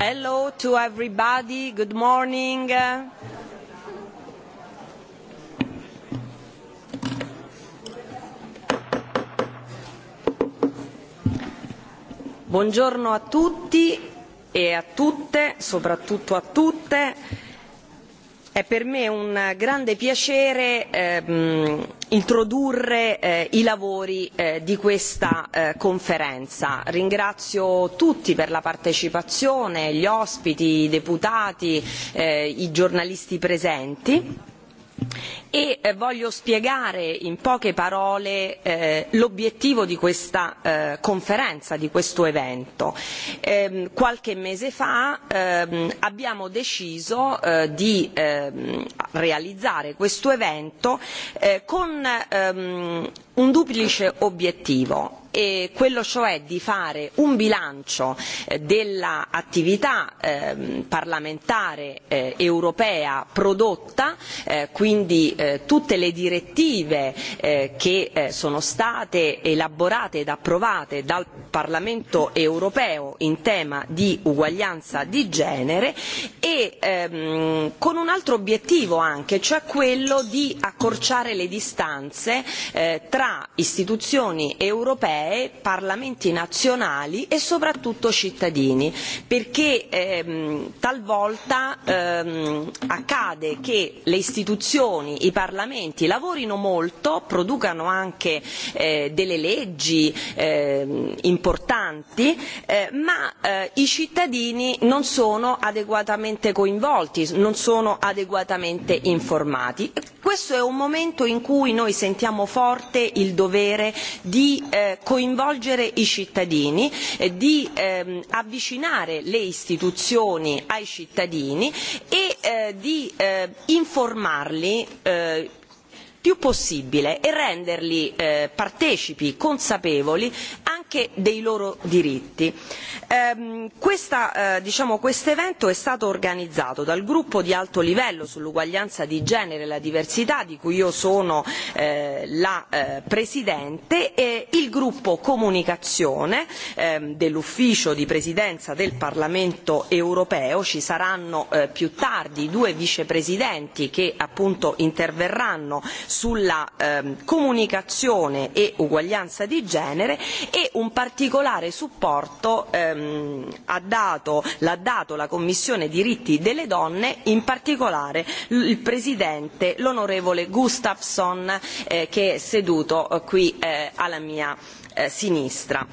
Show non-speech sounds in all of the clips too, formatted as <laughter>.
Hello to everybody, good morning. Buongiorno a tutti e a tutte, soprattutto a tutte. È per me un grande piacere ehm, introdurre eh, i lavori eh, di questa eh, conferenza. Ringrazio tutti per la partecipazione, gli ospiti, i deputati, eh, i giornalisti presenti e eh, voglio spiegare in poche parole eh, l'obiettivo di questa eh, conferenza, di questo evento. Eh, qualche mese fa ehm, abbiamo deciso eh, di ehm, realizzare questo evento eh, con ehm, un duplice obiettivo eh, quello cioè di fare un bilancio eh, dell'attività eh, parlamentare eh, europea prodotta, eh, quindi eh, tutte le direttive eh, che eh, sono state elaborate ed approvate dal Parlamento europeo in tema di uguaglianza di genere e ehm, con un altro obiettivo anche, cioè quello di accorciare le distanze eh, tra istituzioni europee europee, eh, parlamenti nazionali e soprattutto cittadini, perché ehm, talvolta ehm, accade che le istituzioni, i parlamenti lavorino molto, producano anche eh, delle leggi eh, importanti, eh, ma eh, i cittadini non sono adeguatamente coinvolti, non sono adeguatamente informati. Questo è un momento in cui noi sentiamo forte il dovere di eh, coinvolgere i cittadini, eh, di ehm, avvicinare le istituzioni ai cittadini e eh, di eh, informarli eh, più possibile e renderli eh, partecipi, consapevoli anche dei loro diritti. Ehm, eh, diciamo, questo evento è stato organizzato dal gruppo di alto livello sull'uguaglianza di genere e la diversità di cui io sono eh, la eh, Presidente e il gruppo comunicazione ehm, dell'ufficio di presidenza del Parlamento europeo. Ci saranno eh, più tardi due vicepresidenti che appunto interverranno sulla ehm, comunicazione e uguaglianza di genere e un particolare supporto ehm, ha dato, l'ha dato la Commissione diritti delle donne, in particolare il Presidente, l'onorevole Gustafsson, eh, che è seduto eh, qui eh, alla mia eh, sinistra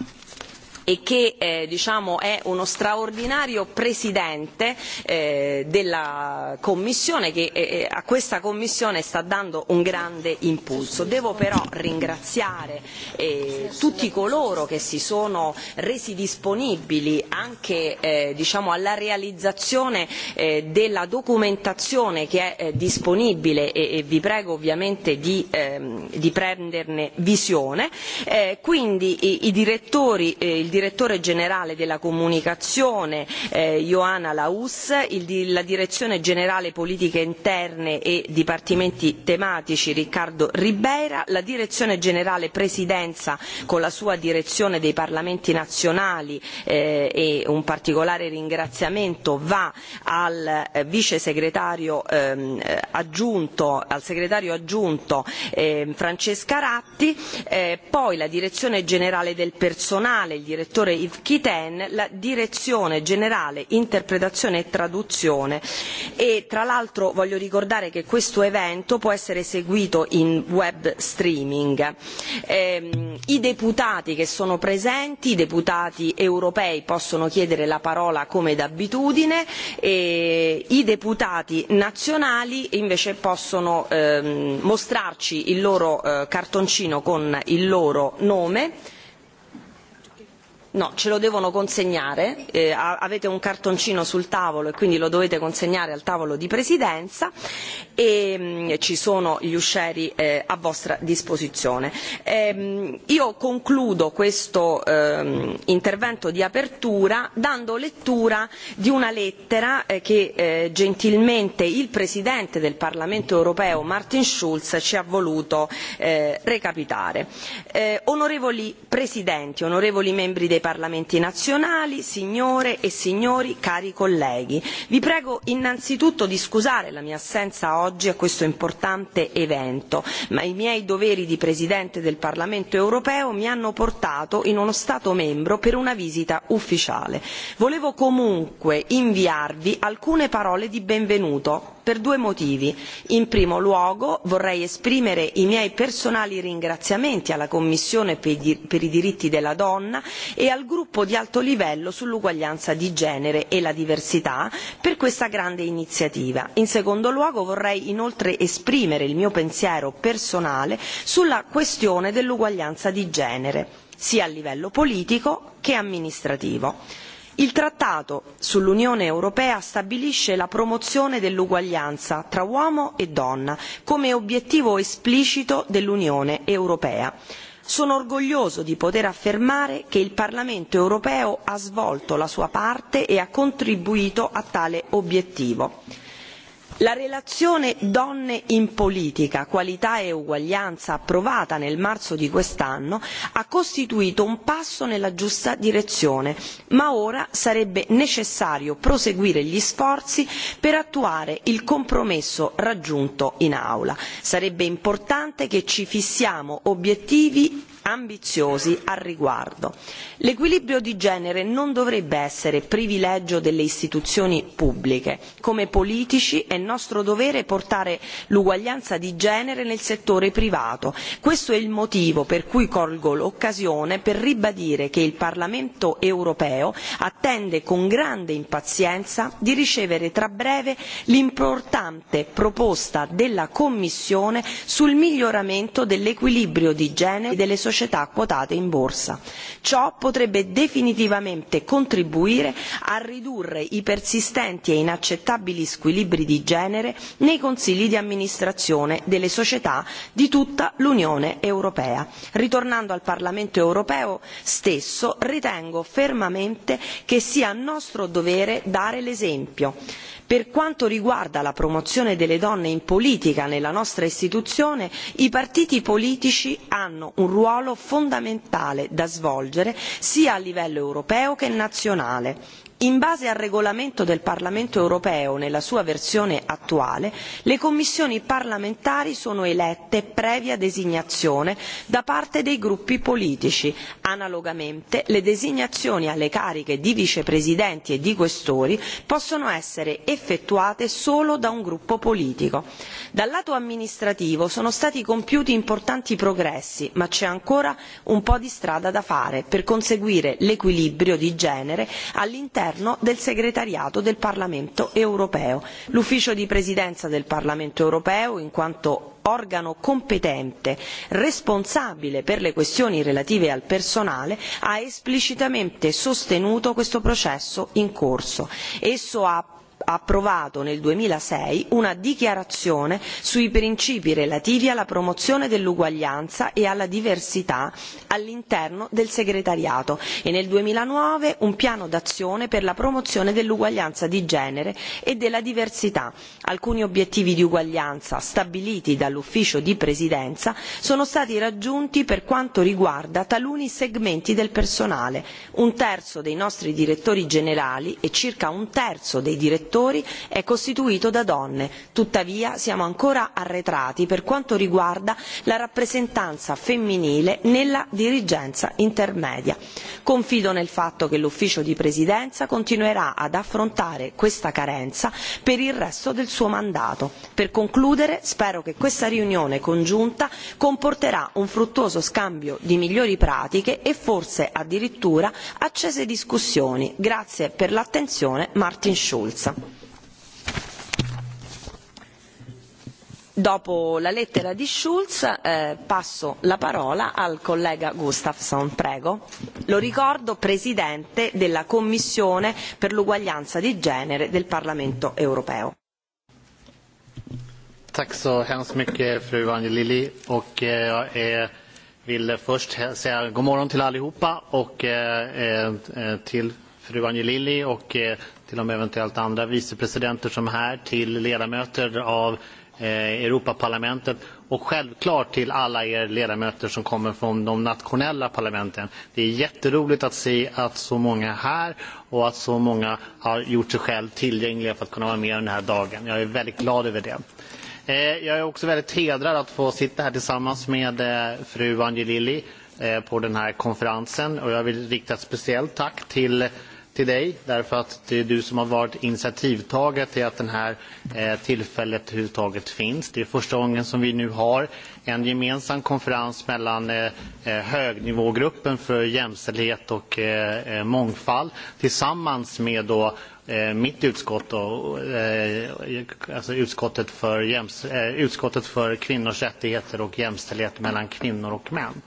e che eh, diciamo, è uno straordinario presidente eh, della Commissione che eh, eh, a questa Commissione sta dando un grande impulso. Devo però ringraziare eh, tutti coloro che si sono resi disponibili anche eh, diciamo, alla realizzazione eh, della documentazione che è eh, disponibile e, e vi prego ovviamente di, ehm, di prenderne visione. Eh, quindi i, i direttori, eh, il direttore generale della comunicazione eh, Johanna Laus, il, la direzione generale politiche interne e dipartimenti tematici Riccardo Ribeira, la direzione generale presidenza con la sua direzione dei parlamenti nazionali eh, e un particolare ringraziamento va al eh, vice segretario ehm, aggiunto, al segretario aggiunto eh, Francesca Ratti, eh, poi la direzione generale del personale, il direttore direttore Yves Kiten la direzione generale interpretazione e traduzione e tra l'altro voglio ricordare che questo evento può essere seguito in web streaming. Eh, I deputati che sono presenti, i deputati europei possono chiedere la parola come d'abitudine e i deputati nazionali invece possono ehm, mostrarci il loro eh, cartoncino con il loro nome No, ce lo devono consegnare, eh, avete un cartoncino sul tavolo e quindi lo dovete consegnare al tavolo di presidenza e mh, mm, ci sono gli usceri eh, a vostra disposizione. Ehm, io concludo questo eh, intervento di apertura dando lettura di una lettera eh, che eh, gentilmente il Presidente del Parlamento europeo Martin Schulz ci ha voluto eh, recapitare. Eh, onorevoli Presidenti, onorevoli membri dei Parlamenti nazionali, signore e signori, cari colleghi. Vi prego innanzitutto di scusare la mia assenza oggi a questo importante evento, ma i miei doveri di Presidente del Parlamento europeo mi hanno portato in uno Stato membro per una visita ufficiale. Volevo comunque inviarvi alcune parole di benvenuto per due motivi. In primo luogo vorrei esprimere i miei personali ringraziamenti alla Commissione per i diritti della donna e al gruppo di alto livello sull'uguaglianza di genere e la diversità per questa grande iniziativa. In secondo luogo vorrei inoltre esprimere il mio pensiero personale sulla questione dell'uguaglianza di genere sia a livello politico che amministrativo. Il trattato sull'Unione Europea stabilisce la promozione dell'uguaglianza tra uomo e donna come obiettivo esplicito dell'Unione Europea. Sono orgoglioso di poter affermare che il Parlamento europeo ha svolto la sua parte e ha contribuito a tale obiettivo. La relazione Donne in politica, qualità e uguaglianza approvata nel marzo di quest'anno ha costituito un passo nella giusta direzione, ma ora sarebbe necessario proseguire gli sforzi per attuare il compromesso raggiunto in aula. Sarebbe importante che ci fissiamo obiettivi ambiziosi al riguardo. L'equilibrio di genere non dovrebbe essere privilegio delle istituzioni pubbliche. Come politici è nostro dovere portare l'uguaglianza di genere nel settore privato. Questo è il motivo per cui colgo l'occasione per ribadire che il Parlamento europeo attende con grande impazienza di ricevere tra breve l'importante proposta della Commissione sul miglioramento dell'equilibrio di genere e delle società società quotate in borsa. Ciò potrebbe definitivamente contribuire a ridurre i persistenti e inaccettabili squilibri di genere nei consigli di amministrazione delle società di tutta l'Unione Europea. Ritornando al Parlamento europeo stesso, ritengo fermamente che sia nostro dovere dare l'esempio Per quanto riguarda la promozione delle donne in politica nella nostra istituzione, i partiti politici hanno un ruolo fondamentale da svolgere sia a livello europeo che nazionale In base al regolamento del Parlamento europeo nella sua versione attuale, le commissioni parlamentari sono elette previa designazione da parte dei gruppi politici. Analogamente, le designazioni alle cariche di vicepresidenti e di questori possono essere effettuate solo da un gruppo politico. Dal lato amministrativo sono stati compiuti importanti progressi, ma c'è ancora un po' di strada da fare per conseguire l'equilibrio di genere all'interno interno del segretariato del Parlamento europeo. L'ufficio di presidenza del Parlamento europeo, in quanto organo competente responsabile per le questioni relative al personale ha esplicitamente sostenuto questo processo in corso. Esso ha Ha approvato nel duemilasei una dichiarazione sui principi relativi alla promozione dell'uguaglianza e alla diversità all'interno del segretariato e nel duemilanove un piano d'azione per la promozione dell'uguaglianza di genere e della diversità. Alcuni obiettivi di uguaglianza stabiliti dall'ufficio di presidenza sono stati raggiunti per quanto riguarda taluni segmenti del personale. Un terzo dei nostri direttori generali e circa un terzo dei direttori settori è costituito da donne. Tuttavia siamo ancora arretrati per quanto riguarda la rappresentanza femminile nella dirigenza intermedia. Confido nel fatto che l'ufficio di presidenza continuerà ad affrontare questa carenza per il resto del suo mandato. Per concludere spero che questa riunione congiunta comporterà un fruttuoso scambio di migliori pratiche e forse addirittura accese discussioni. Grazie per l'attenzione Martin Schulz. Dopo la lettera di Schulz eh, passo la parola al collega Gustafsson, prego. Lo ricordo Presidente della Commissione per l'uguaglianza di genere del Parlamento europeo. Tack så hemskt mycket fru Angelili och eh, jag eh, vill först säga god morgon till allihopa och eh, eh, eh till fru Angelili och till de eventuellt andra vicepresidenter som är här, till ledamöter av Eh, Europaparlamentet och självklart till alla er ledamöter som kommer från de nationella parlamenten. Det är jätteroligt att se att så många är här och att så många har gjort sig själv tillgängliga för att kunna vara med den här dagen. Jag är väldigt glad över det. Eh, jag är också väldigt hedrad att få sitta här tillsammans med eh, fru Angelilli på den här konferensen och jag vill rikta ett speciellt tack till till dig därför att det är du som har varit initiativtagare till att det här eh, tillfället överhuvudtaget finns. Det är första gången som vi nu har en gemensam konferens mellan eh, eh, högnivågruppen för jämställdhet och mångfald tillsammans med då mitt utskott och alltså utskottet för, utskottet för kvinnors rättigheter och jämställdhet mellan kvinnor och män.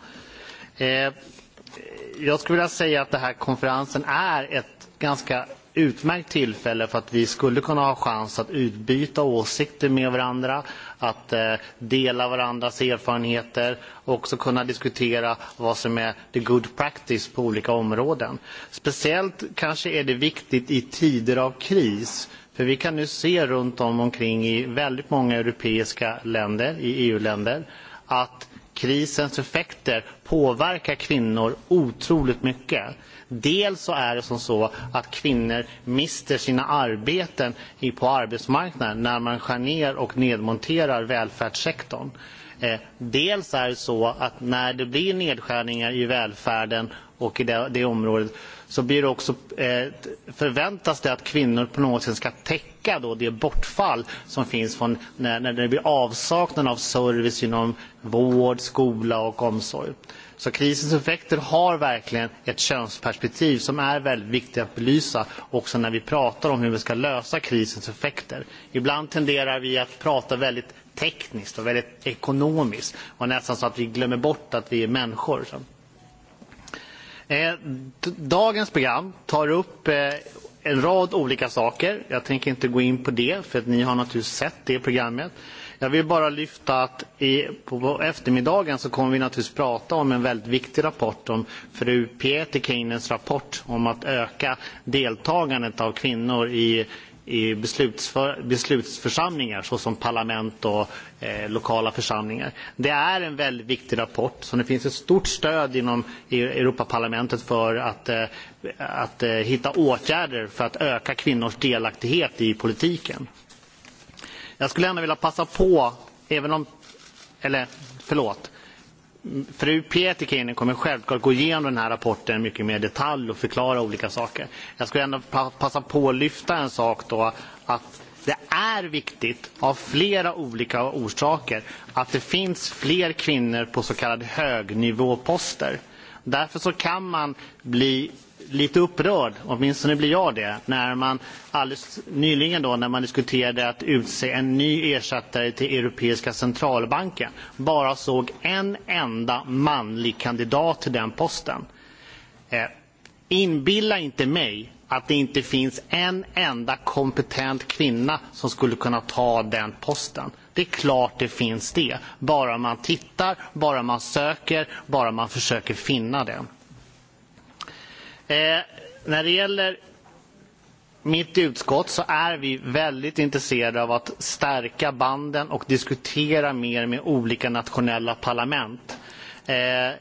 Jag skulle vilja säga att den här konferensen är ett ganska utmärkt tillfälle för att vi skulle kunna ha chans att utbyta åsikter med varandra, att eh, dela varandras erfarenheter och också kunna diskutera vad som är the good practice på olika områden. Speciellt kanske är det viktigt i tider av kris För vi kan nu se runt om omkring i väldigt många europeiska länder, i EU-länder, att Krisens effekter påverkar kvinnor otroligt mycket. Dels så är det som så att kvinnor mister sina arbeten på arbetsmarknaden när man skär ner och nedmonterar välfärdssektorn. Eh, dels är det så att när det blir nedskärningar i välfärden och i det, det området så blir det också, eh, förväntas det att kvinnor på något sätt ska täcka då det bortfall som finns från när, när det blir avsaknad av service inom vård, skola och omsorg. Så krisens effekter har verkligen ett könsperspektiv som är väldigt viktigt att belysa också när vi pratar om hur vi ska lösa krisens effekter. Ibland tenderar vi att prata väldigt tekniskt och väldigt ekonomiskt och nästan så att vi glömmer bort att vi är människor. Så. Eh, dagens program tar upp eh, en rad olika saker. Jag tänker inte gå in på det, för att ni har naturligtvis sett det programmet. Jag vill bara lyfta att i, på eftermiddagen så kommer vi naturligtvis prata om en väldigt viktig rapport om fru Keynes rapport om att öka deltagandet av kvinnor i i beslutsförsamlingar såsom parlament och eh, lokala församlingar. Det är en väldigt viktig rapport som det finns ett stort stöd inom e-, Europaparlamentet för att, eh, att eh, hitta åtgärder för att öka kvinnors delaktighet i politiken. Jag skulle ändå vilja passa på, även om, eller förlåt, Fru Pietikäinen kommer självklart gå igenom den här rapporten mycket mer detalj och förklara olika saker. Jag skulle ändå passa på att lyfta en sak då, att det är viktigt av flera olika orsaker att det finns fler kvinnor på så kallade högnivåposter. Därför så kan man bli lite upprörd, åtminstone blir jag det, när man alldeles nyligen då, när man diskuterade att utse en ny ersättare till Europeiska centralbanken bara såg en enda manlig kandidat till den posten. Eh, inbilla inte mig att det inte finns en enda kompetent kvinna som skulle kunna ta den posten. Det är klart det finns det, bara man tittar, bara man söker, bara man försöker finna den. Eh, när det gäller mitt utskott så är vi väldigt intresserade av att stärka banden och diskutera mer med olika nationella parlament. Eh, eh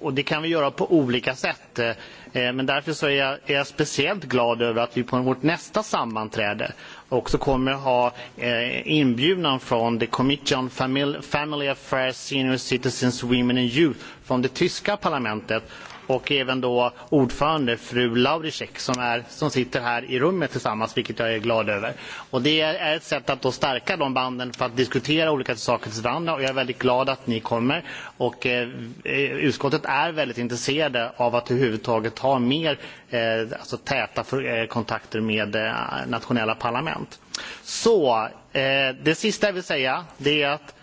och det kan vi göra på olika sätt. Eh, eh, men därför så är jag, är jag speciellt glad över att vi på vårt nästa sammanträde också kommer ha eh, inbjudan från The Committee on Family, Family Affairs Senior Citizens Women and Youth från det tyska parlamentet och även då ordförande fru Laurisek som, är, som sitter här i rummet tillsammans, vilket jag är glad över. Och det är ett sätt att då stärka de banden för att diskutera olika saker till varandra och jag är väldigt glad att ni kommer. Och, eh, utskottet är väldigt intresserade av att överhuvudtaget ha mer eh, alltså täta för, eh, kontakter med eh, nationella parlament. Så, eh, det sista jag vill säga det är att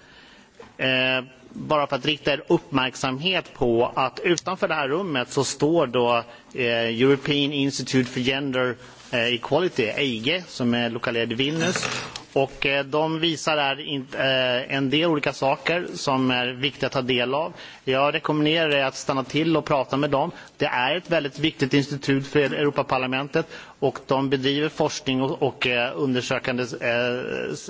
eh, bara för att rikta er uppmärksamhet på att utanför det här rummet så står då eh, European Institute for Gender eh, Equality, EIGE, som är lokalerad i Vilnius. Och eh, de visar där en del olika saker som är viktiga att ta del av. Jag rekommenderar er att stanna till och prata med dem. Det är ett väldigt viktigt institut för Europaparlamentet och de bedriver forskning och, och eh, undersökande eh,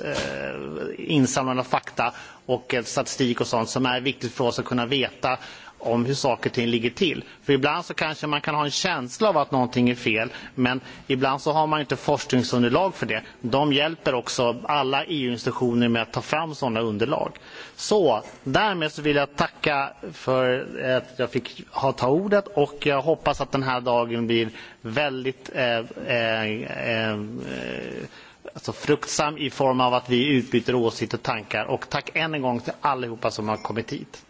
eh, insamlande av fakta och eh, statistik och sånt som är viktigt för oss att kunna veta om hur saker och ting ligger till. För ibland så kanske man kan ha en känsla av att någonting är fel, men ibland så har man inte forskningsunderlag för det. De hjälper också alla EU-institutioner med att ta fram sådana underlag. Så, därmed så vill jag tacka för att jag fick ha ta ordet och jag hoppas att den här dagen blir väldigt eh, eh, eh, alltså fruktsam i form av att vi utbyter åsikter och tankar. Och tack än en gång till allihopa som har kommit hit.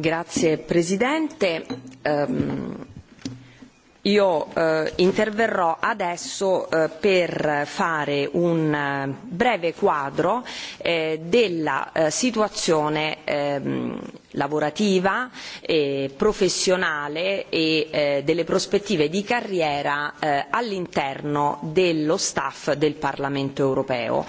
Grazie Presidente. Um, io eh, interverrò adesso eh, per fare un eh, breve quadro eh, della eh, situazione ehm, lavorativa, eh, professionale e eh, delle prospettive di carriera eh, all'interno dello staff del Parlamento europeo.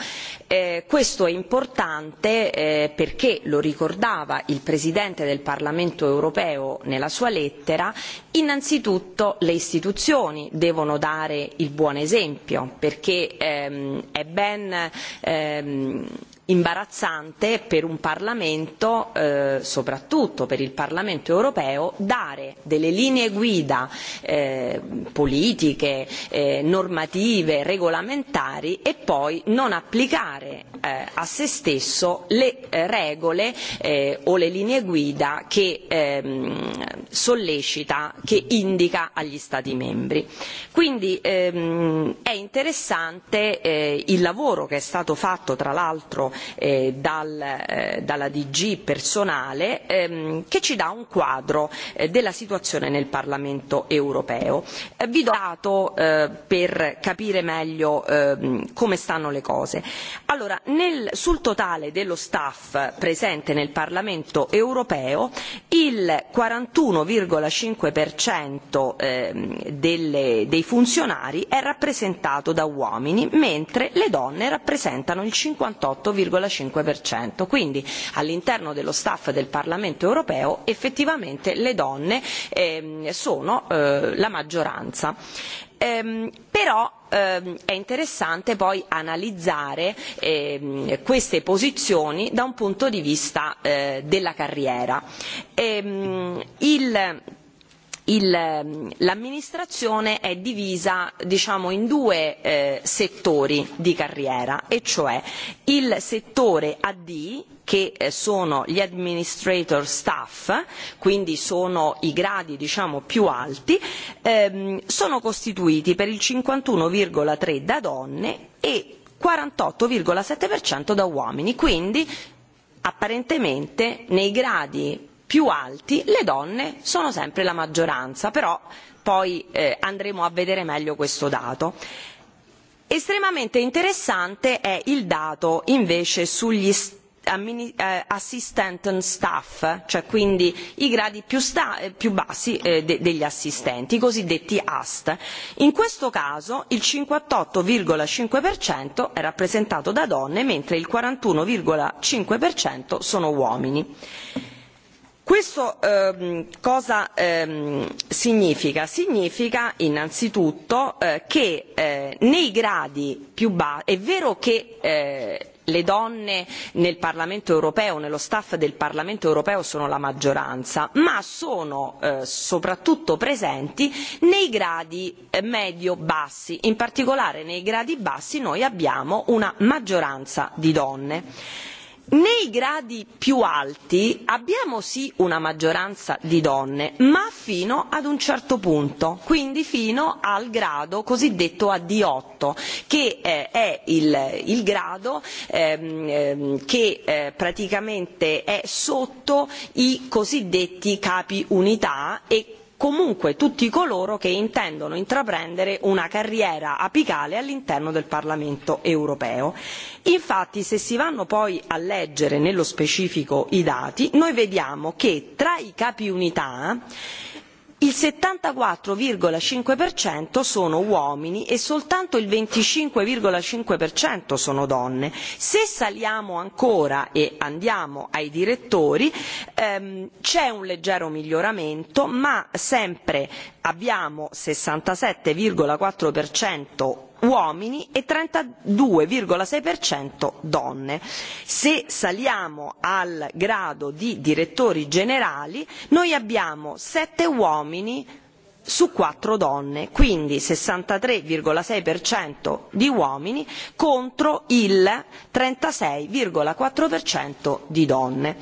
Eh, questo è importante eh, perché, lo ricordava il Presidente del Parlamento europeo nella sua lettera, innanzitutto le istituzioni devono dare il buon esempio perché ehm, è ben ehm, imbarazzante per un Parlamento, eh, soprattutto per il Parlamento europeo, dare delle linee guida eh, politiche, eh, normative, regolamentari e poi non applicare eh, a se stesso le eh, regole eh, o le linee guida che ehm, sollecita, che indica agli Stati membri. Quindi ehm, è interessante eh, il lavoro che è stato fatto tra l'altro eh, dal, eh, dalla DG personale ehm, che ci dà un quadro eh, della situazione nel Parlamento europeo. Eh, vi do dato eh, per capire meglio eh, come stanno le cose. Allora, nel, sul totale dello staff presente nel Parlamento europeo il 41,5% eh, delle, dei funzionari è rappresentato da uomini, mentre le donne rappresentano il 5,5%. Quindi all'interno dello staff del Parlamento europeo effettivamente le donne ehm, sono eh, la maggioranza. Ehm, però ehm, è interessante poi analizzare ehm, queste posizioni da un punto di vista eh, della carriera. Ehm, il Ehm, l'amministrazione è divisa diciamo, in due eh, settori di carriera, e cioè il settore AD, che eh, sono gli administrator staff, quindi sono i gradi diciamo, più alti, ehm, sono costituiti per il 51,3 da donne e 48,7% da uomini, quindi apparentemente nei gradi più alti, le donne sono sempre la maggioranza, però poi eh, andremo a vedere meglio questo dato. Estremamente interessante è il dato invece sugli eh, assistant staff, cioè quindi i gradi più, più bassi eh, de degli assistenti, i cosiddetti AST. In questo caso il 58,5% è rappresentato da donne, mentre il 41,5% sono uomini. Questo ehm, cosa ehm, significa? Significa innanzitutto eh, che eh, nei gradi più bassi è vero che eh, le donne nel Parlamento europeo, nello staff del Parlamento europeo sono la maggioranza, ma sono eh, soprattutto presenti nei gradi eh, medio-bassi, in particolare nei gradi bassi noi abbiamo una maggioranza di donne. Nei gradi più alti abbiamo sì una maggioranza di donne, ma fino ad un certo punto, quindi fino al grado cosiddetto ad 8 che eh, è il, il grado ehm, ehm, che eh, praticamente è sotto i cosiddetti capi unità e comunque tutti coloro che intendono intraprendere una carriera apicale all'interno del Parlamento europeo. Infatti, se si vanno poi a leggere nello specifico i dati, noi vediamo che tra i capi unità il settantaquattro cinque sono uomini e soltanto il venticinque cinque sono donne. Se saliamo ancora e andiamo ai direttori ehm, c'è un leggero miglioramento ma sempre abbiamo sessantasette quattro uomini e 32,6% donne. Se saliamo al grado di direttori generali noi abbiamo sette uomini su quattro donne, quindi 63,6% di uomini contro il 36,4% di donne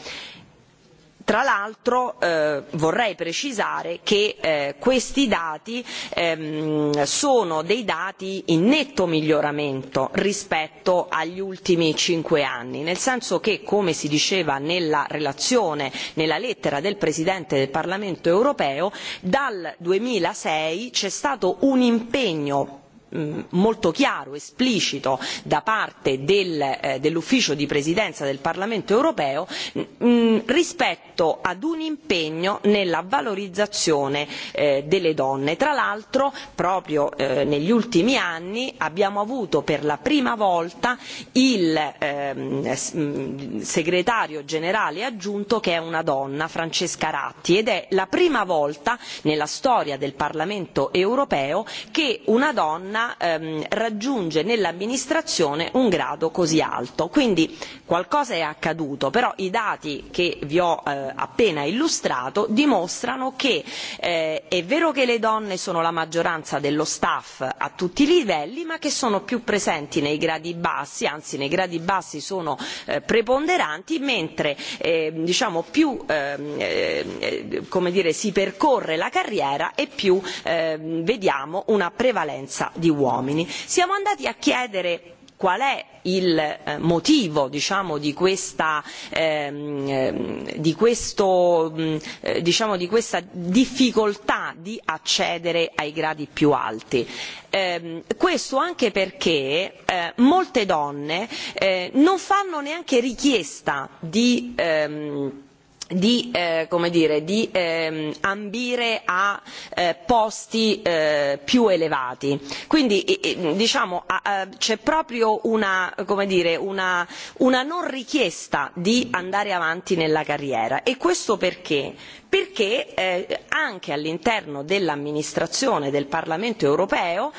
Tra l'altro eh, vorrei precisare che eh, questi dati ehm, sono dei dati in netto miglioramento rispetto agli ultimi cinque anni, nel senso che, come si diceva nella relazione, nella lettera del Presidente del Parlamento europeo, dal duemilasei c'è stato un impegno Mm, molto chiaro, esplicito da parte del, eh, dell'ufficio di presidenza del Parlamento europeo mh, mm, rispetto ad un impegno nella valorizzazione eh, delle donne. Tra l'altro proprio eh, negli ultimi anni abbiamo avuto per la prima volta il ehm, mm, segretario generale aggiunto che è una donna, Francesca Ratti, ed è la prima volta nella storia del Parlamento europeo che una donna donna ehm, raggiunge nell'amministrazione un grado così alto. Quindi qualcosa è accaduto, però i dati che vi ho eh, appena illustrato dimostrano che eh, è vero che le donne sono la maggioranza dello staff a tutti i livelli, ma che sono più presenti nei gradi bassi, anzi nei gradi bassi sono eh, preponderanti, mentre eh, diciamo più ehm, eh, come dire, si percorre la carriera e più eh, vediamo una prevalenza di di uomini. Siamo andati a chiedere qual è il eh, motivo diciamo, di, questa, ehm, ehm di, questo, mm, eh, diciamo, di questa difficoltà di accedere ai gradi più alti. Eh, questo anche perché eh, molte donne eh, non fanno neanche richiesta di ehm, di, eh, come dire, di eh, ambire a eh, posti eh, più elevati. Quindi eh, diciamo, eh, c'è proprio una, come dire, una, una non richiesta di andare avanti nella carriera e questo perché? Perché eh, anche all'interno dell'amministrazione del Parlamento europeo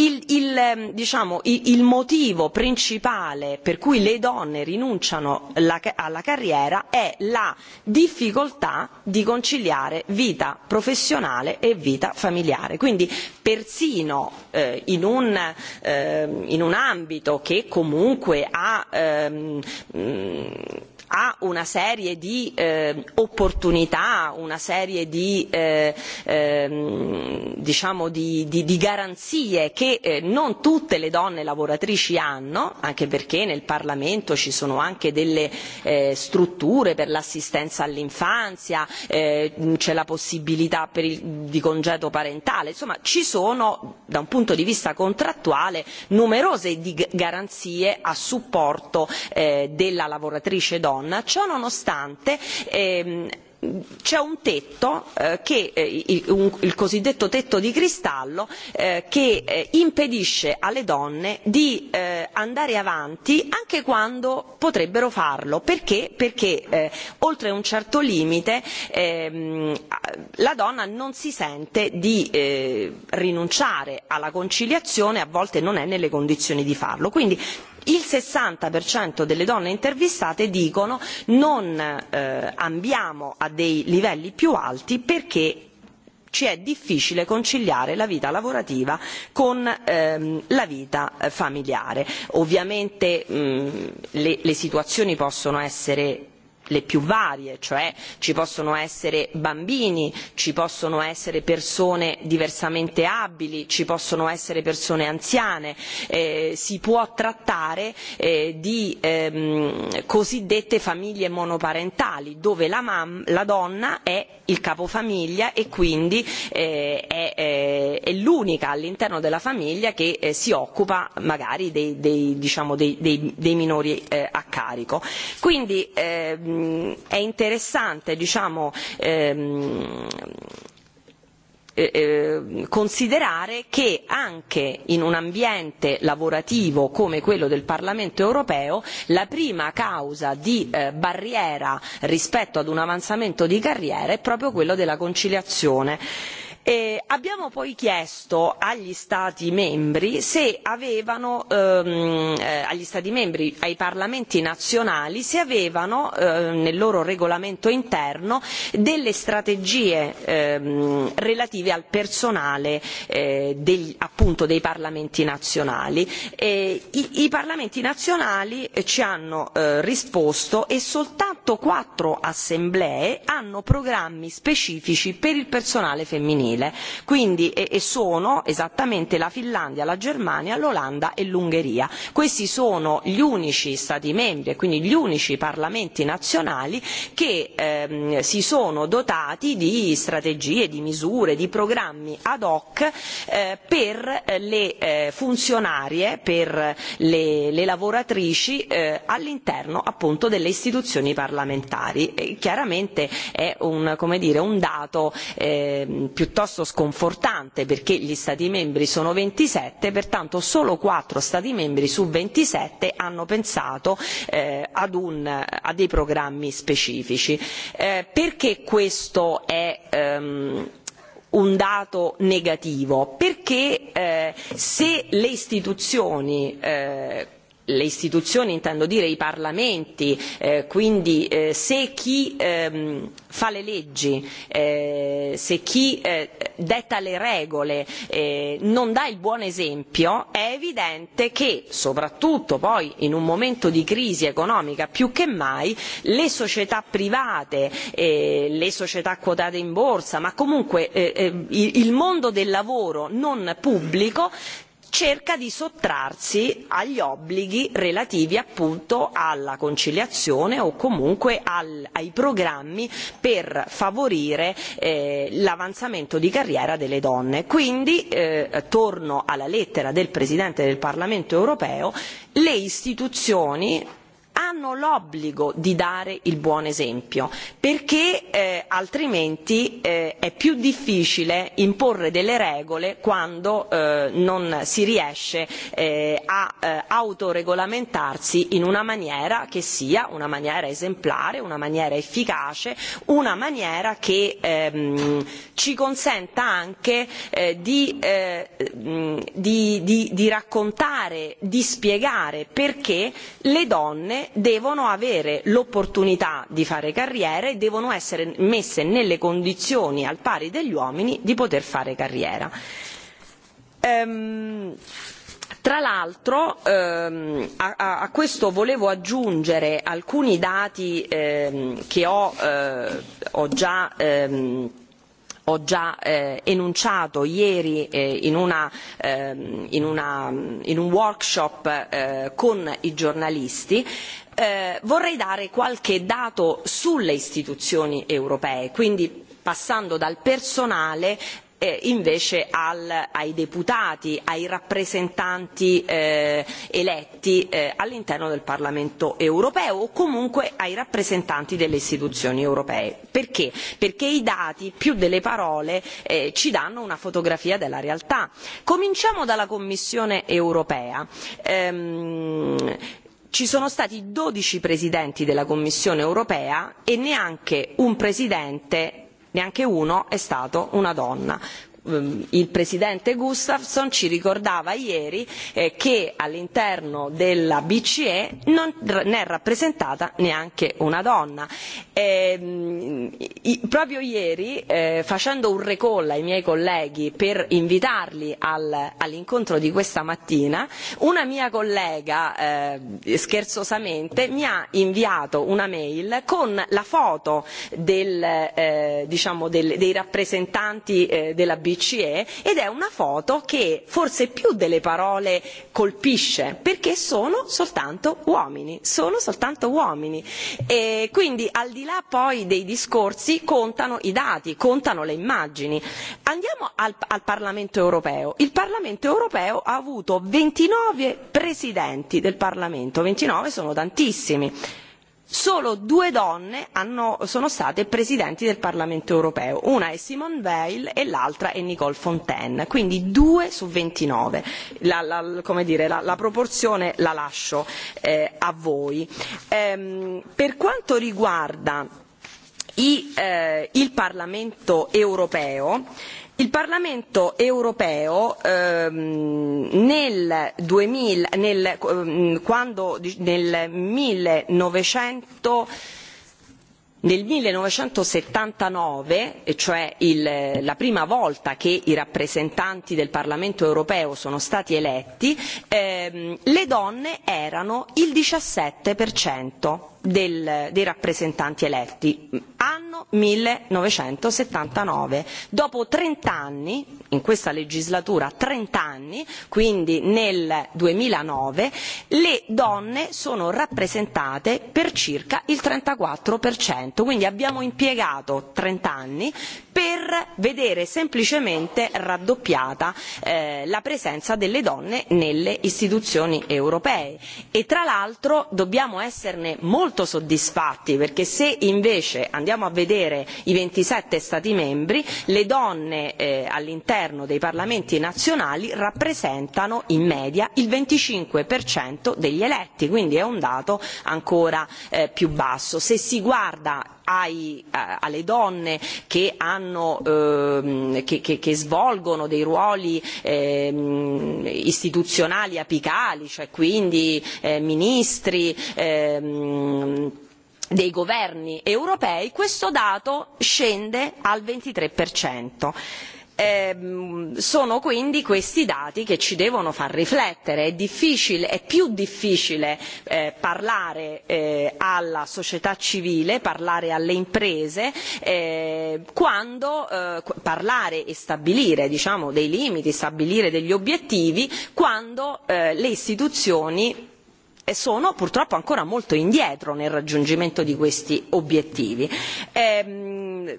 Il, il, ehm, diciamo, il, il motivo principale per cui le donne rinunciano la, alla carriera è la difficoltà di conciliare vita professionale e vita familiare. Quindi persino eh, in, un, eh, in un ambito che comunque ha ehm, mh, ha una serie di eh, opportunità, una serie di, eh, eh, diciamo di, di, di garanzie che eh, non tutte le donne lavoratrici hanno, anche perché nel Parlamento ci sono anche delle eh, strutture per l'assistenza all'infanzia, eh, c'è la possibilità per il, di congedo parentale, insomma ci sono da un punto di vista contrattuale numerose di garanzie a supporto eh, della lavoratrice donna donna. Ciò nonostante ehm, c'è un tetto eh, che, eh, il, un, il cosiddetto tetto di cristallo eh, che eh, impedisce alle donne di eh, andare avanti anche quando potrebbero farlo perché, perché eh, oltre un certo limite eh, la donna non si sente di rinunciare alla conciliazione a volte non è nelle condizioni di farlo quindi il sessanta delle donne intervistate dicono non eh, ambiamo a dei livelli più alti perché ci è difficile conciliare la vita lavorativa con ehm, la vita eh, familiare. Ovviamente mh, mm, le, le situazioni possono essere le più varie, cioè ci possono essere bambini, ci possono essere persone diversamente abili, ci possono essere persone anziane, eh, si può trattare eh, di ehm, cosiddette famiglie monoparentali dove la, mam- la donna è il capofamiglia e quindi eh, è, è, eh, è l'unica all'interno della famiglia che eh, si occupa magari dei, dei, diciamo dei, dei, dei minori eh, a carico. Quindi ehm, è interessante diciamo, ehm, eh, eh, considerare che anche in un ambiente lavorativo come quello del Parlamento europeo la prima causa di eh, barriera rispetto ad un avanzamento di carriera è proprio quella della conciliazione E abbiamo poi chiesto agli Stati membri se avevano, ehm, eh, agli Stati membri, ai Parlamenti nazionali, se avevano ehm, nel loro regolamento interno delle strategie ehm, relative al personale eh, degli, appunto dei Parlamenti nazionali. e, i, I Parlamenti nazionali ci hanno eh, risposto e soltanto quattro assemblee hanno programmi specifici per il personale femminile femminile Quindi, e, e sono esattamente la Finlandia, la Germania, l'Olanda e l'Ungheria. Questi sono gli unici Stati membri e quindi gli unici Parlamenti nazionali che ehm, si sono dotati di strategie, di misure, di programmi ad hoc eh, per eh, le eh, funzionarie, per le, le lavoratrici eh, all'interno appunto delle istituzioni parlamentari. E chiaramente è un, come dire, un dato eh, piuttosto piuttosto sconfortante perché gli Stati membri sono ventisette, pertanto solo quattro Stati membri su ventisette hanno pensato eh, ad un, a dei programmi specifici. Eh, perché questo è ehm, un dato negativo? Perché eh, se le istituzioni eh, le istituzioni intendo dire i parlamenti eh, quindi eh, se chi ehm, fa le leggi eh, se chi eh, detta le regole eh, non dà il buon esempio è evidente che soprattutto poi in un momento di crisi economica più che mai le società private eh, le società quotate in borsa ma comunque il mondo del lavoro non pubblico cerca di sottrarsi agli obblighi relativi appunto alla conciliazione o comunque al, ai programmi per favorire eh, l'avanzamento di carriera delle donne. Quindi, eh, torno alla lettera del Presidente del Parlamento europeo, le istituzioni hanno l'obbligo di dare il buon esempio perché eh, altrimenti eh, è più difficile imporre delle regole quando eh, non si riesce eh, a eh, autoregolamentarsi in una maniera che sia una maniera esemplare, una maniera efficace, una maniera che ehm, ci consenta anche eh, di, mm, di, di, di raccontare, di spiegare perché le donne devono avere l'opportunità di fare carriera e devono essere messe nelle condizioni al pari degli uomini di poter fare carriera. Ehm, tra l'altro ehm, a, a, questo volevo aggiungere alcuni dati ehm, che ho, eh, ho già ehm, ho già eh, enunciato ieri eh, in, una, eh, in, una, in un workshop eh, con i giornalisti, eh, vorrei dare qualche dato sulle istituzioni europee, quindi passando dal personale eh, invece al, ai deputati, ai rappresentanti eh, eletti eh, all'interno del Parlamento europeo o comunque ai rappresentanti delle istituzioni europee. Perché? Perché i dati più delle parole eh, ci danno una fotografia della realtà. Cominciamo dalla Commissione europea. Ehm, ci sono stati dodici presidenti della Commissione europea e neanche un presidente neanche uno è stato una donna. Ehm, il presidente Gustafsson ci ricordava ieri eh, che all'interno della BCE non è rappresentata neanche una donna. E, proprio ieri eh, facendo un recall ai miei colleghi per invitarli al, all'incontro di questa mattina una mia collega eh, scherzosamente mi ha inviato una mail con la foto del, diciamo dei rappresentanti della BCE BCE ed è una foto che forse più delle parole colpisce perché sono soltanto uomini, sono soltanto uomini e quindi al di là poi dei discorsi contano i dati, contano le immagini. Andiamo al, al Parlamento europeo. Il Parlamento europeo ha avuto 29 presidenti del Parlamento, 29 sono tantissimi solo due donne hanno, sono state presidenti del Parlamento europeo, una è Simone Veil e l'altra è Nicole Fontaine, quindi due su ventinove. La, la, come dire, la, la proporzione la lascio eh, a voi. Ehm, per quanto riguarda i, eh, il Parlamento europeo, Il Parlamento europeo ehm, nel, 2000, nel, ehm, quando, nel 1900 Nel 1979, e cioè il, la prima volta che i rappresentanti del Parlamento europeo sono stati eletti, ehm, le donne erano il 17% del, dei rappresentanti eletti. Anno 1979. Dopo 30 anni, in questa legislatura 30 anni, quindi nel 2009, le donne sono rappresentate per circa il 34%. Quindi abbiamo impiegato 30 anni per vedere semplicemente raddoppiata eh, la presenza delle donne nelle istituzioni europee. E tra l'altro dobbiamo esserne molto molto soddisfatti perché se invece andiamo a vedere i ventisette Stati membri, le donne eh, all'interno dei parlamenti nazionali rappresentano in media il venticinque degli eletti, quindi è un dato ancora eh, più basso. Se si guarda ai, alle donne che, hanno, ehm, che, che, che svolgono dei ruoli ehm, istituzionali apicali, cioè quindi eh, ministri, ehm, dei governi europei, questo dato scende al 23% ehm, sono quindi questi dati che ci devono far riflettere. È, difficile, è più difficile eh, parlare eh, alla società civile, parlare alle imprese, eh, quando eh, parlare e stabilire diciamo, dei limiti, stabilire degli obiettivi, quando eh, le istituzioni e sono purtroppo ancora molto indietro nel raggiungimento di questi obiettivi. Ehm,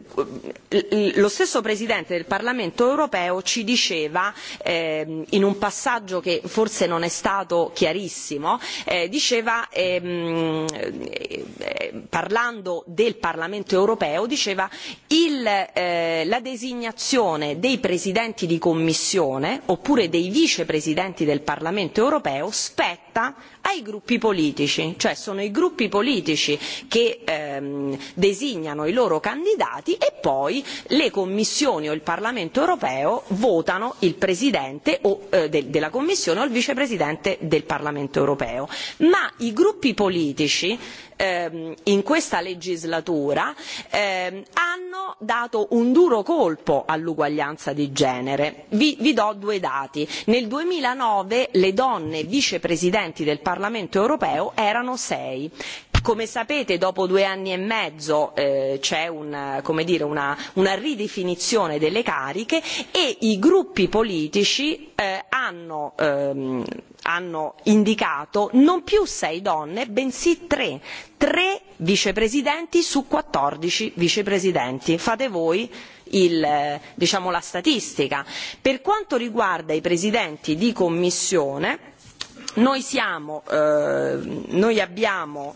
lo stesso Presidente del Parlamento europeo ci diceva ehm, in un passaggio che forse non è stato chiarissimo, eh, diceva ehm, eh, parlando del Parlamento europeo, diceva il, eh, la designazione dei presidenti di commissione oppure dei vicepresidenti del Parlamento europeo spetta diretta ai gruppi politici, cioè sono i gruppi politici che ehm, designano i loro candidati e poi le commissioni o il Parlamento europeo votano il Presidente o, eh, de della Commissione o il Vicepresidente del Parlamento europeo. Ma i gruppi politici Ehm, in questa legislatura ehm, hanno dato un duro colpo all'uguaglianza di genere. Vi, vi do due dati. Nel duemilanove le donne vicepresidenti del Parlamento europeo erano sei Come sapete dopo due anni e mezzo eh, c'è un, come dire, una, una ridefinizione delle cariche e i gruppi politici eh, hanno, ehm, hanno indicato non più sei donne bensì tre, tre vicepresidenti su quattordici vicepresidenti. Fate voi il, diciamo, la statistica. Per quanto riguarda i presidenti di commissione, noi, siamo, eh, noi abbiamo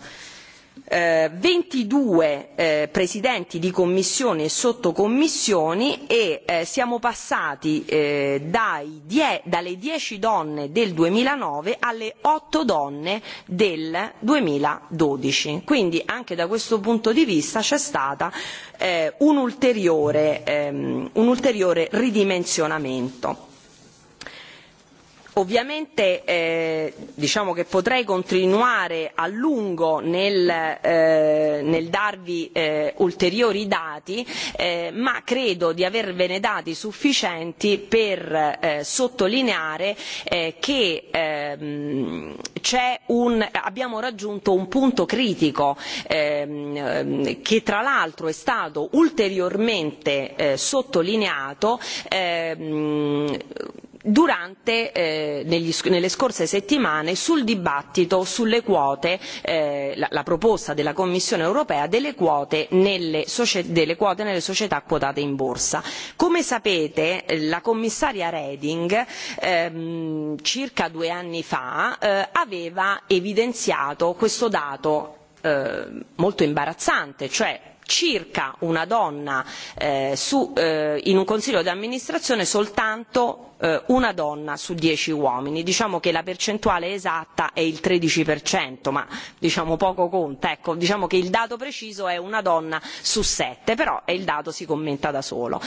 Eh, ventidue eh, presidenti di commissioni e sottocommissioni e eh, siamo passati eh, dai die dalle dieci donne del duemilanove alle otto donne del duemiladodici quindi anche da questo punto di vista c'è stato eh, un, ehm, un ulteriore ridimensionamento. Ovviamente eh, diciamo che potrei continuare a lungo nel, eh, nel darvi eh, ulteriori dati, eh, ma credo di avervene dati sufficienti per eh, sottolineare eh, che ehm, c'è un, abbiamo raggiunto un punto critico ehm, ehm, che tra l'altro è stato ulteriormente eh, sottolineato durante, eh, negli, nelle scorse settimane sul dibattito sulle quote, eh, la, la proposta della Commissione europea delle quote, nelle delle quote nelle società quotate in borsa. Come sapete eh, la commissaria Reding ehm, circa due anni fa eh, aveva evidenziato questo dato eh, molto imbarazzante, cioè circa una donna eh, su, eh, in un consiglio di amministrazione soltanto eh, una donna su dieci uomini. Diciamo che la percentuale esatta è il 13%, ma diciamo poco conta. Ecco, diciamo che il dato preciso è una donna su sette, però il dato si commenta da solo.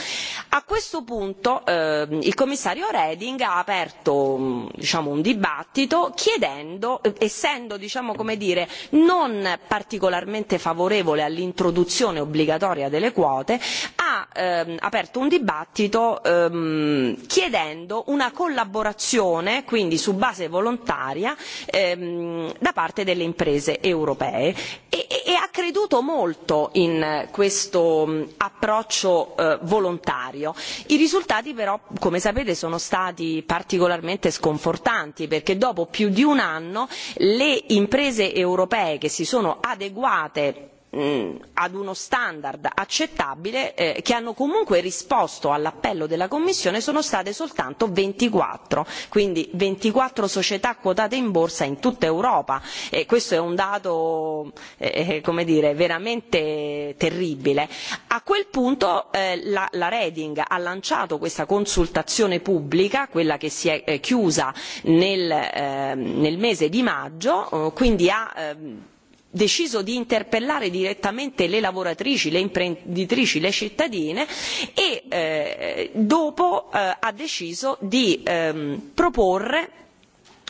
A questo punto eh, il commissario Reding ha aperto diciamo, un dibattito chiedendo, eh, essendo diciamo, come dire, non particolarmente favorevole all'introduzione l'abolizione obbligatoria delle quote, ha ehm, aperto un dibattito ehm, chiedendo una collaborazione, quindi su base volontaria, ehm, da parte delle imprese europee e, e, e ha creduto molto in questo mm, approccio eh, volontario. I risultati però, come sapete, sono stati particolarmente sconfortanti perché dopo più di un anno le imprese europee che si sono adeguate Mm, ad uno standard accettabile eh, che hanno comunque risposto all'appello della Commissione sono state soltanto ventiquattro, quindi ventiquattro società quotate in borsa in tutta Europa e questo è un dato eh, eh come dire, veramente terribile. A quel punto eh, la, la Reding ha lanciato questa consultazione pubblica, quella che si è eh, chiusa nel, ehm, nel mese di maggio, eh, quindi ha ehm, deciso di interpellare direttamente le lavoratrici, le imprenditrici, le cittadine e eh, dopo eh, ha deciso di ehm, proporre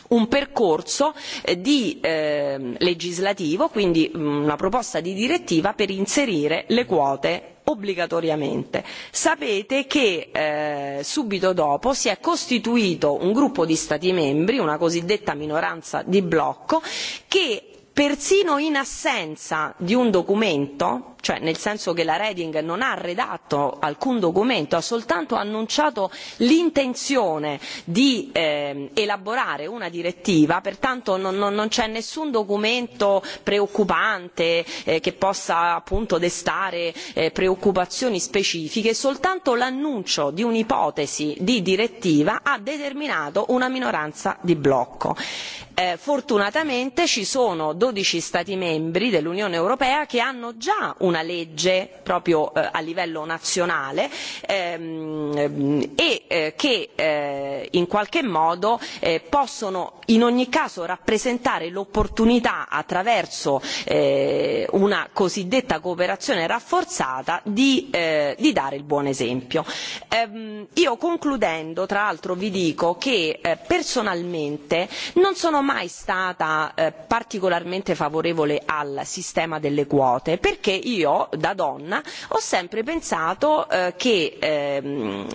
un percorso eh, di, eh, legislativo, quindi mm, una proposta di direttiva per inserire le quote obbligatoriamente. Sapete che eh, subito dopo si è costituito un gruppo di Stati membri, una cosiddetta minoranza di blocco, che persino in assenza di un documento cioè nel senso che la Reding non ha redatto alcun documento, ha soltanto annunciato l'intenzione di eh, elaborare una direttiva, pertanto non, non, non c'è nessun documento preoccupante eh, che possa appunto destare eh, preoccupazioni specifiche, soltanto l'annuncio di un'ipotesi di direttiva ha determinato una minoranza di blocco. Eh, fortunatamente ci sono dodici Stati membri dell'Unione Europea che hanno già una legge proprio eh, a livello nazionale ehm, e eh, che eh, in qualche modo eh, possono in ogni caso rappresentare l'opportunità attraverso eh, una cosiddetta cooperazione rafforzata di, eh, di dare il buon esempio. Ehm, io concludendo tra l'altro vi dico che eh, personalmente non sono mai stata eh, particolarmente favorevole al sistema delle quote perché io io da donna ho sempre pensato eh, che ehm,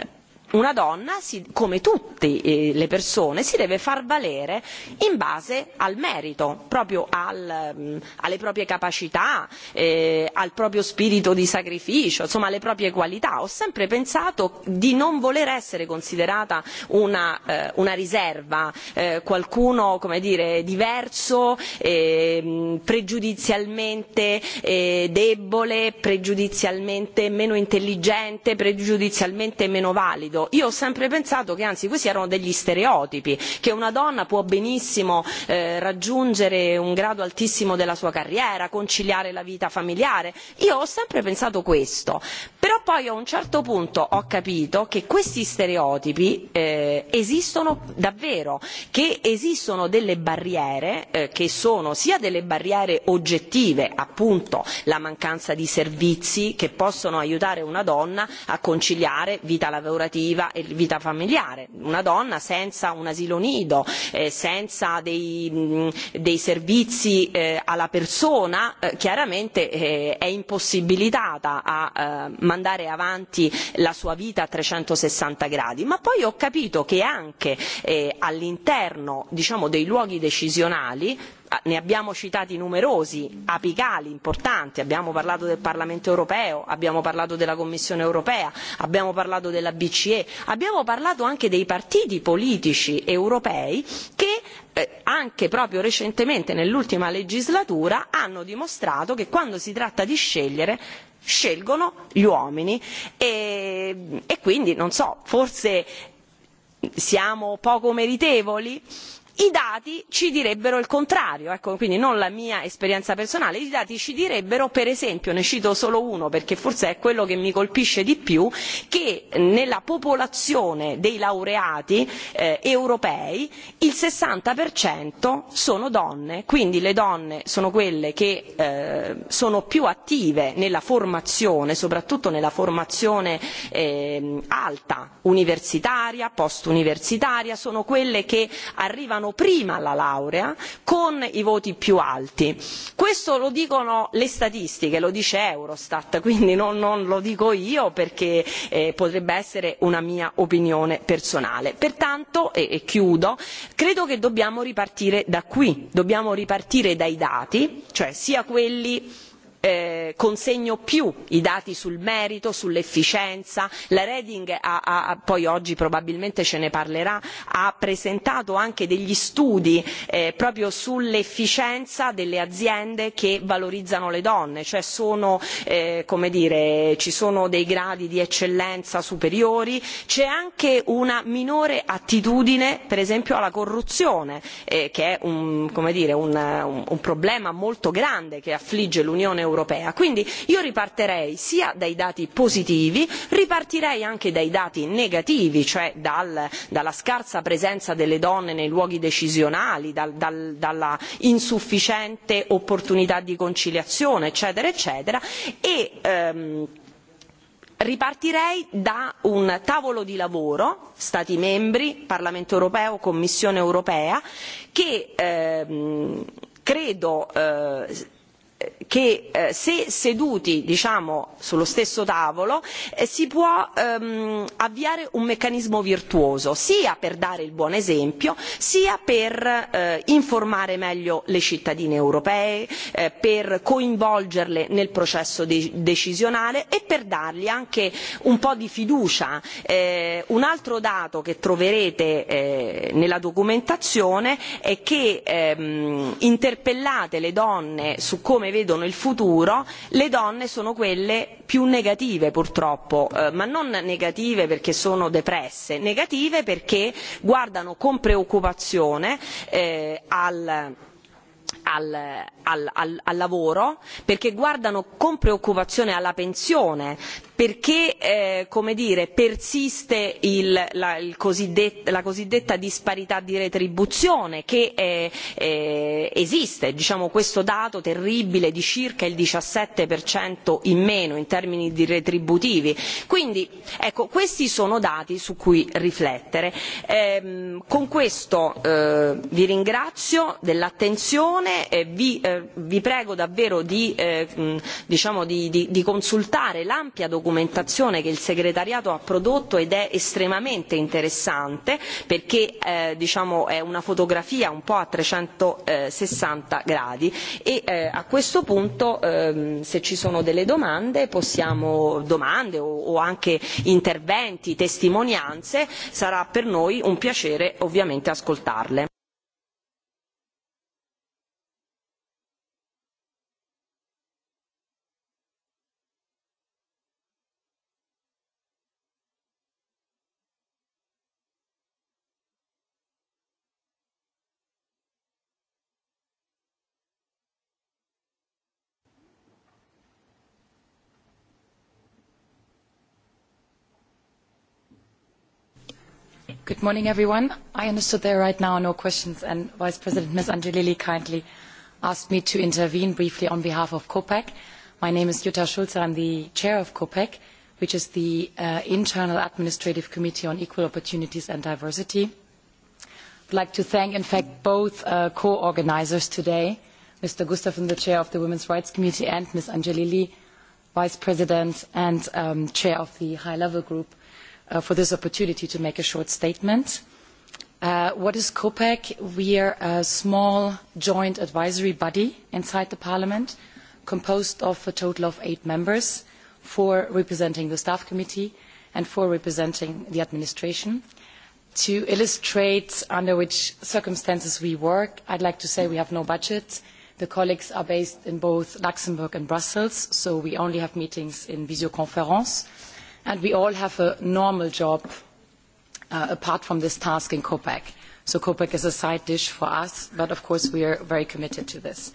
una donna, si, come tutte eh, le persone, si deve far valere in base al merito, proprio al, mh, mm, alle proprie capacità, eh, al proprio spirito di sacrificio, insomma alle proprie qualità. Ho sempre pensato di non voler essere considerata una, eh, una riserva, eh, qualcuno come dire, diverso, eh, pregiudizialmente eh, debole, pregiudizialmente meno intelligente, pregiudizialmente meno valido io ho sempre pensato che anzi questi erano degli stereotipi, che una donna può benissimo eh, raggiungere un grado altissimo della sua carriera, conciliare la vita familiare. Io ho sempre pensato questo, però poi a un certo punto ho capito che questi stereotipi eh, esistono davvero, che esistono delle barriere eh, che sono sia delle barriere oggettive, appunto la mancanza di servizi che possono aiutare una donna a conciliare vita lavorativa lavorativa e vita familiare. Una donna senza un asilo nido, eh, senza dei, mh, dei servizi eh, alla persona, eh, chiaramente eh, è impossibilitata a eh, mandare avanti la sua vita a 360 gradi. Ma poi ho capito che anche eh, all'interno diciamo, dei luoghi decisionali Ah, ne abbiamo citati numerosi, apicali, importanti, abbiamo parlato del Parlamento europeo, abbiamo parlato della Commissione europea, abbiamo parlato della BCE, abbiamo parlato anche dei partiti politici europei che eh, anche proprio recentemente nell'ultima legislatura hanno dimostrato che quando si tratta di scegliere scelgono gli uomini e, e quindi non so, forse siamo poco meritevoli? i dati ci direbbero il contrario, ecco, quindi non la mia esperienza personale, i dati ci direbbero per esempio, ne cito solo uno perché forse è quello che mi colpisce di più, che nella popolazione dei laureati eh, europei il 60% sono donne, quindi le donne sono quelle che eh, sono più attive nella formazione, soprattutto nella formazione eh, alta, universitaria, post-universitaria, sono quelle che arrivano arrivano prima alla laurea con i voti più alti. Questo lo dicono le statistiche, lo dice Eurostat, <laughs> quindi non, non lo dico io perché eh, potrebbe essere una mia opinione personale. Pertanto, e, e chiudo, credo che dobbiamo ripartire da qui, dobbiamo ripartire dai dati, cioè sia quelli Eh, consegno più i dati sul merito, sull'efficienza. La Reding poi oggi probabilmente ce ne parlerà, ha presentato anche degli studi eh, proprio sull'efficienza delle aziende che valorizzano le donne, cioè sono, eh, come dire, ci sono dei gradi di eccellenza superiori, c'è anche una minore attitudine per esempio alla corruzione, che è un, come dire, un problema molto grande che affligge l'Unione Europea europea. Quindi io riparterei sia dai dati positivi, ripartirei anche dai dati negativi, cioè dal, dalla scarsa presenza delle donne nei luoghi decisionali, dal, dal, dalla insufficiente opportunità di conciliazione, eccetera, eccetera, e ehm, ripartirei da un tavolo di lavoro stati membri parlamento europeo commissione europea che ehm, credo eh, che eh, se seduti diciamo, sullo stesso tavolo eh, si può ehm, avviare un meccanismo virtuoso sia per dare il buon esempio sia per eh, informare meglio le cittadine europee, eh, per coinvolgerle nel processo de decisionale e per dargli anche un po' di fiducia. un altro dato che troverete nella documentazione è che ehm, interpellate le donne su come vedono decidono il futuro le donne sono quelle più negative purtroppo, eh, ma non negative perché sono depresse, negative perché guardano con preoccupazione eh, al Al, al, al, lavoro perché guardano con preoccupazione alla pensione perché eh, come dire, persiste il, la, il cosiddetta, la cosiddetta disparità di retribuzione che eh, eh, esiste, diciamo questo dato terribile di circa il 17% in meno in termini di retributivi. Quindi ecco, questi sono dati su cui riflettere. Ehm, con questo eh, vi ringrazio dell'attenzione e vi, eh, vi prego davvero di, eh, diciamo di, di, di consultare l'ampia documentazione documentazione che il segretariato ha prodotto ed è estremamente interessante perché eh, diciamo, è una fotografia un po' a trecentosessanta gradi e eh, a questo punto ehm, se ci sono delle domande possiamo domande o, o anche interventi testimonianze sarà per noi un piacere ovviamente ascoltarle. morning, everyone. I understood there right now are no questions, and Vice President Ms. Angelilli kindly asked me to intervene briefly on behalf of COPEC. My name is Jutta Schulze. I'm the chair of COPEC, which is the uh, Internal Administrative Committee on Equal Opportunities and Diversity. I'd like to thank, in fact, both uh, co-organizers today, Mr. Gustafsson, the chair of the Women's Rights Committee, and Ms. Angelilli, vice president and um, chair of the high-level group uh, for this opportunity to make a short statement. Uh, what is COPEC? We are a small joint advisory body inside the Parliament, composed of a total of eight members, four representing the Staff Committee and four representing the administration. To illustrate under which circumstances we work, I would like to say we have no budget. The colleagues are based in both Luxembourg and Brussels, so we only have meetings in visioconference. conference and we all have a normal job uh, apart from this task in COPEC. So COPEC is a side dish for us, but of course we are very committed to this.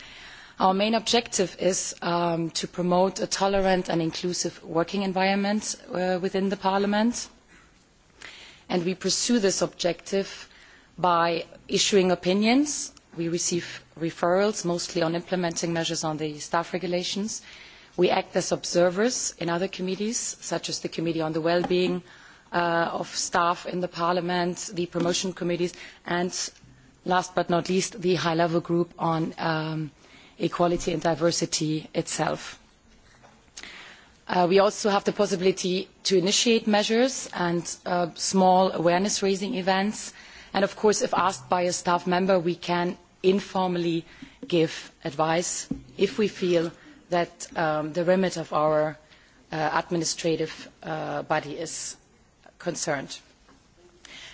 Our main objective is um, to promote a tolerant and inclusive working environment uh, within the Parliament. And we pursue this objective by issuing opinions. We receive referrals, mostly on implementing measures on the staff regulations, We act as observers in other committees, such as the Committee on the Wellbeing uh, of Staff in the Parliament, the promotion committees, and last but not least, the high-level group on um, equality and diversity itself. Uh, we also have the possibility to initiate measures and uh, small awareness-raising events. And of course, if asked by a staff member, we can informally give advice if we feel that um, the remit of our uh, administrative uh, body is concerned.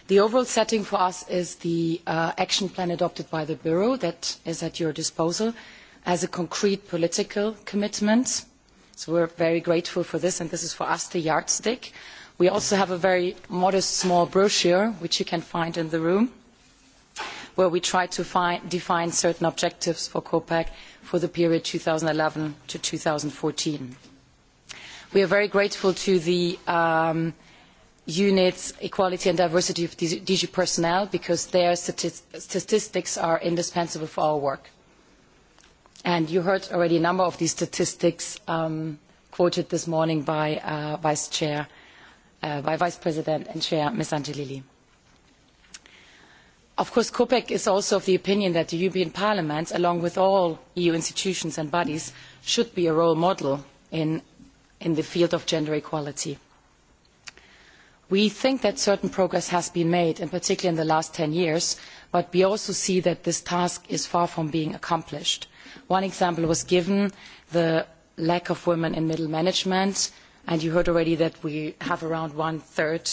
The overall setting for us is the uh, action plan adopted by the Bureau that is at your disposal as a concrete political commitment. So we're very grateful for this, and this is for us the yardstick. We also have a very modest small brochure, which you can find in the room, where we try to find, define certain objectives for COPAC for the period 2011 to 2014. We are very grateful to the um, units Equality and Diversity of DG Personnel because their statistics are indispensable for our work. And you heard already a number of these statistics um, quoted this morning by uh, Vice Chair, uh, by Vice President and Chair Ms. Angelilli. Of course, COPEC is also of the opinion that the European Parliament, along with all EU institutions and bodies, should be a role model in, in the field of gender equality. We think that certain progress has been made, and particularly in the last ten years, but we also see that this task is far from being accomplished. One example was given, the lack of women in middle management, and you heard already that we have around one-third,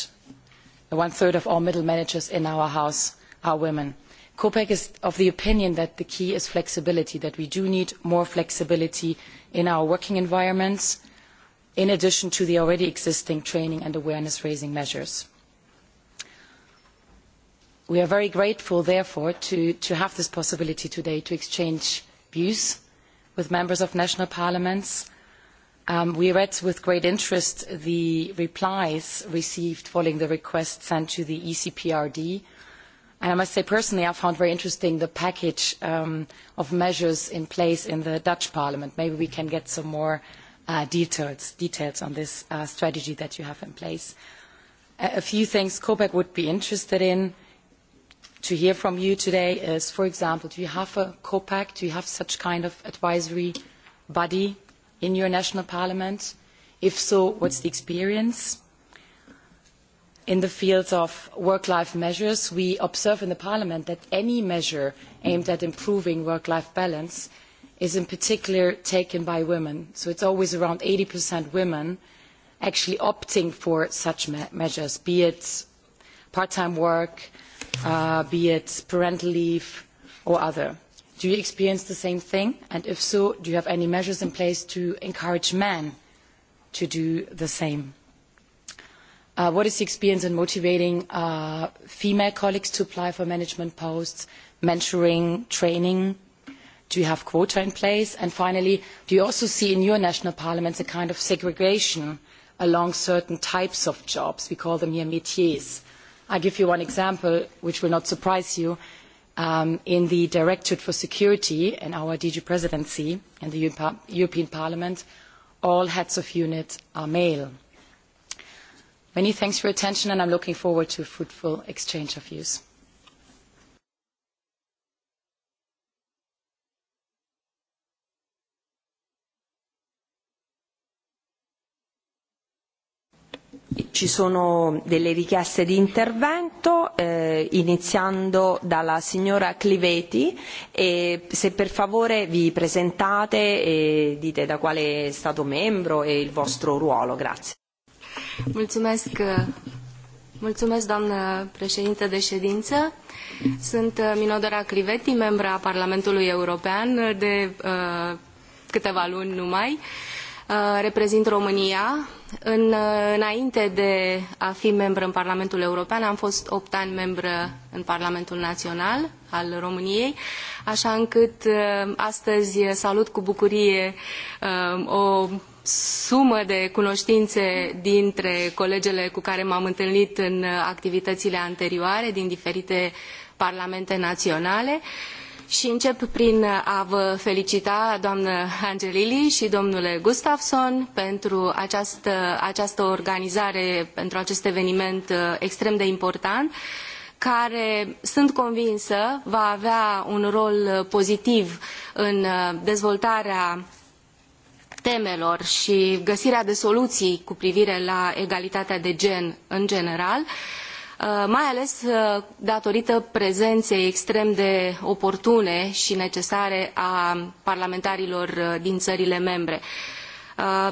one-third of all middle managers in our house are women. COPEC is of the opinion that the key is flexibility, that we do need more flexibility in our working environments, in addition to the already existing training and awareness raising measures. We are very grateful, therefore, to, to have this possibility today to exchange views with members of national parliaments. Um, we read with great interest the replies received following the request sent to the ECPRD And I must say personally I found very interesting the package um, of measures in place in the Dutch Parliament. Maybe we can get some more uh, details, details on this uh, strategy that you have in place. a few things COPEC would be interested in to hear from you today is, for example, do you have a COPAC? Do you have such kind of advisory body in your national parliament? If so, what's the experience? in the field of work-life measures, we observe in Parliament that any measure aimed at improving work-life balance is in particular taken by women. So it is always around 80% women actually opting for such me measures, be it part-time work, uh, be it parental leave or other. Do you experience the same thing? And if so, do you have any measures in place to encourage men to do the same? Uh, what is the experience in motivating uh, female colleagues to apply for management posts, mentoring, training? Do you have quota in place? And finally, do you also see in your national parliaments a kind of segregation along certain types of jobs? We call them here métiers. I give you one example, which will not surprise you. Um, in the Directorate for Security in our DG presidency in the European Parliament, all heads of unit are male. Many thanks for your attention and I'm looking forward to a fruitful exchange of views. Ci sono delle richieste di intervento, eh, iniziando dalla signora Cliveti. E se per favore vi presentate e dite da quale Stato membro e il vostro ruolo. Grazie. Mulțumesc, uh, mulțumesc doamnă președintă de ședință. Sunt uh, Minodora Criveti, membra Parlamentului European de uh, câteva luni numai. Uh, reprezint România. În, uh, înainte de a fi membră în Parlamentul European, am fost 8 ani membră în Parlamentul Național al României, așa încât uh, astăzi salut cu bucurie uh, o sumă de cunoștințe dintre colegele cu care m-am întâlnit în activitățile anterioare din diferite parlamente naționale și încep prin a vă felicita, doamnă Angelili și domnule Gustafsson, pentru această, această organizare, pentru acest eveniment uh, extrem de important care sunt convinsă va avea un rol uh, pozitiv în uh, dezvoltarea temelor și găsirea de soluții cu privire la egalitatea de gen în general, uh, mai ales uh, datorită prezenței extrem de oportune și necesare a parlamentarilor uh, din țările membre.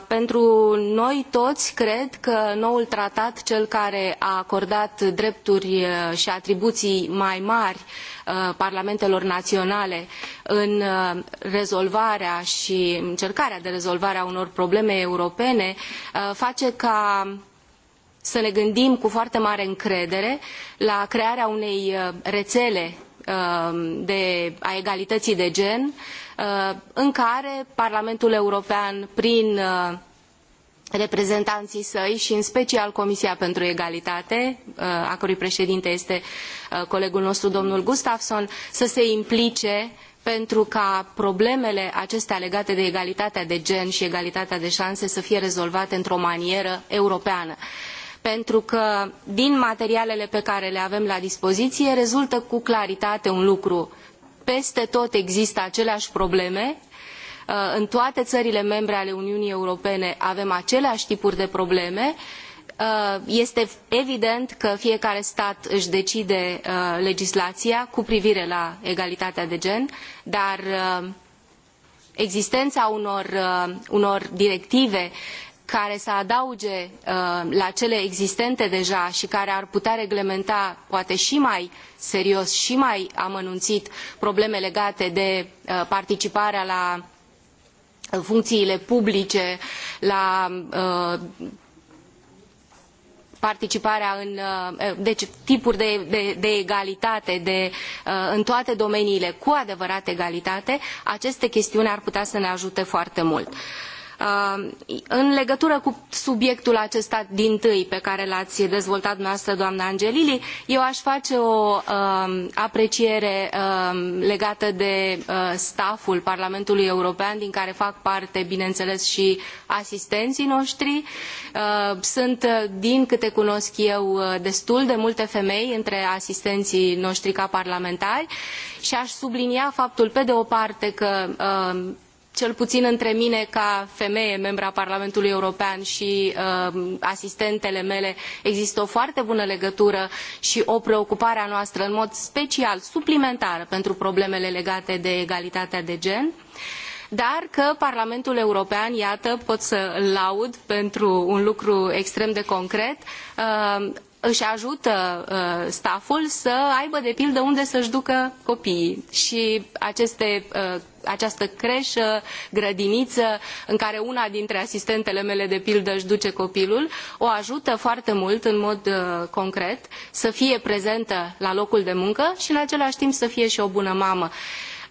Pentru noi toți, cred că noul tratat, cel care a acordat drepturi și atribuții mai mari Uh, parlamentelor naționale în uh, rezolvarea și încercarea de rezolvare a unor probleme europene uh, face ca să ne gândim cu foarte mare încredere la crearea unei rețele de, a egalității de gen în care Parlamentul European prin reprezentanții săi și în special Comisia pentru Egalitate, uh, a cărui președinte este uh, colegul nostru domnul Gustafsson, să se implice pentru ca problemele acestea legate de egalitatea de gen și egalitatea de șanse să fie rezolvate într-o manieră europeană pentru că din materialele pe care le avem la dispoziție rezultă cu claritate un lucru. Peste tot există aceleași probleme Uh, în toate țările membre ale Uniunii Europene avem aceleași tipuri de probleme, uh, este evident că fiecare stat își decide uh, legislația cu privire la egalitatea de gen, dar existența unor, unor directive care să adauge la cele existente deja și care ar putea reglementa poate și mai serios și mai amănunțit probleme legate de participarea la funcțiile publice, la uh, participarea în uh, deci tipuri de, de, de egalitate de, uh, în toate domeniile cu adevărat egalitate, aceste chestiuni ar putea să ne ajute foarte mult. Uh, Um, în legătură cu subiectul acesta din tâi pe care l-ați dezvoltat noastră, doamna Angelili, eu aș face o um, apreciere um, legată de uh, staful Parlamentului European, din care fac parte, bineînțeles, și asistenții noștri. Uh, sunt, uh, din câte cunosc eu, destul de multe femei între asistenții noștri ca parlamentari și aș sublinia faptul, pe de o parte, că cel puțin între mine ca femeie, membra Parlamentului European și uh, asistentele mele, există o foarte bună legătură și o preocupare a noastră în mod special, suplimentară pentru problemele legate de egalitatea de gen. Dar că Parlamentul European, iată, pot să-l laud pentru un lucru extrem de concret, uh, își ajută uh, staful să aibă de pildă unde să-și ducă copiii. Și aceste uh, această creșă, grădiniță, în care una dintre asistentele mele de pildă își duce copilul, o ajută foarte mult în mod uh, concret să fie prezentă la locul de muncă și în același timp să fie și o bună mamă.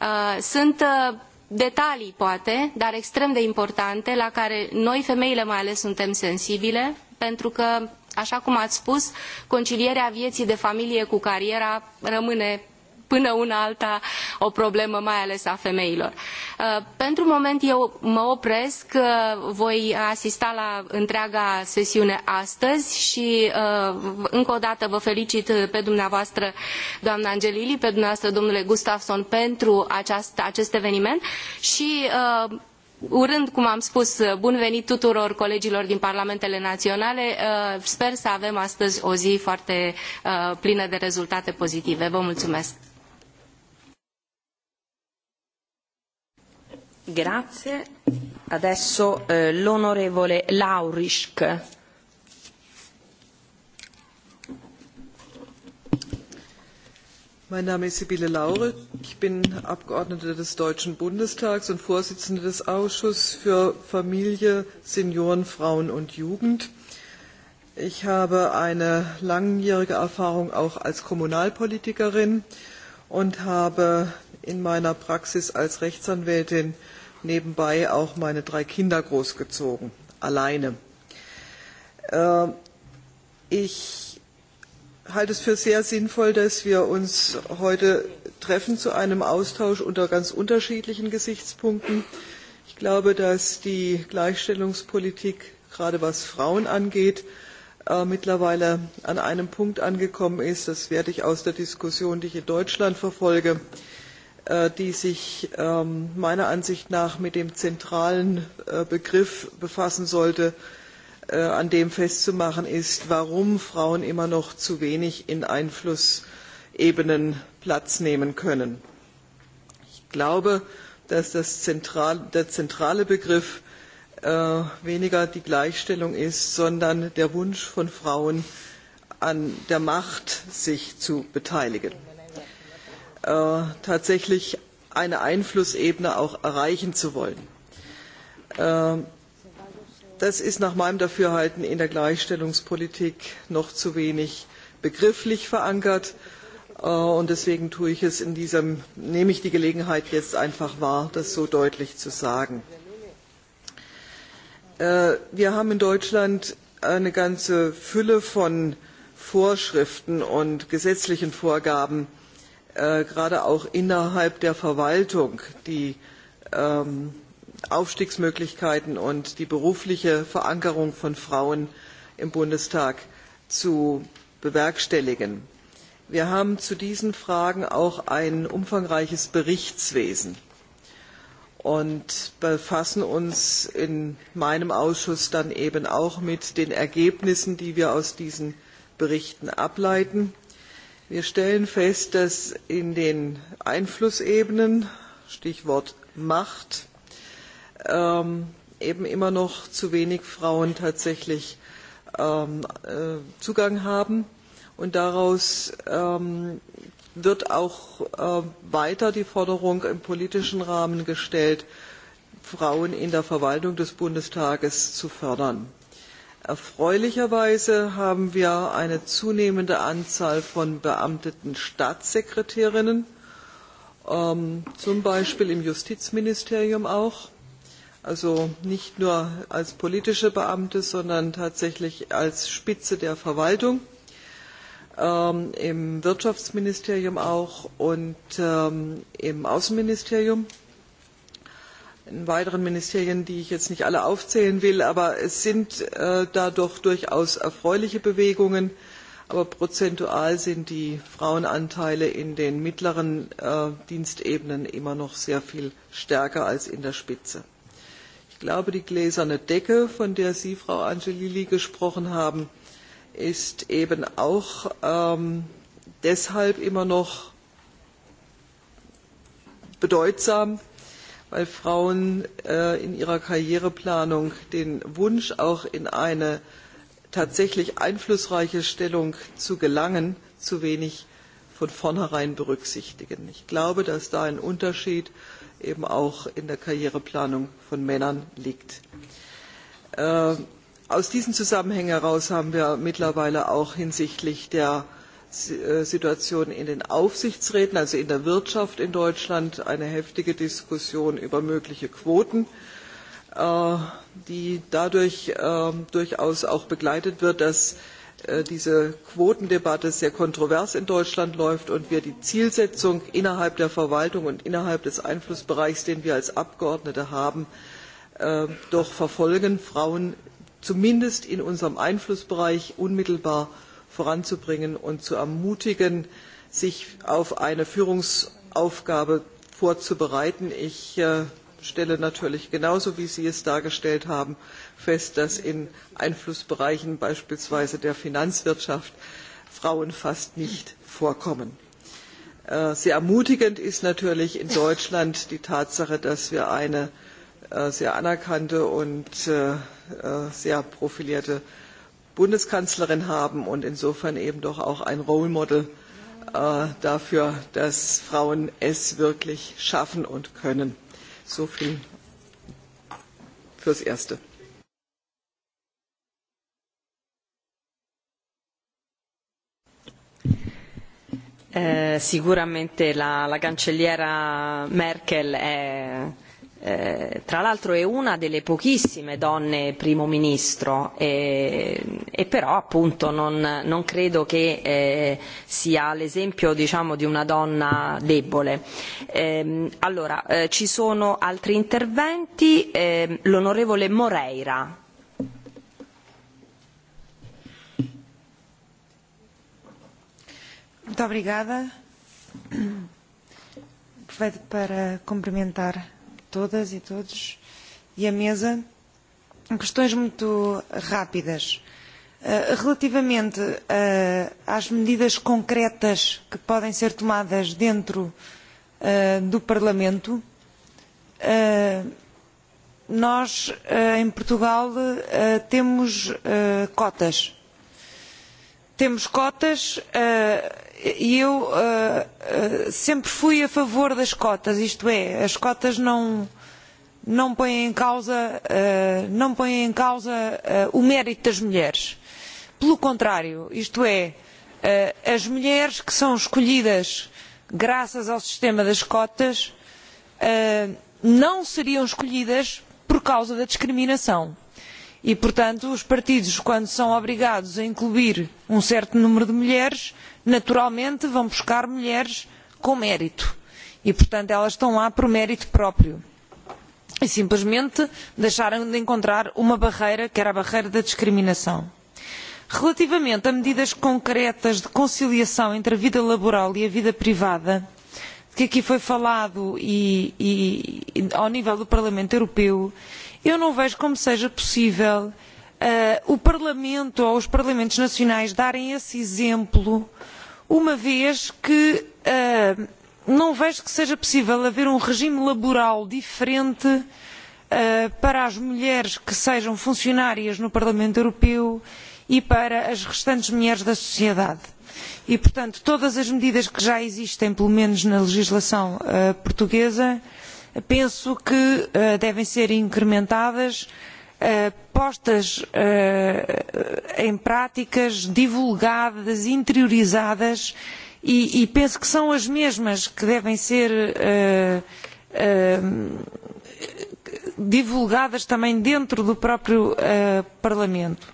Uh, sunt uh, detalii poate, dar extrem de importante, la care noi femeile mai ales suntem sensibile, pentru că, așa cum ați spus, concilierea vieții de familie cu cariera rămâne până una alta o problemă mai ales a femeilor. Uh, pentru moment eu mă opresc, uh, voi asista la întreaga sesiune astăzi și uh, încă o dată vă felicit pe dumneavoastră, doamna Angelili, pe dumneavoastră, domnule Gustafson, pentru aceast, acest eveniment și urând, cum am spus, bun venit tuturor colegilor din parlamentele naționale, sper să avem astăzi o zi foarte plină de rezultate pozitive. Vă mulțumesc! Grazie. Adesso eh, l'onorevole Mein Name ist Sibylle Laure. Ich bin Abgeordnete des Deutschen Bundestags und Vorsitzende des Ausschusses für Familie, Senioren, Frauen und Jugend. Ich habe eine langjährige Erfahrung auch als Kommunalpolitikerin und habe in meiner Praxis als Rechtsanwältin nebenbei auch meine drei Kinder großgezogen, alleine. Ähm, ich halte es für sehr sinnvoll, dass wir uns heute treffen zu einem Austausch unter ganz unterschiedlichen Gesichtspunkten. Ich glaube, dass die Gleichstellungspolitik, gerade was Frauen angeht, äh, mittlerweile an einem Punkt angekommen ist. Das werde ich aus der Diskussion, die ich in Deutschland verfolge, Äh, die sich ähm, meiner Ansicht nach mit dem zentralen äh, Begriff befassen sollte, äh, an dem festzumachen ist, warum Frauen immer noch zu wenig in Einflussebenen Platz nehmen können. Ich glaube, dass das zentral, der zentrale Begriff äh, weniger die Gleichstellung ist, sondern der Wunsch von Frauen, an der Macht sich zu beteiligen. Äh, tatsächlich eine Einflussebene auch erreichen zu wollen. Ähm, das ist nach meinem Dafürhalten in der Gleichstellungspolitik noch zu wenig begrifflich verankert. Äh, und deswegen tue ich es in diesem, nehme ich die Gelegenheit jetzt einfach wahr, das so deutlich zu sagen. Äh, wir haben in Deutschland eine ganze Fülle von Vorschriften und gesetzlichen Vorgaben Äh, gerade auch innerhalb der Verwaltung die ähm, Aufstiegsmöglichkeiten und die berufliche Verankerung von Frauen im Bundestag zu bewerkstelligen. Wir haben zu diesen Fragen auch ein umfangreiches Berichtswesen und befassen uns in meinem Ausschuss dann eben auch mit den Ergebnissen, die wir aus diesen Berichten ableiten. Wir stellen fest, dass in den Einflussebenen, Stichwort Macht, ähm, eben immer noch zu wenig Frauen tatsächlich ähm, äh, Zugang haben. Und daraus ähm, wird auch äh, weiter die Forderung im politischen Rahmen gestellt, Frauen in der Verwaltung des Bundestages zu fördern. Erfreulicherweise haben wir eine zunehmende Anzahl von beamteten Staatssekretärinnen, ähm, zum Beispiel im Justizministerium auch, also nicht nur als politische Beamte, sondern tatsächlich als Spitze der Verwaltung, ähm, im Wirtschaftsministerium auch und ähm, im Außenministerium in weiteren Ministerien, die ich jetzt nicht alle aufzählen will, aber es sind äh, da doch durchaus erfreuliche Bewegungen. Aber prozentual sind die Frauenanteile in den mittleren äh, Dienstebenen immer noch sehr viel stärker als in der Spitze. Ich glaube, die gläserne Decke, von der Sie, Frau Angelilli, gesprochen haben, ist eben auch ähm, deshalb immer noch bedeutsam, weil Frauen äh, in ihrer Karriereplanung den Wunsch, auch in eine tatsächlich einflussreiche Stellung zu gelangen, zu wenig von vornherein berücksichtigen. Ich glaube, dass da ein Unterschied eben auch in der Karriereplanung von Männern liegt. Äh, aus diesen Zusammenhängen heraus haben wir mittlerweile auch hinsichtlich der Äh, Situation in den Aufsichtsräten, also in der Wirtschaft in Deutschland, eine heftige Diskussion über mögliche Quoten, äh, die dadurch ähm, durchaus auch begleitet wird, dass äh, diese Quotendebatte sehr kontrovers in Deutschland läuft und wir die Zielsetzung innerhalb der Verwaltung und innerhalb des Einflussbereichs, den wir als Abgeordnete haben, doch verfolgen, Frauen zumindest in unserem Einflussbereich unmittelbar voranzubringen und zu ermutigen, sich auf eine Führungsaufgabe vorzubereiten. Ich äh, stelle natürlich genauso, wie Sie es dargestellt haben, fest, dass in Einflussbereichen beispielsweise der Finanzwirtschaft Frauen fast nicht vorkommen. Äh, sehr ermutigend ist natürlich in Deutschland die Tatsache, dass wir eine äh, sehr anerkannte und äh, äh, sehr profilierte Bundeskanzlerin haben und insofern eben doch auch ein Role Model äh, dafür, dass Frauen es wirklich schaffen und können. So viel fürs Erste. Eh, sicuramente la, la cancelliera Merkel è Eh, tra l'altro è una delle pochissime donne primo ministro e, e però appunto non, non credo che eh, sia l'esempio diciamo di una donna debole. Ehm, allora eh, ci sono altri interventi, ehm, l'onorevole Moreira. Muito obrigada. Aproveito para cumprimentar todas e todos e a mesa questões muito rápidas. Eh, relativamente eh, às medidas concretas que podem ser tomadas dentro eh, do Parlamento, nós em Portugal temos cotas. Temos cotas eu uh, uh, sempre fui a favor das cotas, isto é, as cotas não, não põem em causa, uh, não põem em causa uh, o mérito das mulheres. Pelo contrário, isto é, uh, as mulheres que são escolhidas graças ao sistema das cotas uh, não seriam escolhidas por causa da discriminação. E, portanto, os partidos, quando são obrigados a incluir um certo número de mulheres, uh, naturalmente vão buscar mulheres com mérito. E, portanto, elas estão lá por mérito próprio. E simplesmente deixaram de encontrar uma barreira, que era a barreira da discriminação. Relativamente a medidas concretas de conciliação entre a vida laboral e a vida privada, que aqui foi falado e, e, e, ao nível do Parlamento Europeu, eu não vejo como seja possível uh, Eh, o Parlamento ou os Parlamentos Nacionais darem esse exemplo, uma vez que eh, não vejo que seja possível haver um regime laboral diferente eh, para as mulheres que sejam funcionárias no Parlamento Europeu e para as restantes mulheres da sociedade. E, portanto, todas as medidas que já existem, pelo menos na legislação uh, portuguesa, penso que uh, devem ser incrementadas Eh, postas eh, em práticas, divulgadas, interiorizadas e, e, penso que são as mesmas que devem ser eh, divulgadas também dentro do próprio Parlamento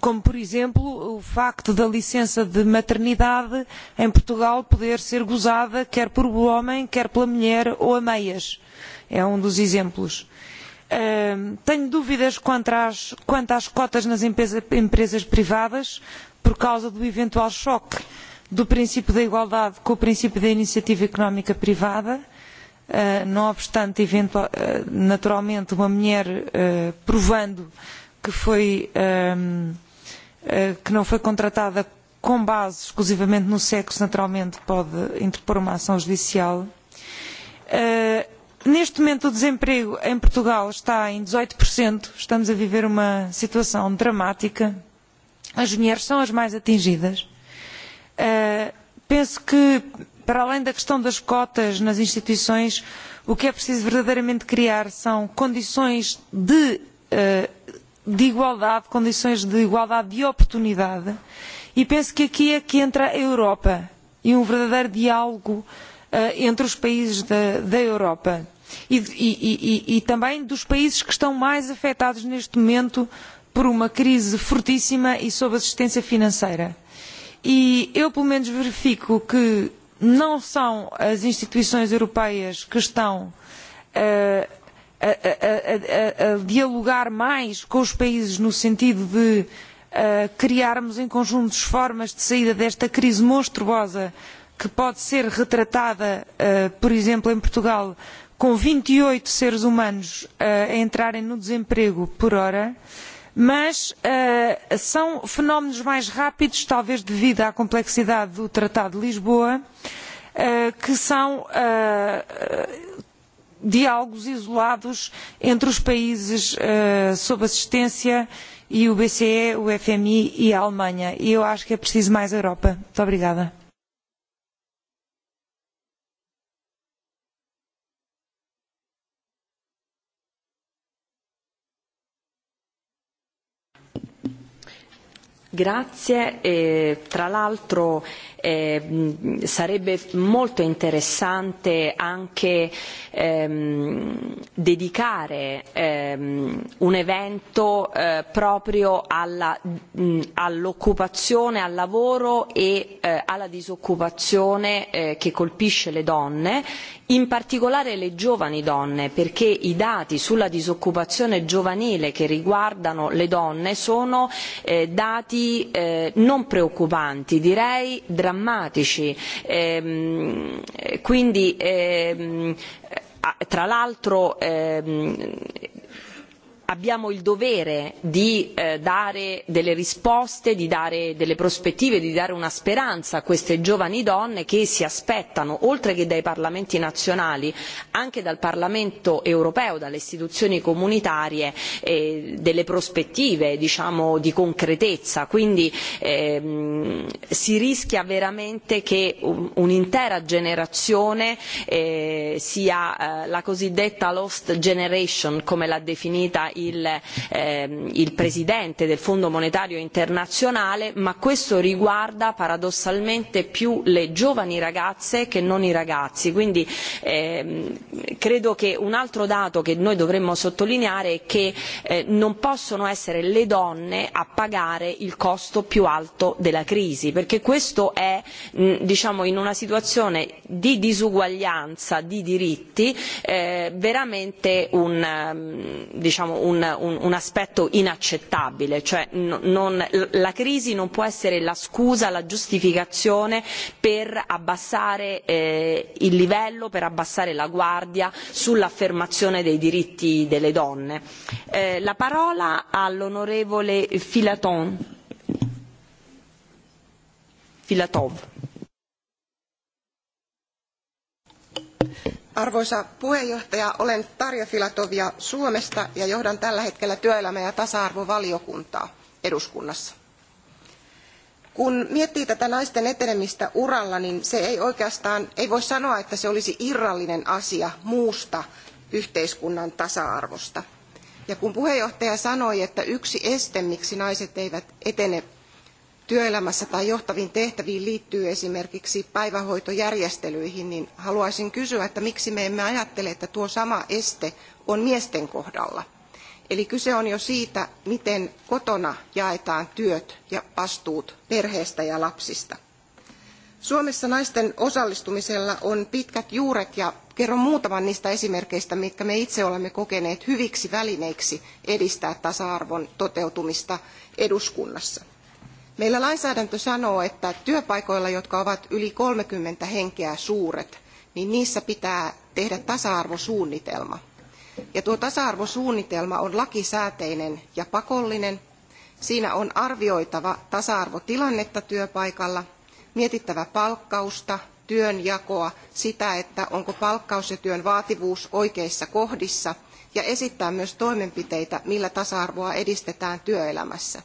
como por exemplo o facto da licença de maternidade em Portugal poder ser gozada quer por o homem, quer pela mulher ou a meias. É um dos exemplos tenho dúvidas quanto às, quanto às cotas nas empresa, empresas privadas por causa do eventual choque do princípio da igualdade com o princípio da iniciativa económica privada. Ah, não obstante, eventual, ah, naturalmente, uma mulher ah, provando que, foi, que não foi contratada com base exclusivamente no sexo, naturalmente pode interpor uma ação judicial. Neste momento o desemprego em Portugal está em 18%, estamos a viver uma situação dramática. As mulheres são as mais atingidas. Uh, penso que, para além da questão das cotas nas instituições, o que é preciso verdadeiramente criar são condições de, uh, de igualdade, condições de igualdade de oportunidade. E penso que aqui é que entra a Europa e um verdadeiro diálogo uh, entre os países da, da Europa E, e, e, e, e também dos países que estão mais afetados neste momento por uma crise fortíssima e sob assistência financeira. E eu, pelo menos, verifico que não são as instituições europeias que estão uh, a, a, a, a dialogar mais com os países no sentido de uh, criarmos em conjuntos formas de saída desta crise monstruosa que pode ser retratada, uh, por exemplo, em Portugal com vinte e oito seres humanos uh, a entrarem no desemprego por hora, mas uh, são fenómenos mais rápidos, talvez devido à complexidade do Tratado de Lisboa, uh, que são diálogos isolados entre os países sob assistência e o BCE, o FMI e a Alemanha. E eu acho que é preciso mais Europa. Muito obrigada. Grazie, e, tra l'altro Ehm, sarebbe molto interessante anche ehm, dedicare ehm, un evento eh, proprio all'occupazione, all al lavoro e eh, alla disoccupazione eh, che colpisce le donne, in particolare le giovani donne, perché i dati sulla disoccupazione giovanile che riguardano le donne sono eh, dati eh, non preoccupanti, direi drammatici drammatici. Ehm, quindi ehm, tra l'altro ehm, abbiamo il dovere di eh, dare delle risposte, di dare delle prospettive, di dare una speranza a queste giovani donne che si aspettano, oltre che dai parlamenti nazionali, anche dal Parlamento europeo, dalle istituzioni comunitarie, eh, delle prospettive diciamo, di concretezza. Quindi ehm, si rischia veramente che un'intera generazione eh, sia eh, la cosiddetta lost generation, come l'ha definita il, ehm, il presidente del Fondo Monetario Internazionale, ma questo riguarda paradossalmente più le giovani ragazze che non i ragazzi. Quindi ehm, credo che un altro dato che noi dovremmo sottolineare è che eh, non possono essere le donne a pagare il costo più alto della crisi, perché questo è mh, diciamo in una situazione di disuguaglianza di diritti eh, veramente un, ehm, diciamo, un, un, un aspetto inaccettabile, cioè non, la crisi non può essere la scusa, la giustificazione per abbassare eh, il livello, per abbassare la guardia sull'affermazione dei diritti delle donne. Eh, la parola all'onorevole Filaton. Filatov. Arvoisa puheenjohtaja, olen Tarja Filatovia Suomesta ja johdan tällä hetkellä työelämä- ja tasa-arvovaliokuntaa eduskunnassa. Kun miettii tätä naisten etenemistä uralla, niin se ei oikeastaan, ei voi sanoa, että se olisi irrallinen asia muusta yhteiskunnan tasa-arvosta. Ja kun puheenjohtaja sanoi, että yksi este, miksi naiset eivät etene työelämässä tai johtaviin tehtäviin liittyy esimerkiksi päivähoitojärjestelyihin, niin haluaisin kysyä, että miksi me emme ajattele, että tuo sama este on miesten kohdalla. Eli kyse on jo siitä, miten kotona jaetaan työt ja vastuut perheestä ja lapsista. Suomessa naisten osallistumisella on pitkät juuret ja kerron muutaman niistä esimerkeistä, mitkä me itse olemme kokeneet hyviksi välineiksi edistää tasa-arvon toteutumista eduskunnassa. Meillä lainsäädäntö sanoo, että työpaikoilla, jotka ovat yli 30 henkeä suuret, niin niissä pitää tehdä tasa-arvosuunnitelma. Ja tuo tasa-arvosuunnitelma on lakisääteinen ja pakollinen. Siinä on arvioitava tasa-arvotilannetta työpaikalla, mietittävä palkkausta, työnjakoa, sitä, että onko palkkaus ja työn vaativuus oikeissa kohdissa, ja esittää myös toimenpiteitä, millä tasa-arvoa edistetään työelämässä.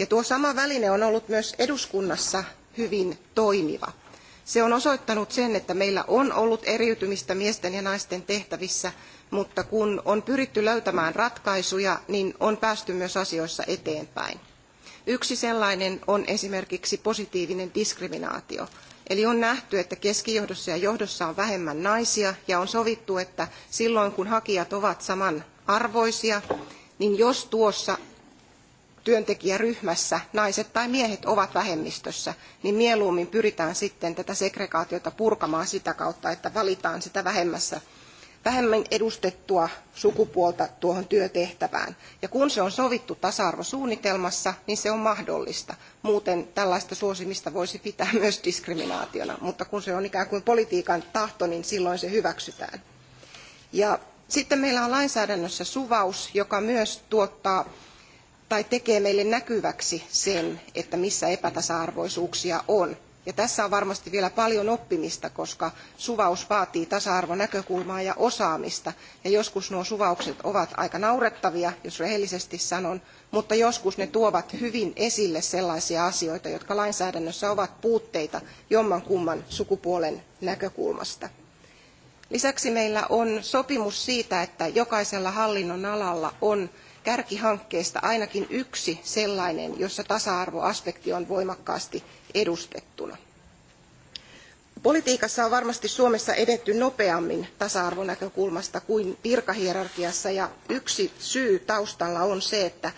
Ja tuo sama väline on ollut myös eduskunnassa hyvin toimiva. Se on osoittanut sen, että meillä on ollut eriytymistä miesten ja naisten tehtävissä, mutta kun on pyritty löytämään ratkaisuja, niin on päästy myös asioissa eteenpäin. Yksi sellainen on esimerkiksi positiivinen diskriminaatio. Eli on nähty, että keskijohdossa ja johdossa on vähemmän naisia ja on sovittu, että silloin kun hakijat ovat samanarvoisia, niin jos tuossa työntekijäryhmässä naiset tai miehet ovat vähemmistössä, niin mieluummin pyritään sitten tätä segregaatiota purkamaan sitä kautta, että valitaan sitä vähemmässä vähemmän edustettua sukupuolta tuohon työtehtävään. Ja kun se on sovittu tasa-arvosuunnitelmassa, niin se on mahdollista. Muuten tällaista suosimista voisi pitää myös diskriminaationa, mutta kun se on ikään kuin politiikan tahto, niin silloin se hyväksytään. Ja sitten meillä on lainsäädännössä suvaus, joka myös tuottaa tai tekee meille näkyväksi sen, että missä epätasa-arvoisuuksia on. Ja tässä on varmasti vielä paljon oppimista, koska suvaus vaatii tasa-arvonäkökulmaa ja osaamista. Ja joskus nuo suvaukset ovat aika naurettavia, jos rehellisesti sanon, mutta joskus ne tuovat hyvin esille sellaisia asioita, jotka lainsäädännössä ovat puutteita jommankumman sukupuolen näkökulmasta. Lisäksi meillä on sopimus siitä, että jokaisella hallinnon alalla on kärkihankkeista ainakin yksi sellainen, jossa tasa-arvoaspekti on voimakkaasti edustettuna. Politiikassa on varmasti Suomessa edetty nopeammin tasa-arvonäkökulmasta kuin virkahierarkiassa ja yksi syy taustalla on se, että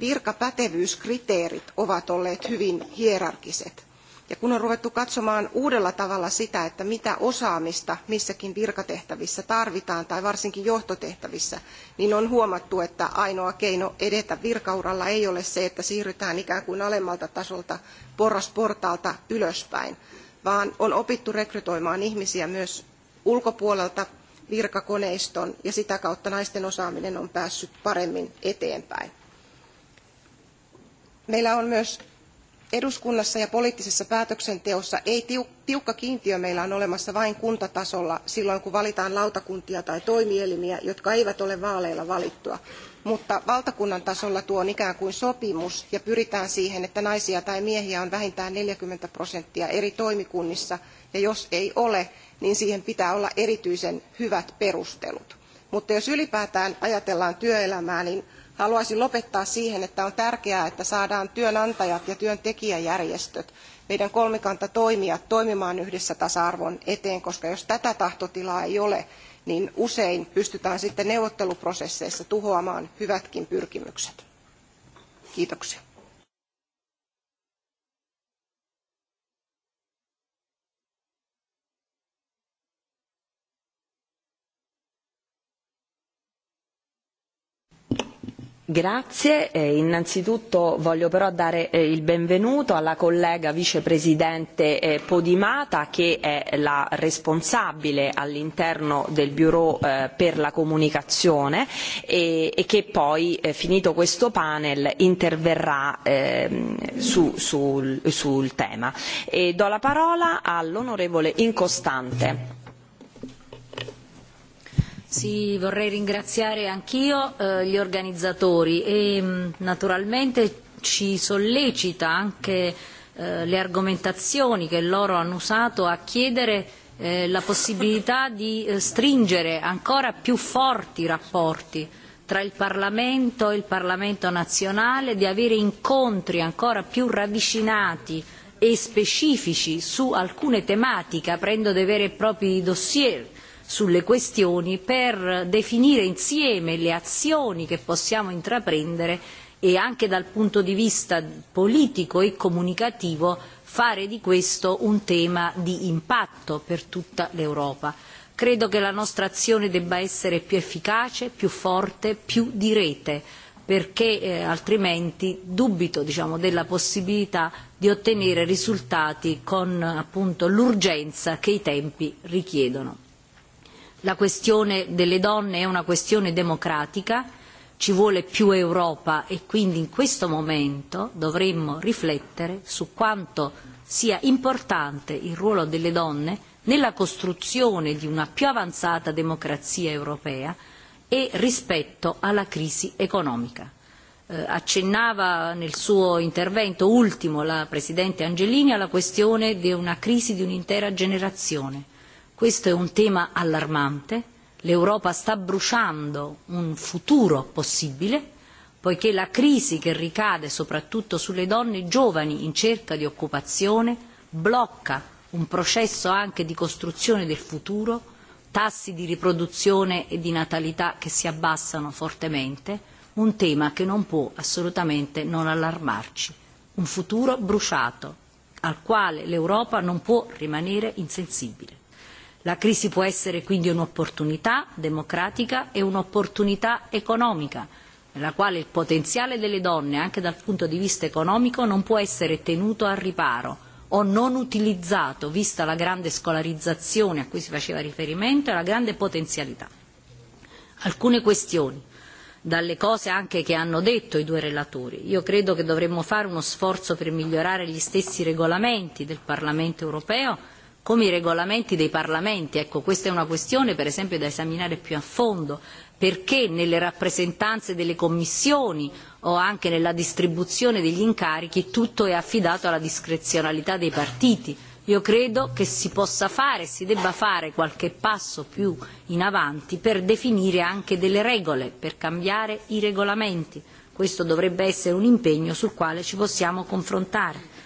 virkapätevyyskriteerit ovat olleet hyvin hierarkiset Ja kun on ruvettu katsomaan uudella tavalla sitä, että mitä osaamista missäkin virkatehtävissä tarvitaan tai varsinkin johtotehtävissä, niin on huomattu, että ainoa keino edetä virkauralla ei ole se, että siirrytään ikään kuin alemmalta tasolta porrasportaalta ylöspäin, vaan on opittu rekrytoimaan ihmisiä myös ulkopuolelta virkakoneiston ja sitä kautta naisten osaaminen on päässyt paremmin eteenpäin. Meillä on myös eduskunnassa ja poliittisessa päätöksenteossa ei tiukka kiintiö meillä on olemassa vain kuntatasolla silloin, kun valitaan lautakuntia tai toimielimiä, jotka eivät ole vaaleilla valittua. Mutta valtakunnan tasolla tuo on ikään kuin sopimus ja pyritään siihen, että naisia tai miehiä on vähintään 40 prosenttia eri toimikunnissa ja jos ei ole, niin siihen pitää olla erityisen hyvät perustelut. Mutta jos ylipäätään ajatellaan työelämää, niin Haluaisin lopettaa siihen, että on tärkeää, että saadaan työnantajat ja työntekijäjärjestöt, meidän kolmikanta toimijat toimimaan yhdessä tasa-arvon eteen, koska jos tätä tahtotilaa ei ole, niin usein pystytään sitten neuvotteluprosesseissa tuhoamaan hyvätkin pyrkimykset. Kiitoksia. Grazie, eh, innanzitutto voglio però dare eh, il benvenuto alla collega vicepresidente eh, Podimata che è la responsabile all'interno del Bureau eh, per la comunicazione e, e che poi, eh, finito questo panel, interverrà eh, su, sul, sul tema. E do la parola all'onorevole Incostante. Sì, vorrei ringraziare anch'io eh, gli organizzatori e mm, naturalmente ci sollecita anche eh, le argomentazioni che loro hanno usato a chiedere eh, la possibilità di eh, stringere ancora più forti rapporti tra il Parlamento e il Parlamento nazionale, di avere incontri ancora più ravvicinati e specifici su alcune tematiche, aprendo dei veri e propri dossier sulle questioni per definire insieme le azioni che possiamo intraprendere e anche dal punto di vista politico e comunicativo fare di questo un tema di impatto per tutta l'Europa. Credo che la nostra azione debba essere più efficace, più forte, più di rete, perché eh, altrimenti dubito diciamo, della possibilità di ottenere risultati con appunto, l'urgenza che i tempi richiedono. La questione delle donne è una questione democratica, ci vuole più Europa e quindi in questo momento dovremmo riflettere su quanto sia importante il ruolo delle donne nella costruzione di una più avanzata democrazia europea e rispetto alla crisi economica. Eh, accennava nel suo intervento ultimo la Presidente Angelini alla questione di una crisi di un'intera generazione Questo è un tema allarmante, l'Europa sta bruciando un futuro possibile, poiché la crisi che ricade soprattutto sulle donne giovani in cerca di occupazione blocca un processo anche di costruzione del futuro, tassi di riproduzione e di natalità che si abbassano fortemente, un tema che non può assolutamente non allarmarci, un futuro bruciato al quale l'Europa non può rimanere insensibile. La crisi può essere quindi un'opportunità democratica e un'opportunità economica, nella quale il potenziale delle donne, anche dal punto di vista economico, non può essere tenuto al riparo o non utilizzato, vista la grande scolarizzazione a cui si faceva riferimento e la grande potenzialità. Alcune questioni, dalle cose anche che hanno detto i due relatori. Io credo che dovremmo fare uno sforzo per migliorare gli stessi regolamenti del Parlamento europeo come i regolamenti dei parlamenti. Ecco, questa è una questione per esempio da esaminare più a fondo, perché nelle rappresentanze delle commissioni o anche nella distribuzione degli incarichi tutto è affidato alla discrezionalità dei partiti. Io credo che si possa fare, si debba fare qualche passo più in avanti per definire anche delle regole, per cambiare i regolamenti. Questo dovrebbe essere un impegno sul quale ci possiamo confrontare.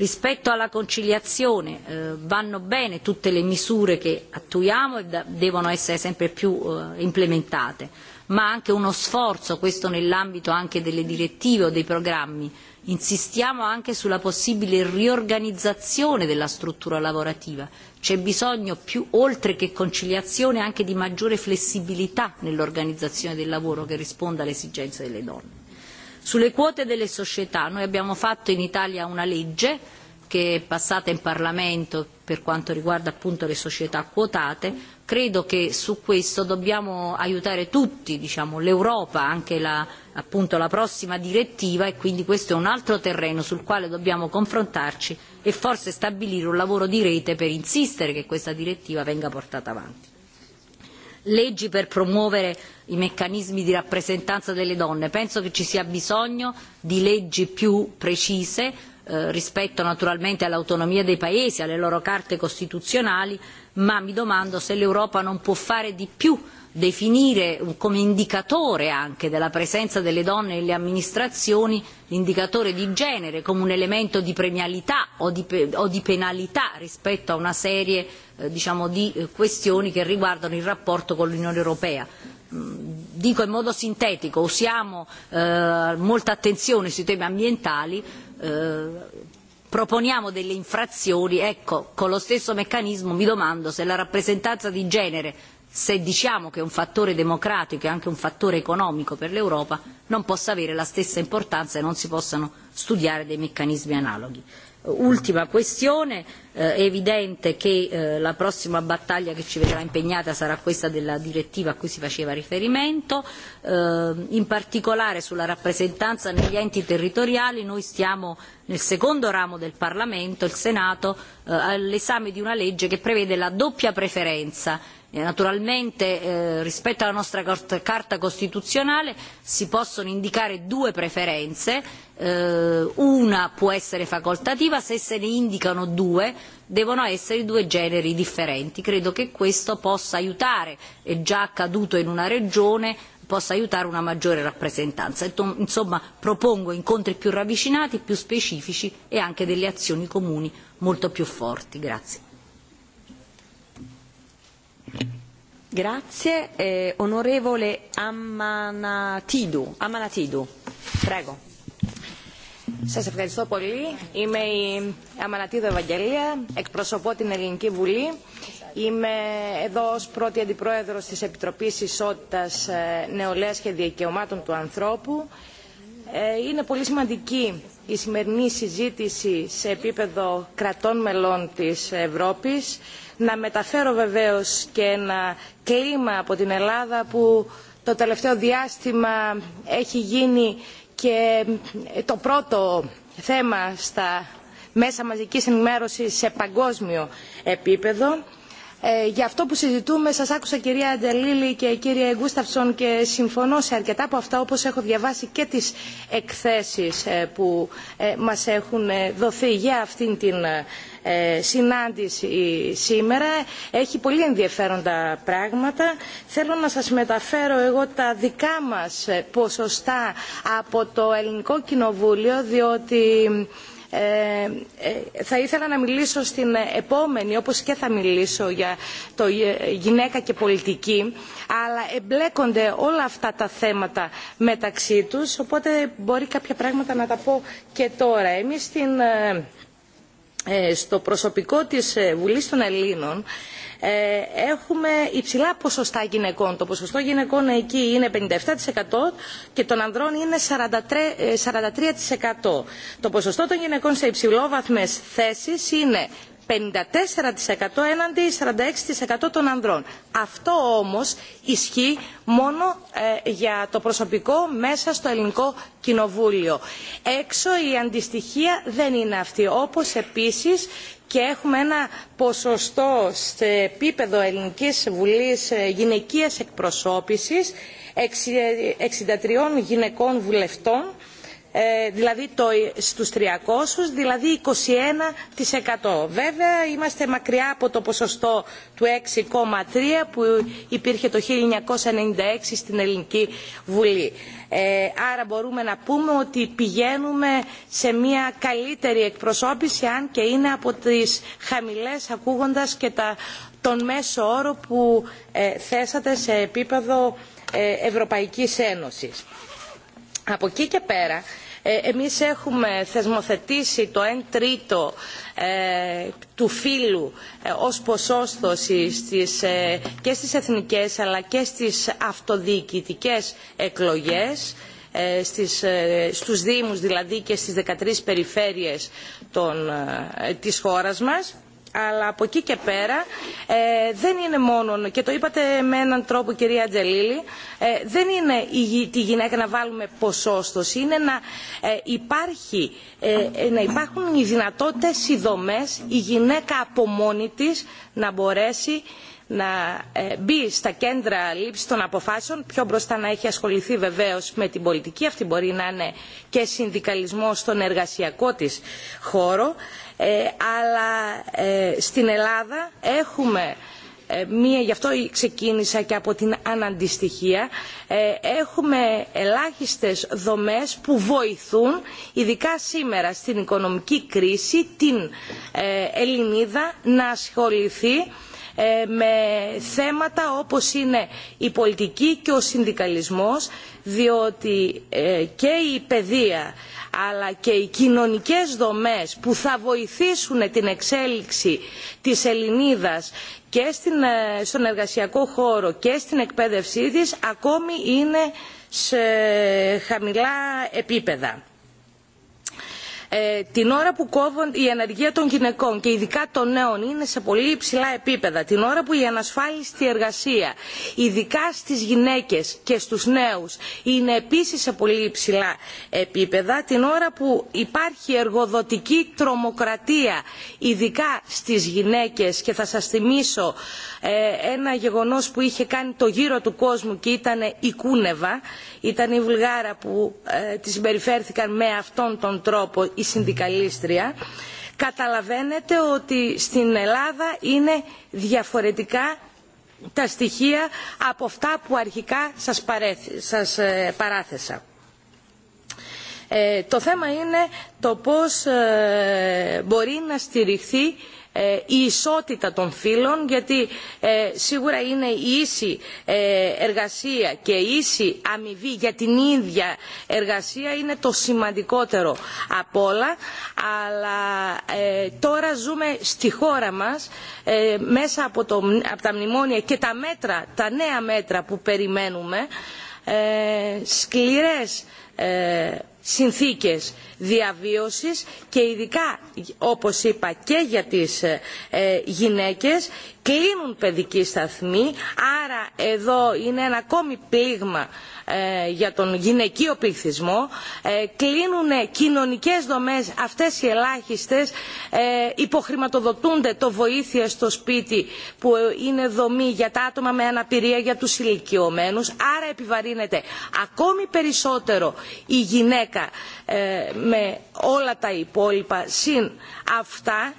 Rispetto alla conciliazione eh, vanno bene tutte le misure che attuiamo e da, devono essere sempre più eh, implementate, ma anche uno sforzo, questo nell'ambito anche delle direttive o dei programmi, Insistiamo anche sulla possibile riorganizzazione della struttura lavorativa. C'è bisogno, più, oltre che conciliazione, anche di maggiore flessibilità nell'organizzazione del lavoro che risponda alle esigenze delle donne. Sulle quote delle società, noi abbiamo fatto in Italia una legge che è passata in Parlamento per quanto riguarda appunto le società quotate, credo che su questo dobbiamo aiutare tutti, diciamo, l'Europa, anche la, appunto, la prossima direttiva e quindi questo è un altro terreno sul quale dobbiamo confrontarci e forse stabilire un lavoro di rete per insistere che questa direttiva venga portata avanti leggi per promuovere i meccanismi di rappresentanza delle donne. Penso che ci sia bisogno di leggi più precise eh, rispetto naturalmente all'autonomia dei paesi, alle loro carte costituzionali, ma mi domando se l'Europa non può fare di più definire come indicatore anche della presenza delle donne nelle amministrazioni l'indicatore di genere come un elemento di premialità o di, o di penalità rispetto a una serie eh, diciamo, di eh, questioni che riguardano il rapporto con l'Unione Europea. Mm, dico in modo sintetico, usiamo eh, molta attenzione sui temi ambientali, eh, proponiamo delle infrazioni, ecco, con lo stesso meccanismo mi domando se la rappresentanza di genere se diciamo che è un fattore democratico e anche un fattore economico per l'Europa, non possa avere la stessa importanza e non si possano studiare dei meccanismi analoghi. Ultima questione, eh, è evidente che eh, la prossima battaglia che ci vedrà impegnata sarà questa della direttiva a cui si faceva riferimento, eh, in particolare sulla rappresentanza negli enti territoriali noi stiamo nel secondo ramo del Parlamento, il Senato, eh, all'esame di una legge che prevede la doppia preferenza Eh, naturalmente eh, rispetto alla nostra Carta Costituzionale si possono indicare due preferenze, eh, una può essere facoltativa, se se ne indicano due devono essere due generi differenti. Credo che questo possa aiutare, è già accaduto in una regione, possa aiutare una maggiore rappresentanza. E insomma, propongo incontri più ravvicinati, più specifici e anche delle azioni comuni molto più forti. Grazie. Grazie. Eh, onorevole Ammanatidu. Ammanatidu, prego. Σας ευχαριστώ πολύ. Είμαι η Αμανατίδα Ευαγγελία, εκπροσωπώ την Ελληνική Βουλή. Είμαι εδώ ως πρώτη αντιπρόεδρος της Επιτροπής Ισότητας Νεολαίας και Δικαιωμάτων του Ανθρώπου. Είναι πολύ σημαντική η σημερινή συζήτηση σε επίπεδο κρατών μελών της Ευρώπης να μεταφέρω βεβαίως και ένα κλίμα από την Ελλάδα που το τελευταίο διάστημα έχει γίνει και το πρώτο θέμα στα μέσα μαζικής ενημέρωσης σε παγκόσμιο επίπεδο Ε, για αυτό που συζητούμε, σας άκουσα κυρία Αντελίλη και κύριε Γκούσταυσον και συμφωνώ σε αρκετά από αυτά όπως έχω διαβάσει και τις εκθέσεις ε, που ε, μας έχουν ε, δοθεί για αυτήν την ε, συνάντηση σήμερα. Έχει πολύ ενδιαφέροντα πράγματα. Θέλω να σας μεταφέρω εγώ τα δικά μας ποσοστά από το Ελληνικό Κοινοβούλιο, διότι θα ήθελα να μιλήσω στην επόμενη, όπως και θα μιλήσω για το γυναίκα και πολιτική, αλλά εμπλέκονται όλα αυτά τα θέματα μεταξύ τους, οπότε μπορεί κάποια πράγματα να τα πω και τώρα. Εμείς στην στο προσωπικό της Βουλής των Ελλήνων έχουμε υψηλά ποσοστά γυναικών. Το ποσοστό γυναικών εκεί είναι 57% και των ανδρών είναι 43%. Το ποσοστό των γυναικών σε υψηλόβαθμες θέσεις είναι 54% έναντι 46% των ανδρών. Αυτό όμως ισχύει μόνο ε, για το προσωπικό μέσα στο ελληνικό κοινοβούλιο. Έξω η αντιστοιχία δεν είναι αυτή, όπως επίσης και έχουμε ένα ποσοστό σε επίπεδο Ελληνικής Βουλής γυναικείας εκπροσώπησης 63 γυναικών βουλευτών δηλαδή το, στους 300, δηλαδή 21%. Βέβαια είμαστε μακριά από το ποσοστό του 6,3 που υπήρχε το 1996 στην Ελληνική Βουλή. Ε, άρα μπορούμε να πούμε ότι πηγαίνουμε σε μια καλύτερη εκπροσώπηση αν και είναι από τις χαμηλές ακούγοντας και τα, τον μέσο όρο που ε, θέσατε σε επίπεδο ε, Ευρωπαϊκής Ένωσης. Από εκεί και πέρα, ε, εμείς έχουμε θεσμοθετήσει το 1 τρίτο ε, του φύλου ε, ως ποσόστοση στις, ε, και στις εθνικές αλλά και στις αυτοδιοικητικές εκλογές στις, στους Δήμους δηλαδή και στις 13 περιφέρειες των, της χώρας μας αλλά από εκεί και πέρα ε, δεν είναι μόνο, και το είπατε με έναν τρόπο κυρία Τζελίλη, ε, δεν είναι η, τη γυναίκα να βάλουμε ποσόστοση, είναι να, ε, υπάρχει, ε, να υπάρχουν οι δυνατότητες, οι δομές, η γυναίκα από μόνη της να μπορέσει να ε, μπει στα κέντρα λήψη των αποφάσεων, πιο μπροστά να έχει ασχοληθεί βεβαίως με την πολιτική, αυτή μπορεί να είναι και συνδικαλισμό στον εργασιακό της χώρο, αλλά στην Ελλάδα έχουμε μία, γι' αυτό ξεκίνησα και από την αναντιστοιχία, έχουμε ελάχιστες δομές που βοηθούν, ειδικά σήμερα στην οικονομική κρίση, την Ελληνίδα να ασχοληθεί με θέματα όπως είναι η πολιτική και ο συνδικαλισμός, διότι και η παιδεία αλλά και οι κοινωνικές δομές που θα βοηθήσουν την εξέλιξη της Ελληνίδας και στην, στον εργασιακό χώρο και στην εκπαίδευσή της ακόμη είναι σε χαμηλά επίπεδα ε, την ώρα που κόβουν η ενεργεία των γυναικών και ειδικά των νέων είναι σε πολύ υψηλά επίπεδα, την ώρα που η ανασφάλιστη εργασία ειδικά στις γυναίκες και στους νέους είναι επίσης σε πολύ υψηλά επίπεδα, την ώρα που υπάρχει εργοδοτική τρομοκρατία ειδικά στις γυναίκες και θα σας θυμίσω ε, ένα γεγονός που είχε κάνει το γύρο του κόσμου και ήταν η Κούνεβα, ήταν η Βουλγάρα που ε, τη συμπεριφέρθηκαν με αυτόν τον τρόπο η συνδικαλίστρια, καταλαβαίνετε ότι στην Ελλάδα είναι διαφορετικά τα στοιχεία από αυτά που αρχικά σας, παρέθη, σας παράθεσα. Ε, το θέμα είναι το πώς ε, μπορεί να στηριχθεί η ισότητα των φύλων γιατί σίγουρα είναι η ίση εργασία και η ίση αμοιβή για την ίδια εργασία είναι το σημαντικότερο από όλα αλλά τώρα ζούμε στη χώρα μας μέσα από, το, από τα μνημόνια και τα μέτρα, τα νέα μέτρα που περιμένουμε σκληρές συνθήκες διαβίωσης και ειδικά όπως είπα και για τις ε, γυναίκες κλείνουν παιδικοί σταθμοί άρα εδώ είναι ένα ακόμη πλήγμα για τον γυναικείο πληθυσμό κλείνουν κοινωνικές δομές αυτές οι ελάχιστες υποχρηματοδοτούνται το βοήθεια στο σπίτι που είναι δομή για τα άτομα με αναπηρία για τους ηλικιωμένους άρα επιβαρύνεται ακόμη περισσότερο η γυναίκα με όλα τα υπόλοιπα συν αυτά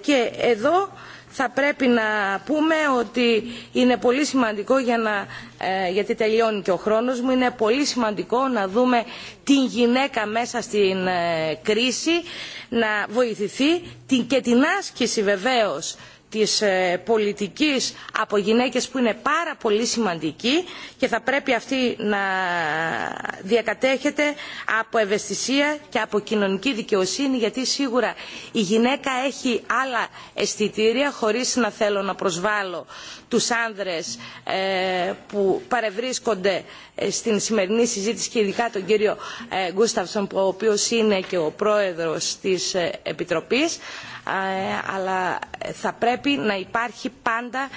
και εδώ θα πρέπει να πούμε ότι είναι πολύ σημαντικό για να, ε, γιατί τελειώνει και ο χρόνος μου, είναι πολύ σημαντικό να δούμε την γυναίκα μέσα στην ε, κρίση, να βοηθηθεί την, και την άσκηση βεβαίως της πολιτικής από γυναίκες που είναι πάρα πολύ σημαντική και θα πρέπει αυτή να διακατέχεται από ευαισθησία και από κοινωνική δικαιοσύνη γιατί σίγουρα η γυναίκα έχει άλλα αισθητήρια χωρίς να θέλω να προσβάλλω τους άνδρες ε, που παρευρίσκονται στην σημερινή συζήτηση και ειδικά τον κύριο ε, Γκούσταυσον ο οποίος είναι και ο πρόεδρος της Επιτροπής αλλά θα πρέπει να υπάρχει πάντα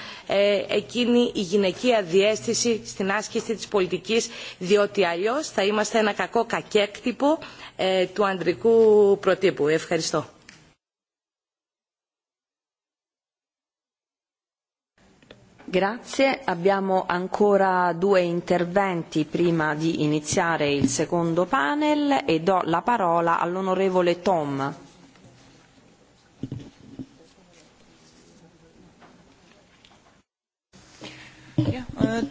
εκείνη η γυναικεία διέστηση στην άσκηση της πολιτικής, διότι αλλιώς θα είμαστε ένα κακό κακέκτυπο του αντρικού προτύπου. Ευχαριστώ. Grazie, abbiamo ancora due interventi prima di iniziare il secondo panel e do la parola all'onorevole Tom.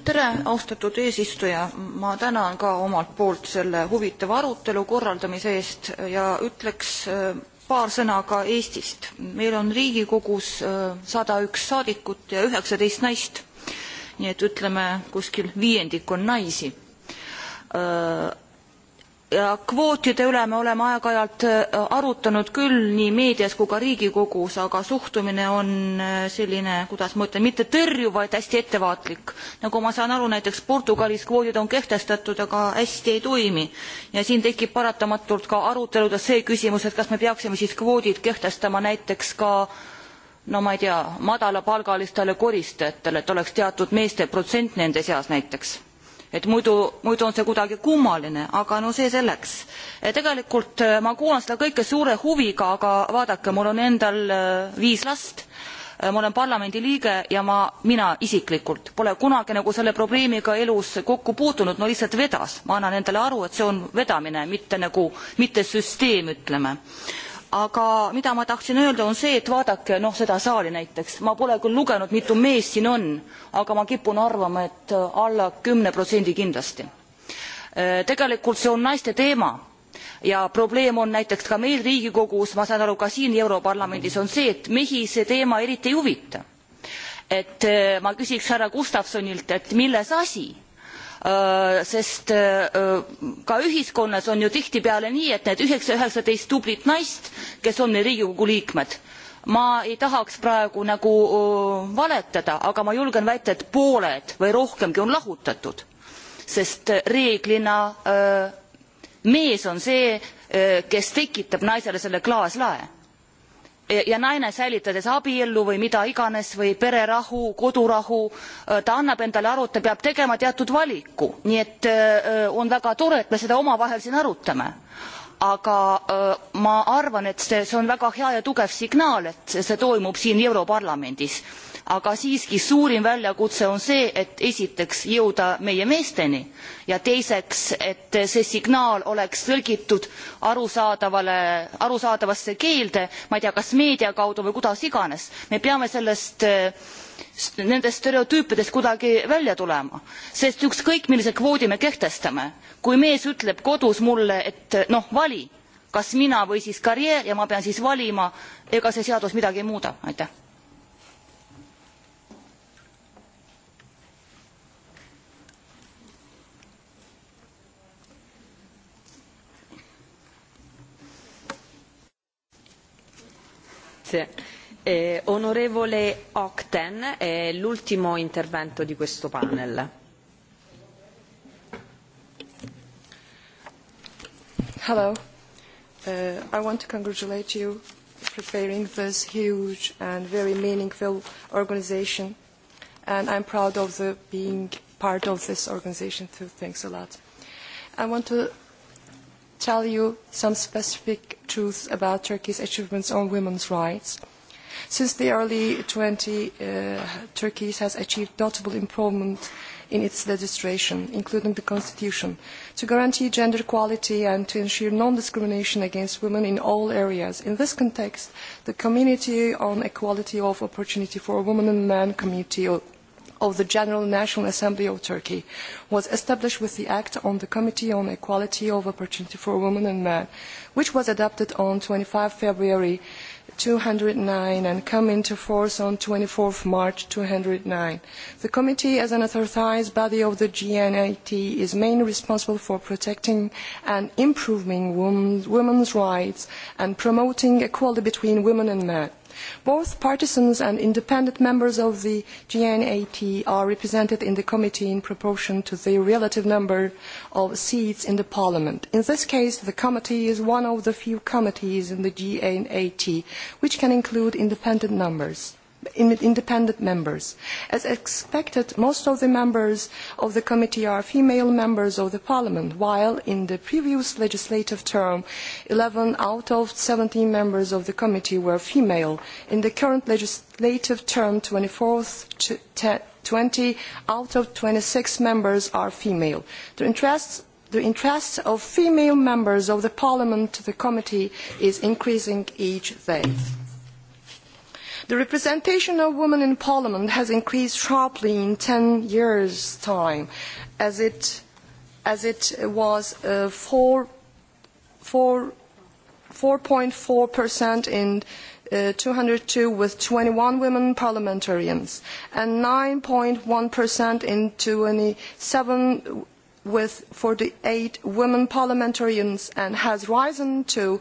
Tere, austatud eesistuja! Ma tänan ka omalt poolt selle huvitava arutelu korraldamise eest ja ütleks äh, paar sõna ka Eestist. Meil on Riigikogus 101 äh, saadikut ja 19 naist, nii et ütleme kuskil viiendik on naisi äh, ja kvootide üle me oleme aeg-ajalt äh, arutanud küll nii meedias kui ka Riigikogus, aga suhtumine on äh, selline, kuidas ma ütlen, mitte tõrjuv, vaid hästi ettevaatlik. nagu ma saan aru, näiteks Portugalis kvoodid on kehtestatud, aga hästi ei toimi. ja siin tekib paratamatult ka aruteludes see küsimus, et kas me peaksime siis kvoodid kehtestama näiteks ka no ma ei tea, madalapalgalistele koristajatele, et oleks teatud meeste protsent nende seas näiteks et muidu, muidu on see kuidagi kummaline, aga no see selleks. tegelikult äh, ma kuulan seda kõike suure huviga, aga vaadake, mul on endal äh, viis last, äh, ma olen parlamendi liige ja ma, mina isiklikult pole kunagi nagu selle probleemiga elus kokku puutunud, no lihtsalt vedas, ma annan endale aru, et see on vedamine, mitte nagu, mitte süsteem, ütleme aga mida ma tahtsin öelda, on see, et vaadake noh, seda saali näiteks, ma pole küll lugenud, mitu mees siin on, aga ma kipun arvama, et äh, alla kümne kindlasti. Äh, tegelikult see on naiste teema ja probleem on näiteks ka meil Riigikogus, ma saan aru, ka siin Europarlamendis on see, et mehi see teema eriti ei huvita. et äh, ma küsiks härra Gustafsonilt, et milles asi Äh, sest äh, ka ühiskonnas on ju tihtipeale nii, et need üheksa, üheksateist tublit naist, kes on Riigikogu liikmed, ma ei tahaks praegu nagu äh, valetada, aga ma julgen väita, et pooled või rohkemgi on lahutatud, sest reeglina mees on see, kes tekitab naisele selle klaaslae ja naine säilitades abiellu või mida iganes või pererahu kodurahu äh, ta annab endale aru et ta peab tegema teatud valiku nii et äh, on väga tore et me seda omavahel siin arutame aga äh, ma arvan et see on väga hea ja tugev signaal et see toimub siin europarlamendis aga siiski suurim väljakutse on see, et esiteks jõuda meie meesteni ja teiseks, et see signaal oleks tõlgitud arusaadavale, arusaadavasse keelde, ma ei tea, kas meedia kaudu või kuidas iganes. me peame sellest nendest stereotüüpidest kuidagi välja tulema. sest ükskõik millise kvoodi me kehtestame, kui mees ütleb kodus mulle, et noh, vali, kas mina või siis karjäär ja ma pean siis valima, ega see seadus midagi ei muuda, aitäh. Eh, onorevole Octen, è l'ultimo intervento di questo panel. Hello. Uh, I want to congratulate you for preparing this huge and very meaningful organization. And I'm proud of the being part of this organization too. Thanks a lot. I want to tell you some specific truths about Turkey's achievements on women's rights. Since the early 20, uh, Turkey has achieved notable improvement in its legislation, including the constitution, to guarantee gender equality and to ensure non-discrimination against women in all areas. In this context, the Community on Equality of Opportunity for Women and Men Committee of the General National Assembly of Turkey was established with the Act on the Committee on Equality of Opportunity for Women and Men, which was adopted on 25 February 209 and come into force on 24th March 209. The committee as an authorized body of the GNIT is mainly responsible for protecting and improving women's, women's rights and promoting equality between women and men. Both partisans and independent members of the GNAT are represented in the committee in proportion to the relative number of seats in the parliament. In this case, the committee is one of the few committees in the GNAT which can include independent members independent members. As expected, most of the members of the committee are female members of the parliament, while in the previous legislative term, 11 out of 17 members of the committee were female. In the current legislative term, 24th to 20 out of 26 members are female. The interests the interest of female members of the parliament to the committee is increasing each day. The representation of women in parliament has increased sharply in ten years' time, as it, as it was uh, 4, 4, 4.4% in uh, 202 with 21 women parliamentarians and 9.1% in 27 with 48 women parliamentarians and has risen to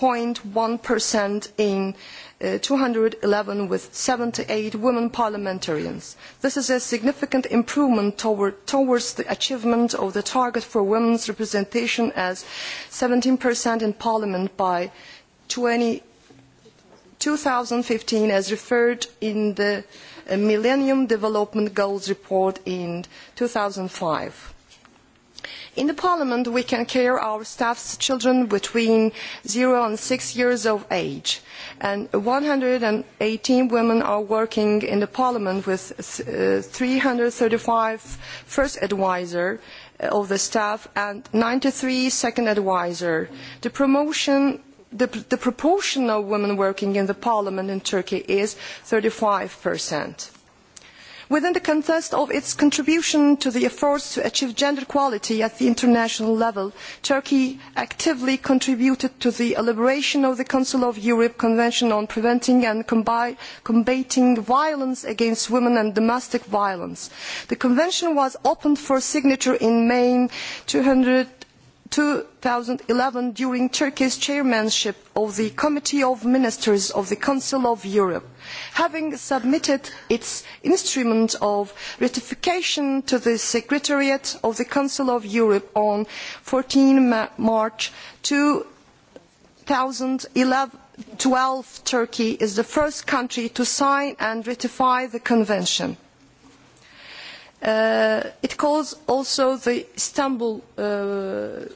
0.1% in uh, 211 with 78 women parliamentarians. This is a significant improvement toward, towards the achievement of the target for women's representation as 17% in parliament by 20, 2015 as referred in the uh, Millennium Development Goals report in 2005. In the Parliament, we can care our staff's children between zero and six years of age. And one hundred and eighteen women are working in the Parliament with uh, three hundred and thirty five first advisor uh, of the staff and ninety three second advisor. The promotion the, the proportion of women working in the parliament in Turkey is thirty 35 percent within the context of its contribution to the efforts to achieve gender equality at the international level, Turkey actively contributed to the elaboration of the Council of Europe Convention on Preventing and Combating Violence Against Women and Domestic Violence. The convention was opened for signature in May two hundred eleven during Turkey's chairmanship of the Committee of Ministers of the Council of Europe, having submitted its instrument of ratification to the Secretariat of the Council of Europe on 14 Ma March twelve, Turkey is the first country to sign and ratify the convention. Uh, it calls also the Istanbul uh,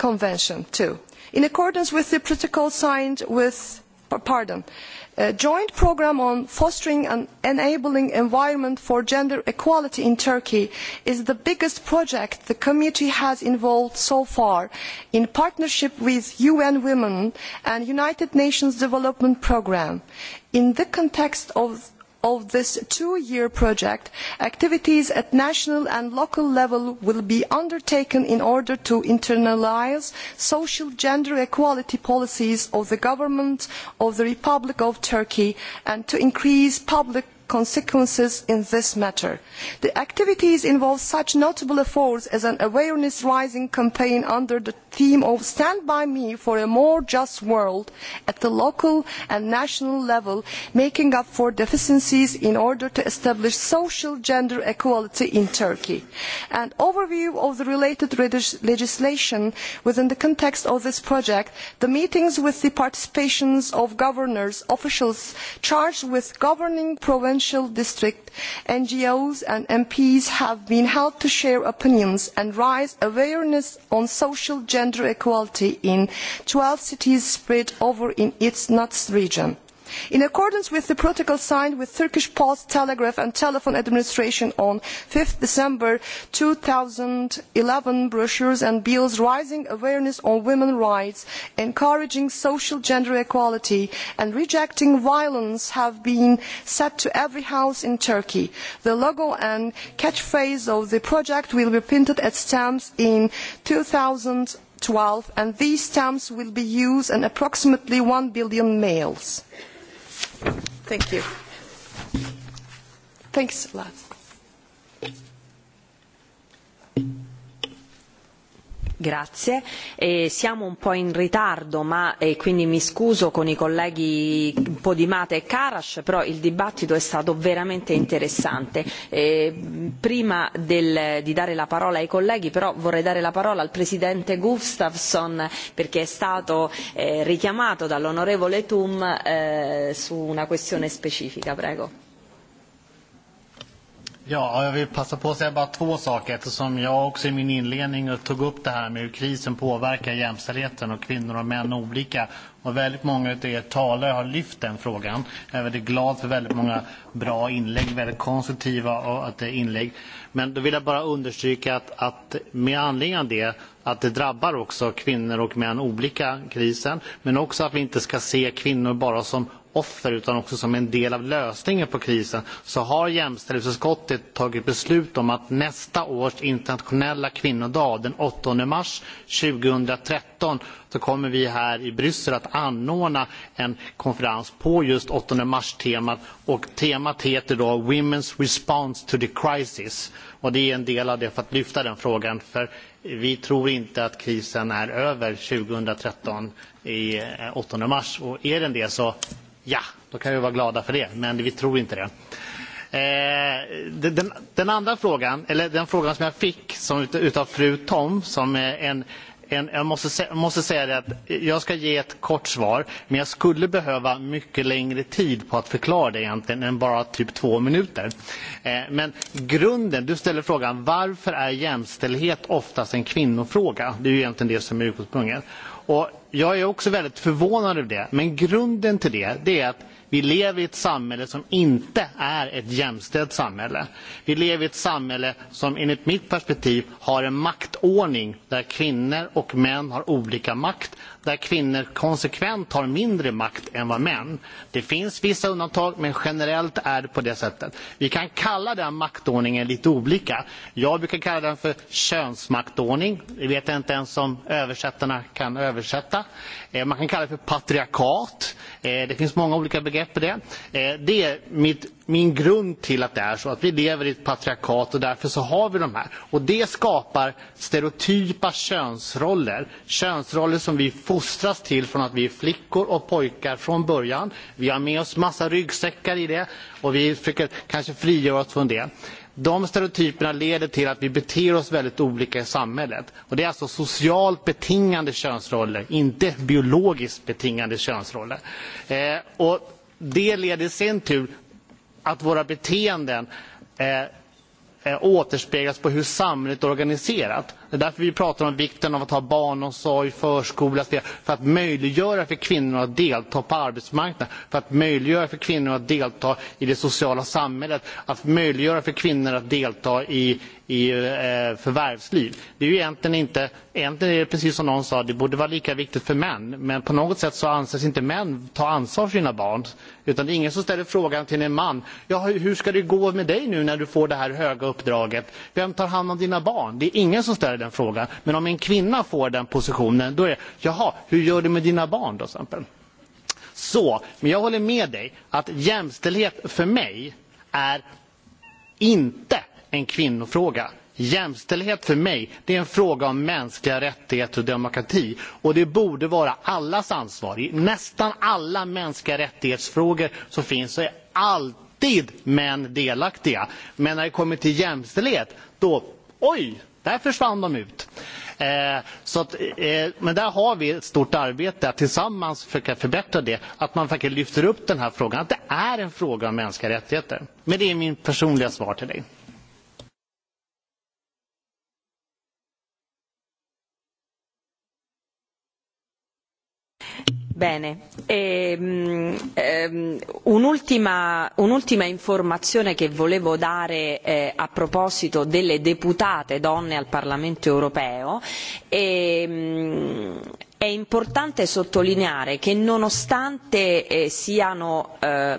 Convention too. In accordance with the protocol signed with, pardon, a joint programme on fostering an enabling environment for gender equality in Turkey is the biggest project the committee has involved so far in partnership with UN Women and United Nations Development Programme. In the context of of this two-year project, activities at national and local level will be undertaken in order to internalise social gender equality policies of the government of the Republic of Turkey and to increase public consequences in this matter. The activities involve such notable efforts as an awareness-raising campaign under the theme of Stand By Me for a More Just World at the local and national level, making up for deficiencies in order to establish social gender equality in Turkey. An overview of the related legislation within the context of this project, the meetings with the participation of governors, officials charged with governing provincial district, NGOs and MPs have been held to share opinions and raise awareness on social gender gender equality in twelve cities spread over in its NUTS region. In accordance with the protocol signed with Turkish Post, Telegraph and Telephone Administration on 5 December eleven, brochures and bills rising awareness on women's rights, encouraging social gender equality and rejecting violence have been set to every house in Turkey. The logo and catchphrase of the project will be printed at stamps in two 12, and these stamps will be used in approximately one billion mails. Thank you. Thanks a lot. Grazie. Eh, siamo un po' in ritardo, ma eh, quindi mi scuso con i colleghi Podimata e Karas, però il dibattito è stato veramente interessante. Eh, prima del, di dare la parola ai colleghi, però vorrei dare la parola al Presidente Gustafsson perché è stato eh, richiamato dall'onorevole Tum eh, su una questione specifica. Prego. Ja, jag vill passa på att säga bara två saker eftersom jag också i min inledning tog upp det här med hur krisen påverkar jämställdheten och kvinnor och män olika. Och väldigt många av er talare har lyft den frågan. Jag är väldigt glad för väldigt många bra inlägg, väldigt konstruktiva inlägg. Men då vill jag bara understryka att, att med anledning av det att det drabbar också kvinnor och män olika krisen men också att vi inte ska se kvinnor bara som offer utan också som en del av lösningen på krisen så har jämställdhetsutskottet tagit beslut om att nästa års internationella kvinnodag den 8 mars 2013 så kommer vi här i Bryssel att anordna en konferens på just 8 mars-temat och temat heter då Women's Response to the Crisis och det är en del av det för att lyfta den frågan för vi tror inte att krisen är över 2013 i 8 eh, mars och är den det så Ja, då kan vi vara glada för det, men vi tror inte det. Eh, den, den andra frågan, eller den frågan som jag fick som utav fru Tom, som en, en, jag måste, måste säga det att jag ska ge ett kort svar, men jag skulle behöva mycket längre tid på att förklara det egentligen än bara typ två minuter. Eh, men grunden, du ställer frågan varför är jämställdhet oftast en kvinnofråga? Det är ju egentligen det som är utgångspunkten. Och Jag är också väldigt förvånad över det, men grunden till det, det är att Vi lever i ett samhälle som inte är ett jämställt samhälle. Vi lever i ett samhälle som enligt mitt perspektiv har en maktordning där kvinnor och män har olika makt, där kvinnor konsekvent har mindre makt än vad män. Det finns vissa undantag, men generellt är det på det sättet. Vi kan kalla den maktordningen lite olika. Jag brukar kalla den för könsmaktordning. Det vet jag inte ens om översättarna kan översätta. Eh, man kan kalla det för patriarkat Eh, det finns många olika begrepp på det. Eh, det är mitt, min grund till att det är så, att vi lever i ett patriarkat och därför så har vi de här. Och det skapar stereotypa könsroller. Könsroller som vi fostras till från att vi är flickor och pojkar från början. Vi har med oss massa ryggsäckar i det och vi försöker kanske frigöra oss från det. De stereotyperna leder till att vi beter oss väldigt olika i samhället. Och det är alltså socialt betingande könsroller, inte biologiskt betingande könsroller. Eh, och det leder i sin tur att våra beteenden eh, eh återspeglas på hur samhället är organiserat. Det är därför vi pratar om vikten av att ha barnomsorg, förskola, för att möjliggöra för kvinnor att delta på arbetsmarknaden, för att möjliggöra för kvinnor att delta i det sociala samhället, att möjliggöra för kvinnor att delta i, i eh, förvärvsliv. Det är ju egentligen inte, egentligen är det precis som någon sa, det borde vara lika viktigt för män. Men på något sätt så anses inte män ta ansvar för sina barn. Utan det är ingen som ställer frågan till en man, ja, hur ska det gå med dig nu när du får det här höga uppdraget? Vem tar hand om dina barn? Det är ingen som ställer den frågan. Men om en kvinna får den positionen, då är det, jaha, hur gör du med dina barn då, exempel? Så, men jag håller med dig att jämställdhet för mig är inte en kvinnofråga. Jämställdhet för mig, det är en fråga om mänskliga rättigheter och demokrati. Och det borde vara allas ansvar. I nästan alla mänskliga rättighetsfrågor som finns så är alltid män delaktiga. Men när det kommer till jämställdhet, då, oj, Där försvann de ut. Eh, så att, eh, men där har vi ett stort arbete att tillsammans försöka förbättra det. Att man faktiskt lyfter upp den här frågan. Att det är en fråga om mänskliga rättigheter. Men det är min personliga svar till dig. Bene, ehm, Ehm, un'ultima, un'ultima informazione che volevo dare eh, a proposito delle deputate donne al Parlamento europeo e, è importante sottolineare che nonostante eh, siano eh,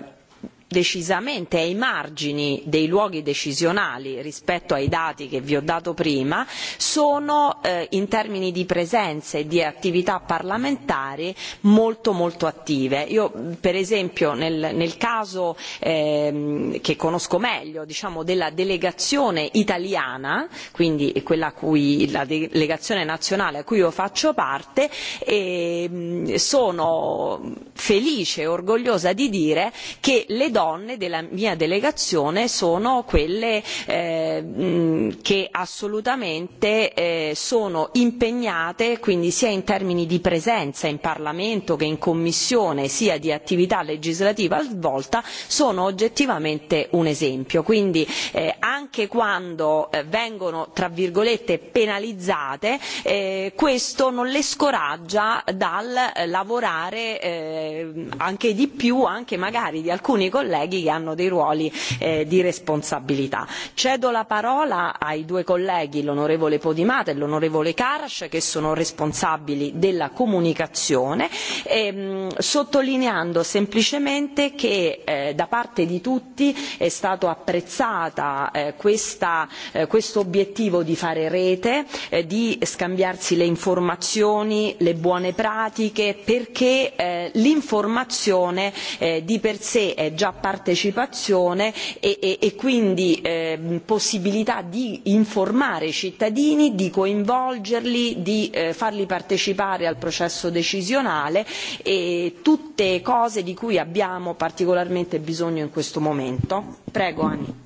decisamente ai margini dei luoghi decisionali rispetto ai dati che vi ho dato prima sono eh, in termini di presenze e di attività parlamentari molto molto attive. Io per esempio nel, nel caso eh, che conosco meglio diciamo, della delegazione italiana, quindi quella a cui, la delegazione nazionale a cui io faccio parte, eh, sono felice e orgogliosa di dire che le donne donne della mia delegazione sono quelle eh, che assolutamente eh, sono impegnate quindi sia in termini di presenza in Parlamento che in Commissione sia di attività legislativa svolta sono oggettivamente un esempio. Quindi eh, anche quando eh, vengono tra virgolette penalizzate eh, questo non le scoraggia dal lavorare eh, anche di più anche magari di alcuni colleghi colleghi che hanno dei ruoli eh, di responsabilità. Cedo la parola ai due colleghi, l'onorevole Podimata e l'onorevole Karas, che sono responsabili della comunicazione, ehm, sottolineando semplicemente che eh, da parte di tutti è stato apprezzata eh, eh, questo obiettivo di fare rete, eh, di scambiarsi le informazioni, le buone pratiche, perché eh, l'informazione eh, di per sé è già partecipazione e, e, e quindi eh, possibilità di informare i cittadini, di coinvolgerli, di eh, farli partecipare al processo decisionale e tutte cose di cui abbiamo particolarmente bisogno in questo momento. Prego Ani.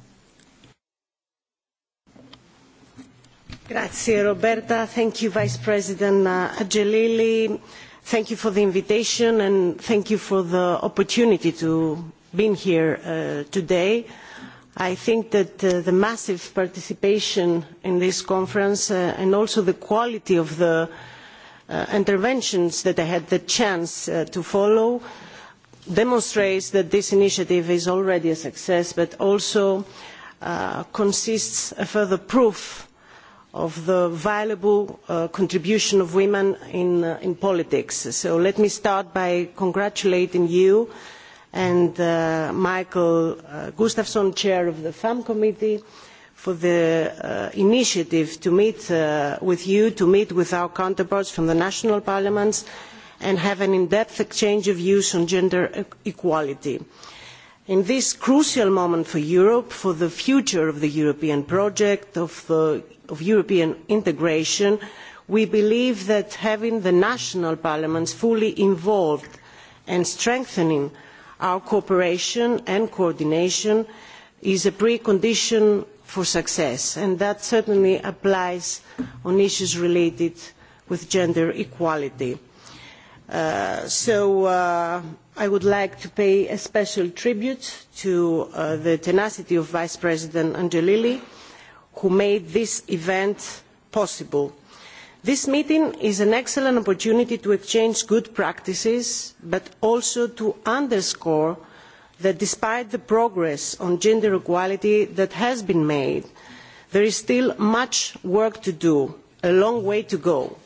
Grazie Roberta, thank you Vice President uh, Angelilli. Thank you for the invitation and thank you for the opportunity to been here uh, today. I think that uh, the massive participation in this conference uh, and also the quality of the uh, interventions that I had the chance uh, to follow demonstrates that this initiative is already a success but also uh, consists a further proof of the valuable uh, contribution of women in, uh, in, politics. So let me start by congratulating you uh, and uh, Michael uh, Gustafsson, chair of the FAM committee, for the uh, initiative to meet uh, with you, to meet with our counterparts from the national parliaments and have an in-depth exchange of views on gender e equality. In this crucial moment for Europe, for the future of the European project, of, the, of European integration, we believe that having the national parliaments fully involved and strengthening Our cooperation and coordination is a precondition for success, and that certainly applies on issues related with gender equality. Uh, so uh, I would like to pay a special tribute to uh, the tenacity of Vice President Angelilli, who made this event possible. This meeting is an excellent opportunity to exchange good practices, but also to underscore that despite the progress on gender equality that has been made, there is still much work to do, a long way to go.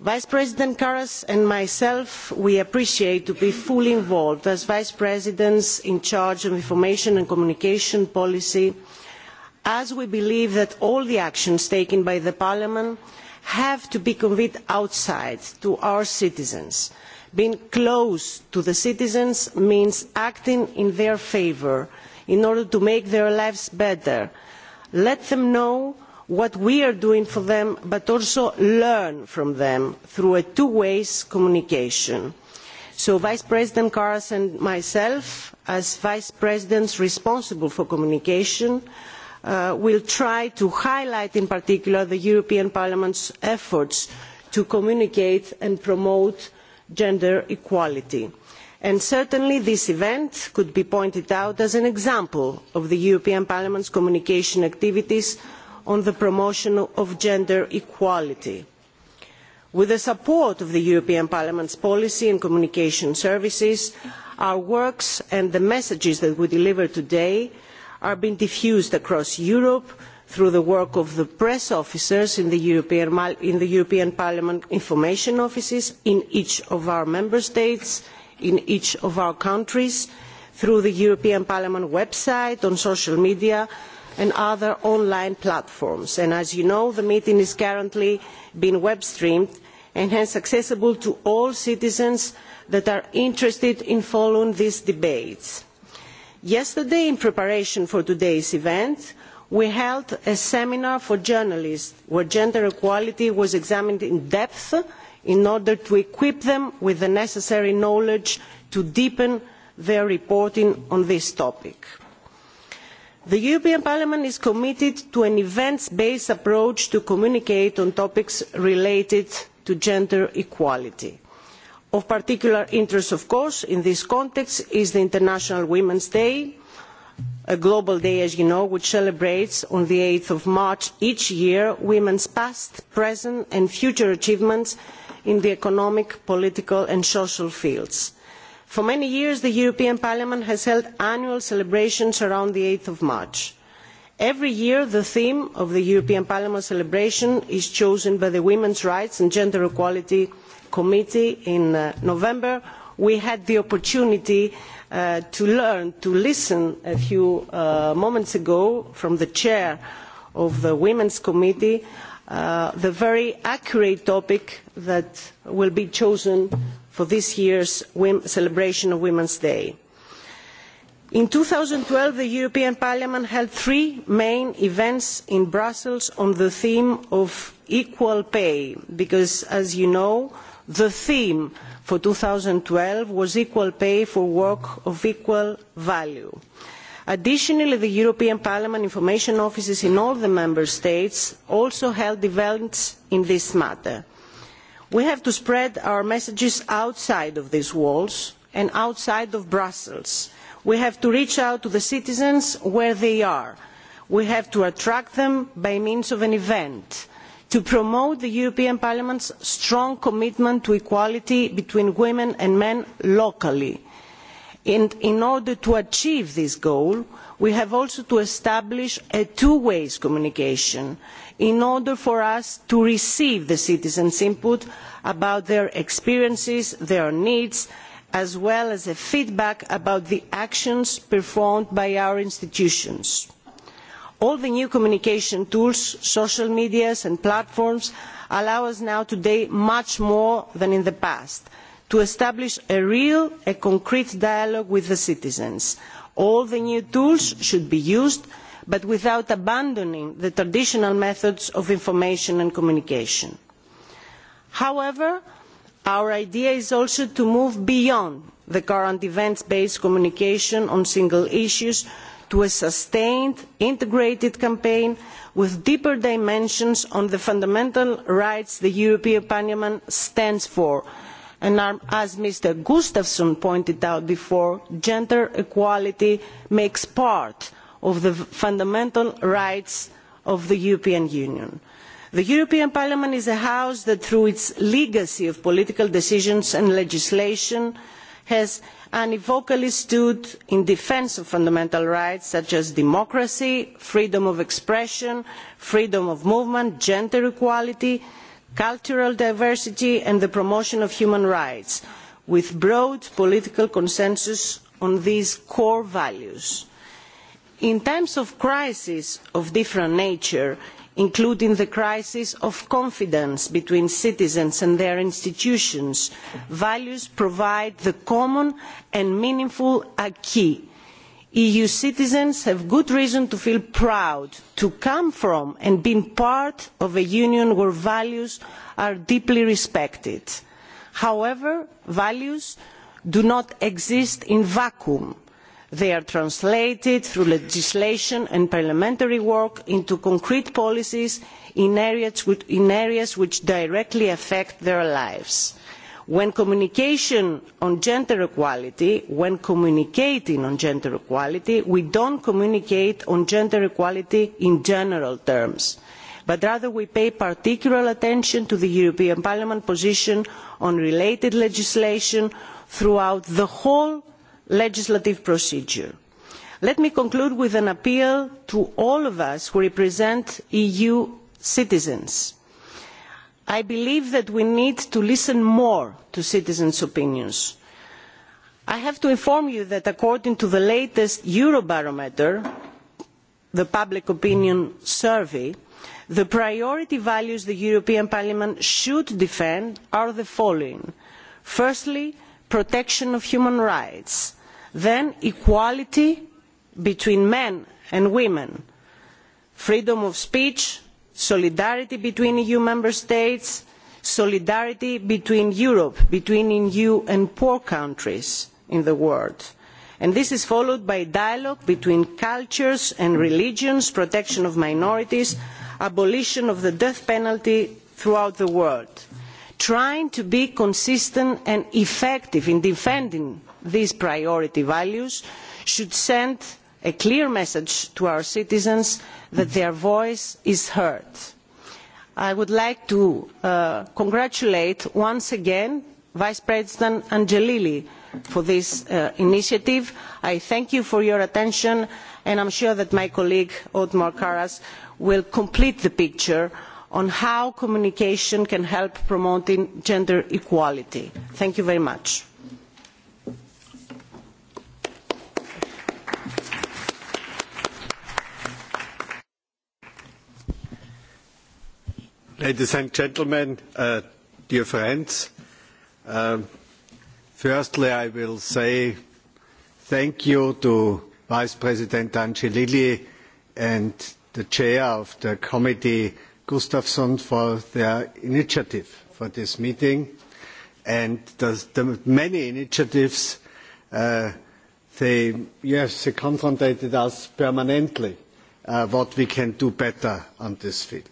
Vice President Karas and myself, we appreciate to be fully involved as Vice Presidents in charge of information and communication policy, as we believe that all the actions taken by Parliament have to be conveyed outside to our citizens. Being close to the citizens means acting in their favour in order to make their lives better. Let them know what we are doing for them, but also learn from them through a two-way communication. So Vice President Karas and myself, as Vice Presidents responsible for communication, Uh, will try to highlight in particular the European Parliament's efforts to communicate and promote gender equality. And certainly this event could be pointed out as an example of the European Parliament's communication activities on the promotion of gender equality. With the support of the European Parliament's policy and communication services, our works and the messages that we deliver today are being diffused across Europe through the work of the press officers in the, European, in the European, Parliament information offices in each of our member states, in each of our countries, through the European Parliament website, on social media and other online platforms. And as you know, the meeting is currently being web streamed and hence accessible to all citizens that are interested in following these debates. Yesterday, in preparation for today's event, we held a seminar for journalists where gender equality was examined in depth in order to equip them with the necessary knowledge to deepen their reporting on this topic. The European Parliament is committed to an events-based approach to communicate on topics related to gender equality. Of particular interest, of course, in this context is the International Women's Day, a global day, as you know, which celebrates on the 8 of March each year women's past, present and future achievements in the economic, political and social fields. For many years, the European Parliament has held annual celebrations around the 8 of March. Every year, the theme of the European Parliament celebration is chosen by the Women's Rights and Gender Equality committee in uh, November, we had the opportunity uh, to learn, to listen a few uh, moments ago from the chair of the Women's Committee, uh, the very accurate topic that will be chosen for this year's celebration of Women's Day. In twelve the European Parliament held three main events in Brussels on the theme of equal pay, because, as you know, The theme for twelve was equal pay for work of equal value. Additionally, the European Parliament information offices in all the member states also held events in this matter. We have to spread our messages outside of these walls and outside of Brussels. We have to reach out to the citizens where they are. We have to attract them by means of an event to promote the European Parliament's strong commitment to equality between women and men locally. in order to achieve this goal, we have also to establish a two-way communication in order for us to receive the citizens' input about their experiences, their needs, as well as feedback about the actions performed by our institutions All the new communication tools, social media and platforms allow us now today much more than in the past to establish a real, a concrete dialogue with the citizens. All the new tools should be used, but without abandoning the traditional methods of information and communication. However, our idea is also to move beyond the current events-based communication on single issues to a sustained, integrated campaign with deeper dimensions on the fundamental rights the European Parliament stands for. And as Mr. Gustafsson pointed out before, gender equality makes part of the fundamental rights of the European Union. The European Parliament is a house that, through its legacy of political decisions and legislation, has unequivocally stood in defence of fundamental rights such as democracy, freedom of expression, freedom of movement, gender equality, cultural diversity and the promotion of human rights, with broad political consensus on these core values. In times of crisis of different nature, including the crisis of confidence between citizens and their institutions. Values provide the common and meaningful acquis. EU citizens have good reason to feel proud to come from and be part of a union where values are deeply respected. However, values do not exist in a vacuum They are translated through legislation and parliamentary work into concrete policies in areas, which, in areas which directly affect their lives. When communication on gender equality, when communicating on gender equality, we do not communicate on gender equality in general terms, but rather we pay particular attention to the European Parliament position on related legislation throughout the whole legislative procedure. Let me conclude with an appeal to all of us who represent EU citizens. I believe that we need to listen more to citizens' opinions. I have to inform you that according to the latest Eurobarometer, the public opinion survey, the priority values the European Parliament should defend are the following. Firstly, protection of human rights then equality between men and women, freedom of speech, solidarity between EU member states, solidarity between Europe, between EU and poor countries in the world. And this is followed by dialogue between cultures and religions, protection of minorities, abolition of the death penalty throughout the world. Trying to be consistent and effective in defending these priority values should send a clear message to our citizens that their voice is heard. I would like to uh, congratulate once again Vice President Angelilli for this uh, initiative. I thank you for your attention and I am sure that my colleague Otmar Karas will complete the picture on how communication can help promote gender equality. Thank you very much. Ladies and gentlemen, uh, dear friends, uh, firstly I will say thank you to Vice President Angelilli and the chair of the committee, Gustafsson, for their initiative for this meeting and the, the many initiatives uh, they, yes, they confronted us permanently uh, what we can do better on this field.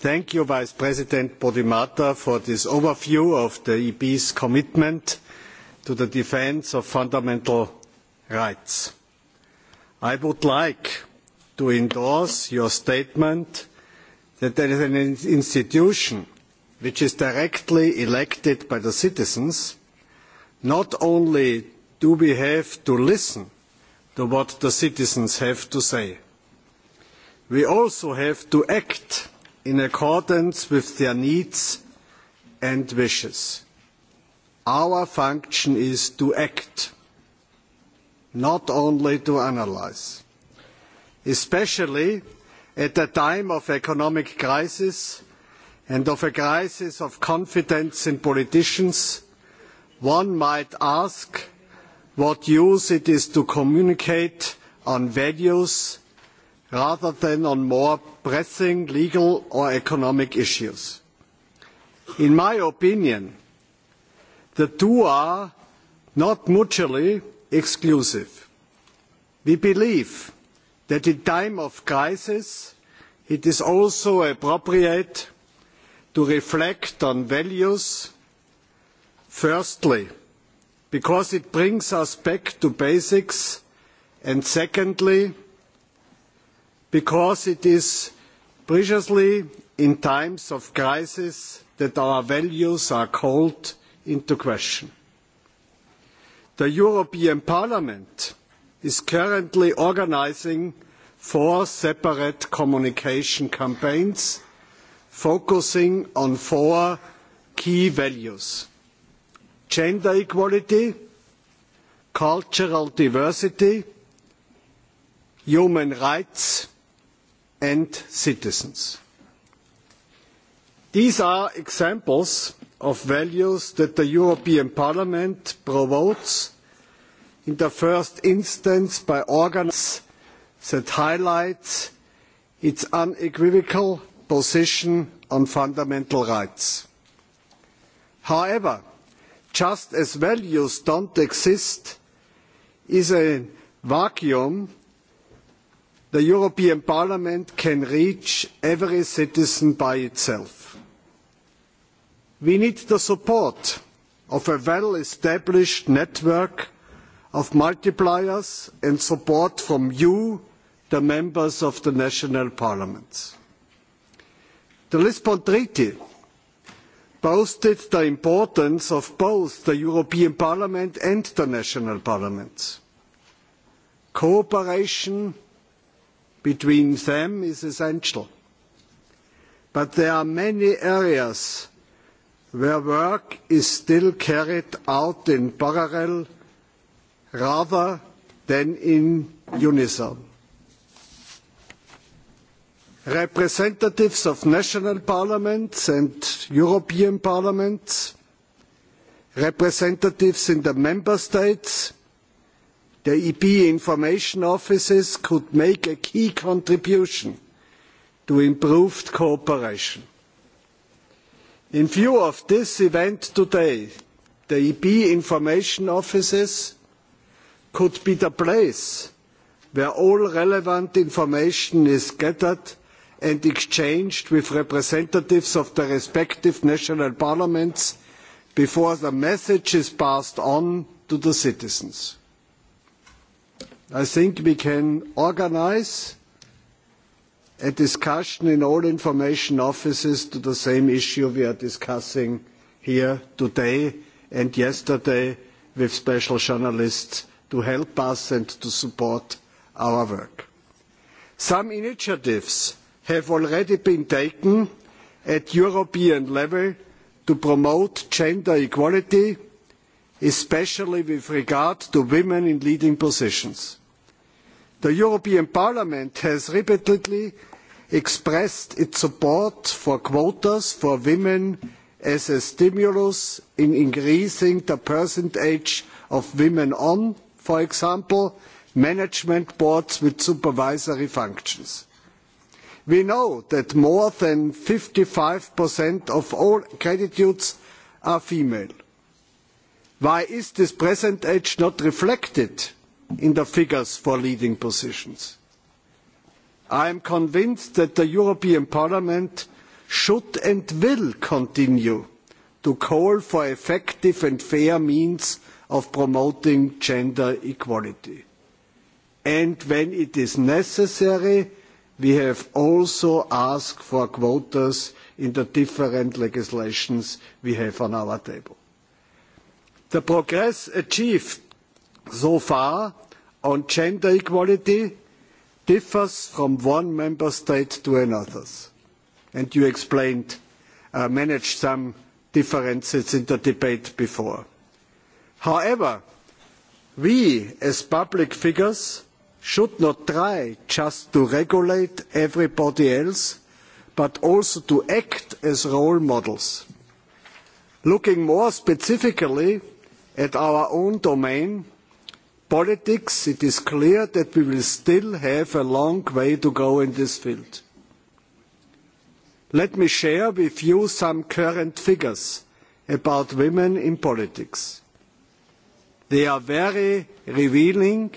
Thank you, Vice President Podimata, for this overview of the EB's commitment to the defence of fundamental rights. I would like to endorse your statement that there is an institution which is directly elected by the citizens. Not only do we have to listen to what the citizens have to say, we also have to act in accordance with their needs and wishes. Our function is to act, not only to analyse. Especially at a time of economic crisis and of a crisis of confidence in politicians, one might ask what use it is to communicate on values rather than on more pressing legal or economic issues. In my opinion, the two are not mutually exclusive. We believe that in time of crisis, it is also appropriate to reflect on values firstly because it brings us back to basics and secondly because it is preciously in times of crisis that our values are called into question. The European Parliament is currently organising four separate communication campaigns focusing on four key values gender equality, cultural diversity, human rights, and citizens. These are examples of values that the European Parliament promotes in the first instance by organs that highlights its unequivocal position on fundamental rights. However, just as values don't exist is a vacuum The European Parliament can reach every citizen by itself. We need the support of a well-established network of multipliers and support from you, the members of the national parliaments. The Lisbon Treaty boasted the importance of both the European Parliament and the national parliaments. Cooperation between them is essential. But there are many areas where work is still carried out in parallel rather than in unison. Representatives of national parliaments and European parliaments, representatives in the member states, The EP information offices could make a key contribution to improved cooperation. In view of this event today, the EP information offices could be the place where all relevant information is gathered and exchanged with representatives of the respective national parliaments before the message is passed on to the citizens. I think we can organise a discussion in all information offices to the same issue we are discussing here today and yesterday with special journalists to help us and to support our work. Some initiatives have already been taken at European level to promote gender equality, especially with regard to women in leading positions. The European Parliament has repeatedly expressed its support for quotas for women as a stimulus in increasing the percentage of women on, for example, management boards with supervisory functions. We know that more than fifty 55% of all candidates are female. Why is this percentage not reflected in the figures for leading positions. I am convinced that the European Parliament should and will continue to call for effective and fair means of promoting gender equality. And when it is necessary, we have also asked for quotas in the different legislations we have on our table. The progress achieved so far on gender equality differs from one member state to another. And you explained, uh, managed some differences in the debate before. However, we as public figures should not try just to regulate everybody else, but also to act as role models. Looking more specifically at our own domain, politics, it is clear that we will still have a long way to go in this field. Let me share with you some current figures about women in politics. They are very revealing.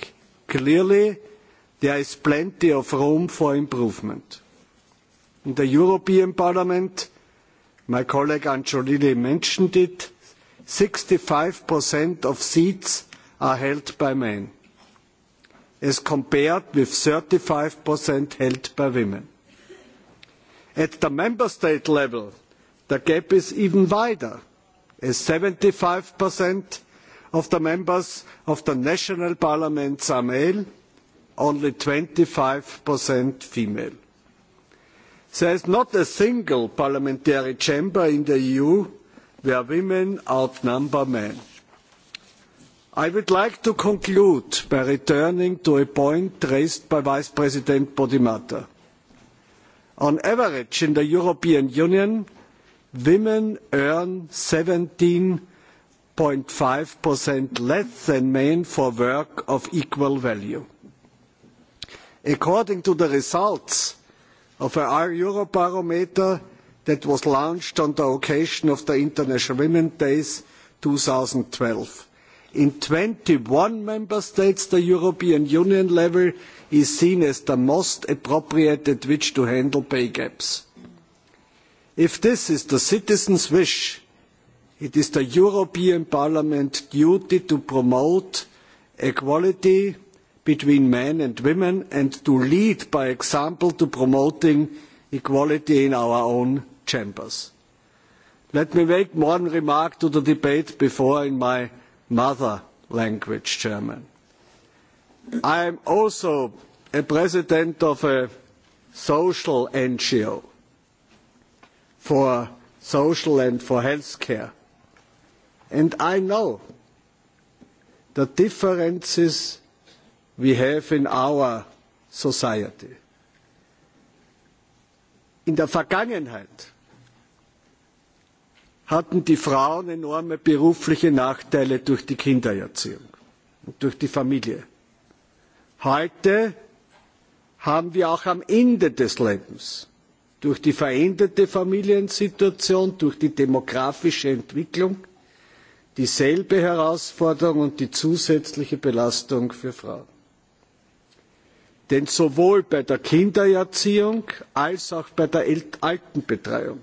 Clearly, there is plenty of room for improvement. In the European Parliament, my colleague Angiolini mentioned it, sixty 65% of seats are held by men, as compared with 35% held by women. At the member state level, the gap is even wider, as 75% of the members of the national parliaments are male, only 25% female. There is not a single parliamentary chamber in the EU where women outnumber men. I would like to conclude by returning to a point raised by Vice President Podimata. On average in the European Union, women earn seventeen 17.5% less than men for work of equal value. According to the results of an Eurobarometer that was launched on the occasion of the International Women's Days twelve In twenty one member states, the European Union level is seen as the most appropriate at which to handle pay gaps. If this is the citizens' wish, it is the European Parliament's duty to promote equality between men and women and to lead by example to promoting equality in our own chambers. Let me make one remark to the debate before in my mother language German. I am also a president of a social NGO for social and for health care. And I know the differences we have in our society. In der Vergangenheit hatten die Frauen enorme berufliche Nachteile durch die Kindererziehung und durch die Familie. Heute haben wir auch am Ende des Lebens durch die veränderte Familiensituation, durch die demografische Entwicklung dieselbe Herausforderung und die zusätzliche Belastung für Frauen. Denn sowohl bei der Kindererziehung als auch bei der Altenbetreuung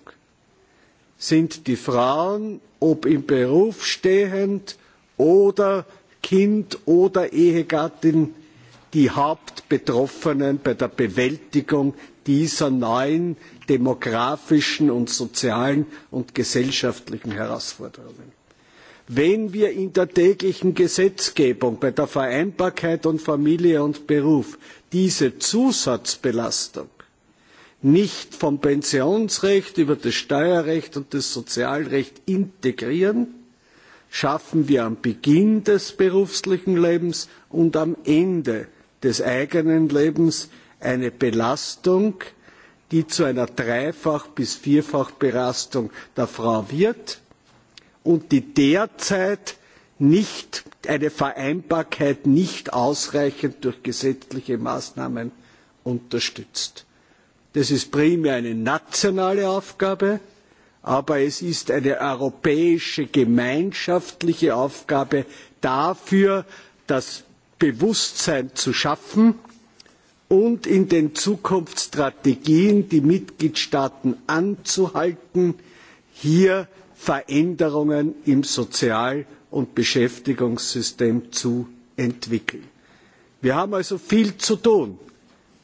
sind die Frauen, ob im Beruf stehend oder Kind oder Ehegattin, die Hauptbetroffenen bei der Bewältigung dieser neuen demografischen und sozialen und gesellschaftlichen Herausforderungen. Wenn wir in der täglichen Gesetzgebung bei der Vereinbarkeit von Familie und Beruf diese Zusatzbelastung nicht vom Pensionsrecht über das Steuerrecht und das Sozialrecht integrieren, schaffen wir am Beginn des beruflichen Lebens und am Ende des eigenen Lebens eine Belastung, die zu einer Dreifach- bis Vierfachbelastung der Frau wird und die derzeit nicht, eine Vereinbarkeit nicht ausreichend durch gesetzliche Maßnahmen unterstützt. Das ist primär eine nationale Aufgabe, aber es ist eine europäische gemeinschaftliche Aufgabe dafür, das Bewusstsein zu schaffen und in den Zukunftsstrategien die Mitgliedstaaten anzuhalten, hier Veränderungen im Sozial- und Beschäftigungssystem zu entwickeln. Wir haben also viel zu tun.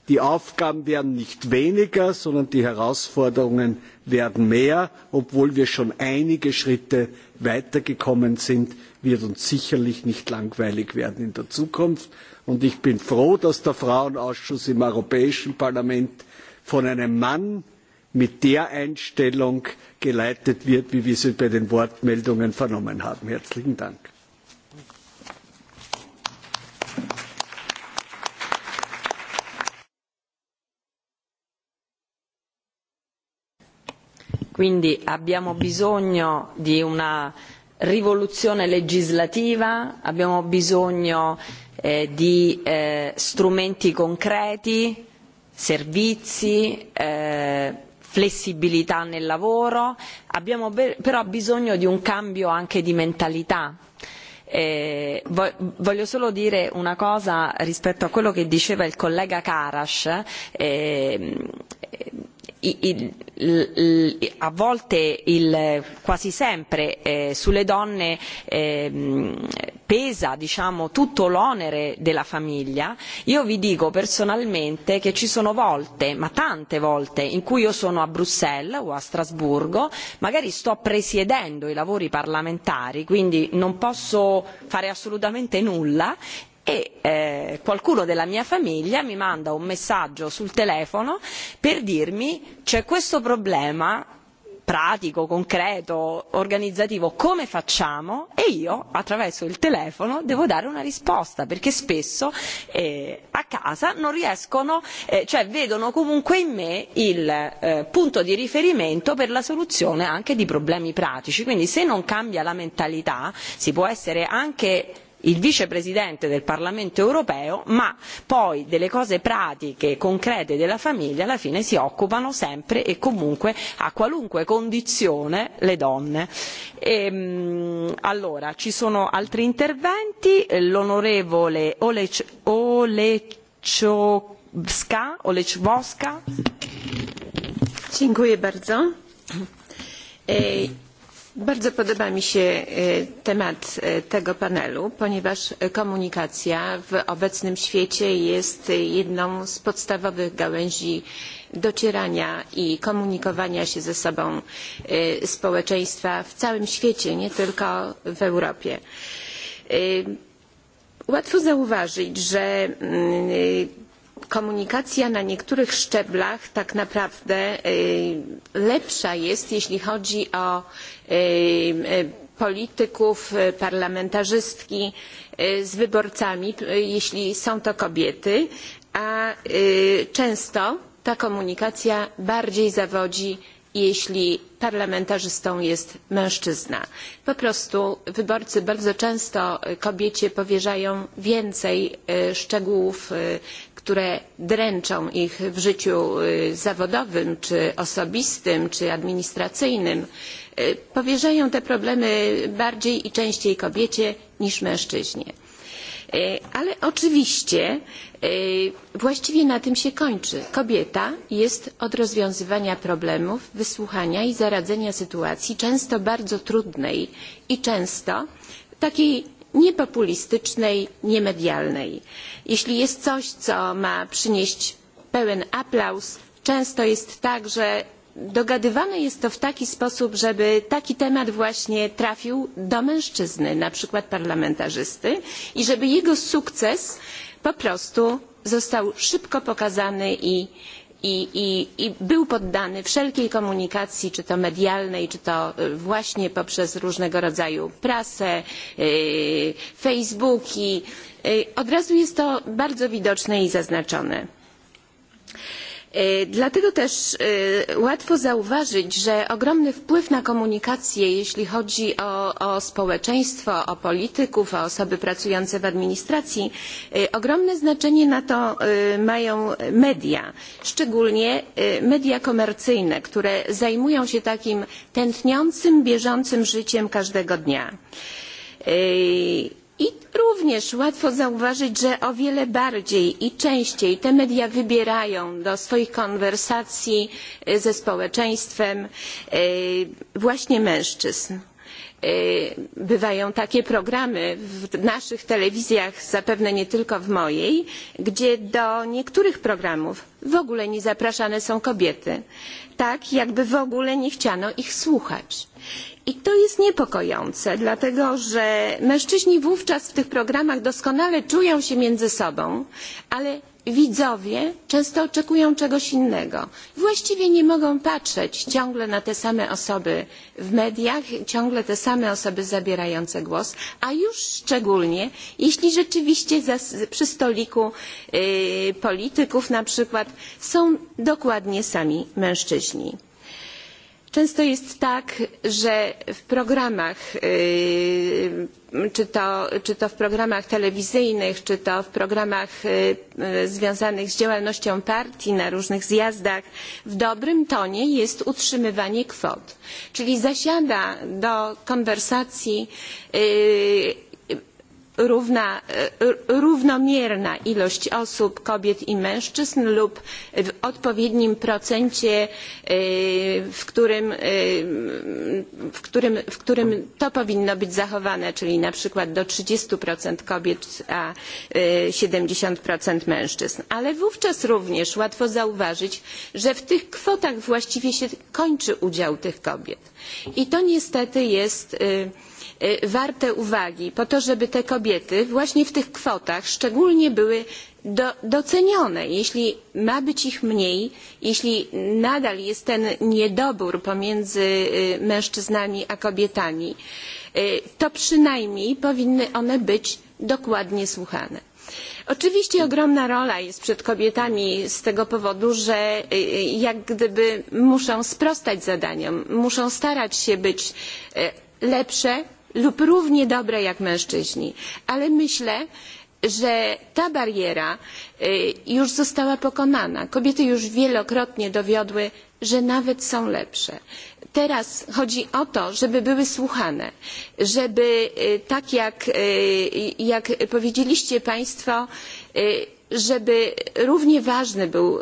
Die Aufgaben werden nicht weniger, sondern die Herausforderungen werden mehr. Obwohl wir schon einige Schritte weitergekommen sind, wird uns sicherlich nicht langweilig werden in der Zukunft. Und ich bin froh, dass der Frauenausschuss im Europäischen Parlament von einem Mann mit der Einstellung geleitet wird, wie wir sie bei den Wortmeldungen vernommen haben. Herzlichen Dank. Quindi abbiamo bisogno di una rivoluzione legislativa, abbiamo bisogno eh, di eh, strumenti concreti, servizi, eh, flessibilità nel lavoro, abbiamo però bisogno di un cambio anche di mentalità. Eh, voglio solo dire una cosa rispetto a quello che diceva il collega Karas. Eh, eh a volte il, quasi sempre eh, sulle donne eh, pesa diciamo, tutto l'onere della famiglia, io vi dico personalmente che ci sono volte, ma tante volte, in cui io sono a Bruxelles o a Strasburgo, magari sto presiedendo i lavori parlamentari, quindi non posso fare assolutamente nulla e eh, qualcuno della mia famiglia mi manda un messaggio sul telefono per dirmi c'è questo problema pratico, concreto, organizzativo, come facciamo? E io attraverso il telefono devo dare una risposta perché spesso eh, a casa non riescono, eh, cioè vedono comunque in me il eh, punto di riferimento per la soluzione anche di problemi pratici. Quindi se non cambia la mentalità si può essere anche il vicepresidente del Parlamento europeo, ma poi delle cose pratiche, concrete della famiglia alla fine si occupano sempre e comunque a qualunque condizione le donne. E, allora, ci sono altri interventi, l'onorevole Olec Oleczowska, Dziękuję bardzo. E Bardzo podoba mi się e, temat e, tego panelu, ponieważ komunikacja w obecnym świecie jest jedną z podstawowych gałęzi docierania i komunikowania się ze sobą e, społeczeństwa w całym świecie, nie tylko w Europie. Łatwo zauważyć, że mm, komunikacja na niektórych szczeblach tak naprawdę lepsza jest, jeśli chodzi o polityków, parlamentarzystki z wyborcami, jeśli są to kobiety, a często ta komunikacja bardziej zawodzi jeśli parlamentarzystą jest mężczyzna. Po prostu wyborcy bardzo często kobiecie powierzają więcej szczegółów które dręczą ich w życiu zawodowym, czy osobistym, czy administracyjnym, powierzają te problemy bardziej i częściej kobiecie niż mężczyźnie. Ale oczywiście właściwie na tym się kończy. Kobieta jest od rozwiązywania problemów, wysłuchania i zaradzenia sytuacji, często bardzo trudnej i często takiej niepopulistycznej, niemedialnej. Jeśli jest coś, co ma przynieść pełen aplauz, często jest tak, że dogadywane jest to w taki sposób, żeby taki temat właśnie trafił do mężczyzny, na przykład parlamentarzysty, i żeby jego sukces po prostu został szybko pokazany i i, i, i był poddany wszelkiej komunikacji, czy to medialnej, czy to e, właśnie poprzez różnego rodzaju prasę, e, Facebooki. E, od razu jest to bardzo widoczne i zaznaczone. E, dlatego też e, łatwo zauważyć, że ogromny wpływ na komunikację, jeśli chodzi o, o społeczeństwo, o polityków, o osoby pracujące w administracji, e, ogromne znaczenie na to mają media, szczególnie media komercyjne, które zajmują się takim tętniącym, bieżącym życiem każdego dnia. I również łatwo zauważyć, że o wiele bardziej i częściej te media wybierają do swoich konwersacji e, ze społeczeństwem e, właśnie mężczyzn. E, bywają takie programy w naszych telewizjach, zapewne nie tylko w mojej, gdzie do niektórych programów w ogóle nie zapraszane są kobiety, tak jakby w ogóle nie chciano ich słuchać. I to jest niepokojące, dlatego że mężczyźni wówczas w tych programach doskonale czują się między sobą, ale widzowie często oczekują czegoś innego. Właściwie nie mogą patrzeć ciągle na te same osoby w mediach, ciągle te same osoby zabierające głos, a już szczególnie, jeśli rzeczywiście przy stoliku yy, polityków na przykład są dokładnie sami mężczyźni. Często jest tak, że w programach, czy to, czy to w programach telewizyjnych, czy to w programach związanych z działalnością partii na różnych zjazdach, w dobrym tonie jest utrzymywanie kwot. Czyli zasiada do konwersacji równa, e, równomierna ilość osób, kobiet i mężczyzn lub w odpowiednim procencie, e, w którym, e, w którym, w którym to powinno być zachowane, czyli na przykład do 30% kobiet, a 70% mężczyzn. Ale wówczas również łatwo zauważyć, że w tych kwotach właściwie się kończy udział tych kobiet. I to niestety jest y, E, warte uwagi po to, żeby te kobiety właśnie w tych kwotach szczególnie były do, docenione. Jeśli ma być ich mniej, jeśli nadal jest ten niedobór pomiędzy mężczyznami a kobietami, to przynajmniej powinny one być dokładnie słuchane. Oczywiście ogromna rola jest przed kobietami z tego powodu, że jak gdyby muszą sprostać zadaniom, muszą starać się być lepsze, lub równie dobre jak mężczyźni. Ale myślę, że ta bariera już została pokonana. Kobiety już wielokrotnie dowiodły, że nawet są lepsze. Teraz chodzi o to, żeby były słuchane, żeby tak jak, jak powiedzieliście Państwo, żeby równie ważny był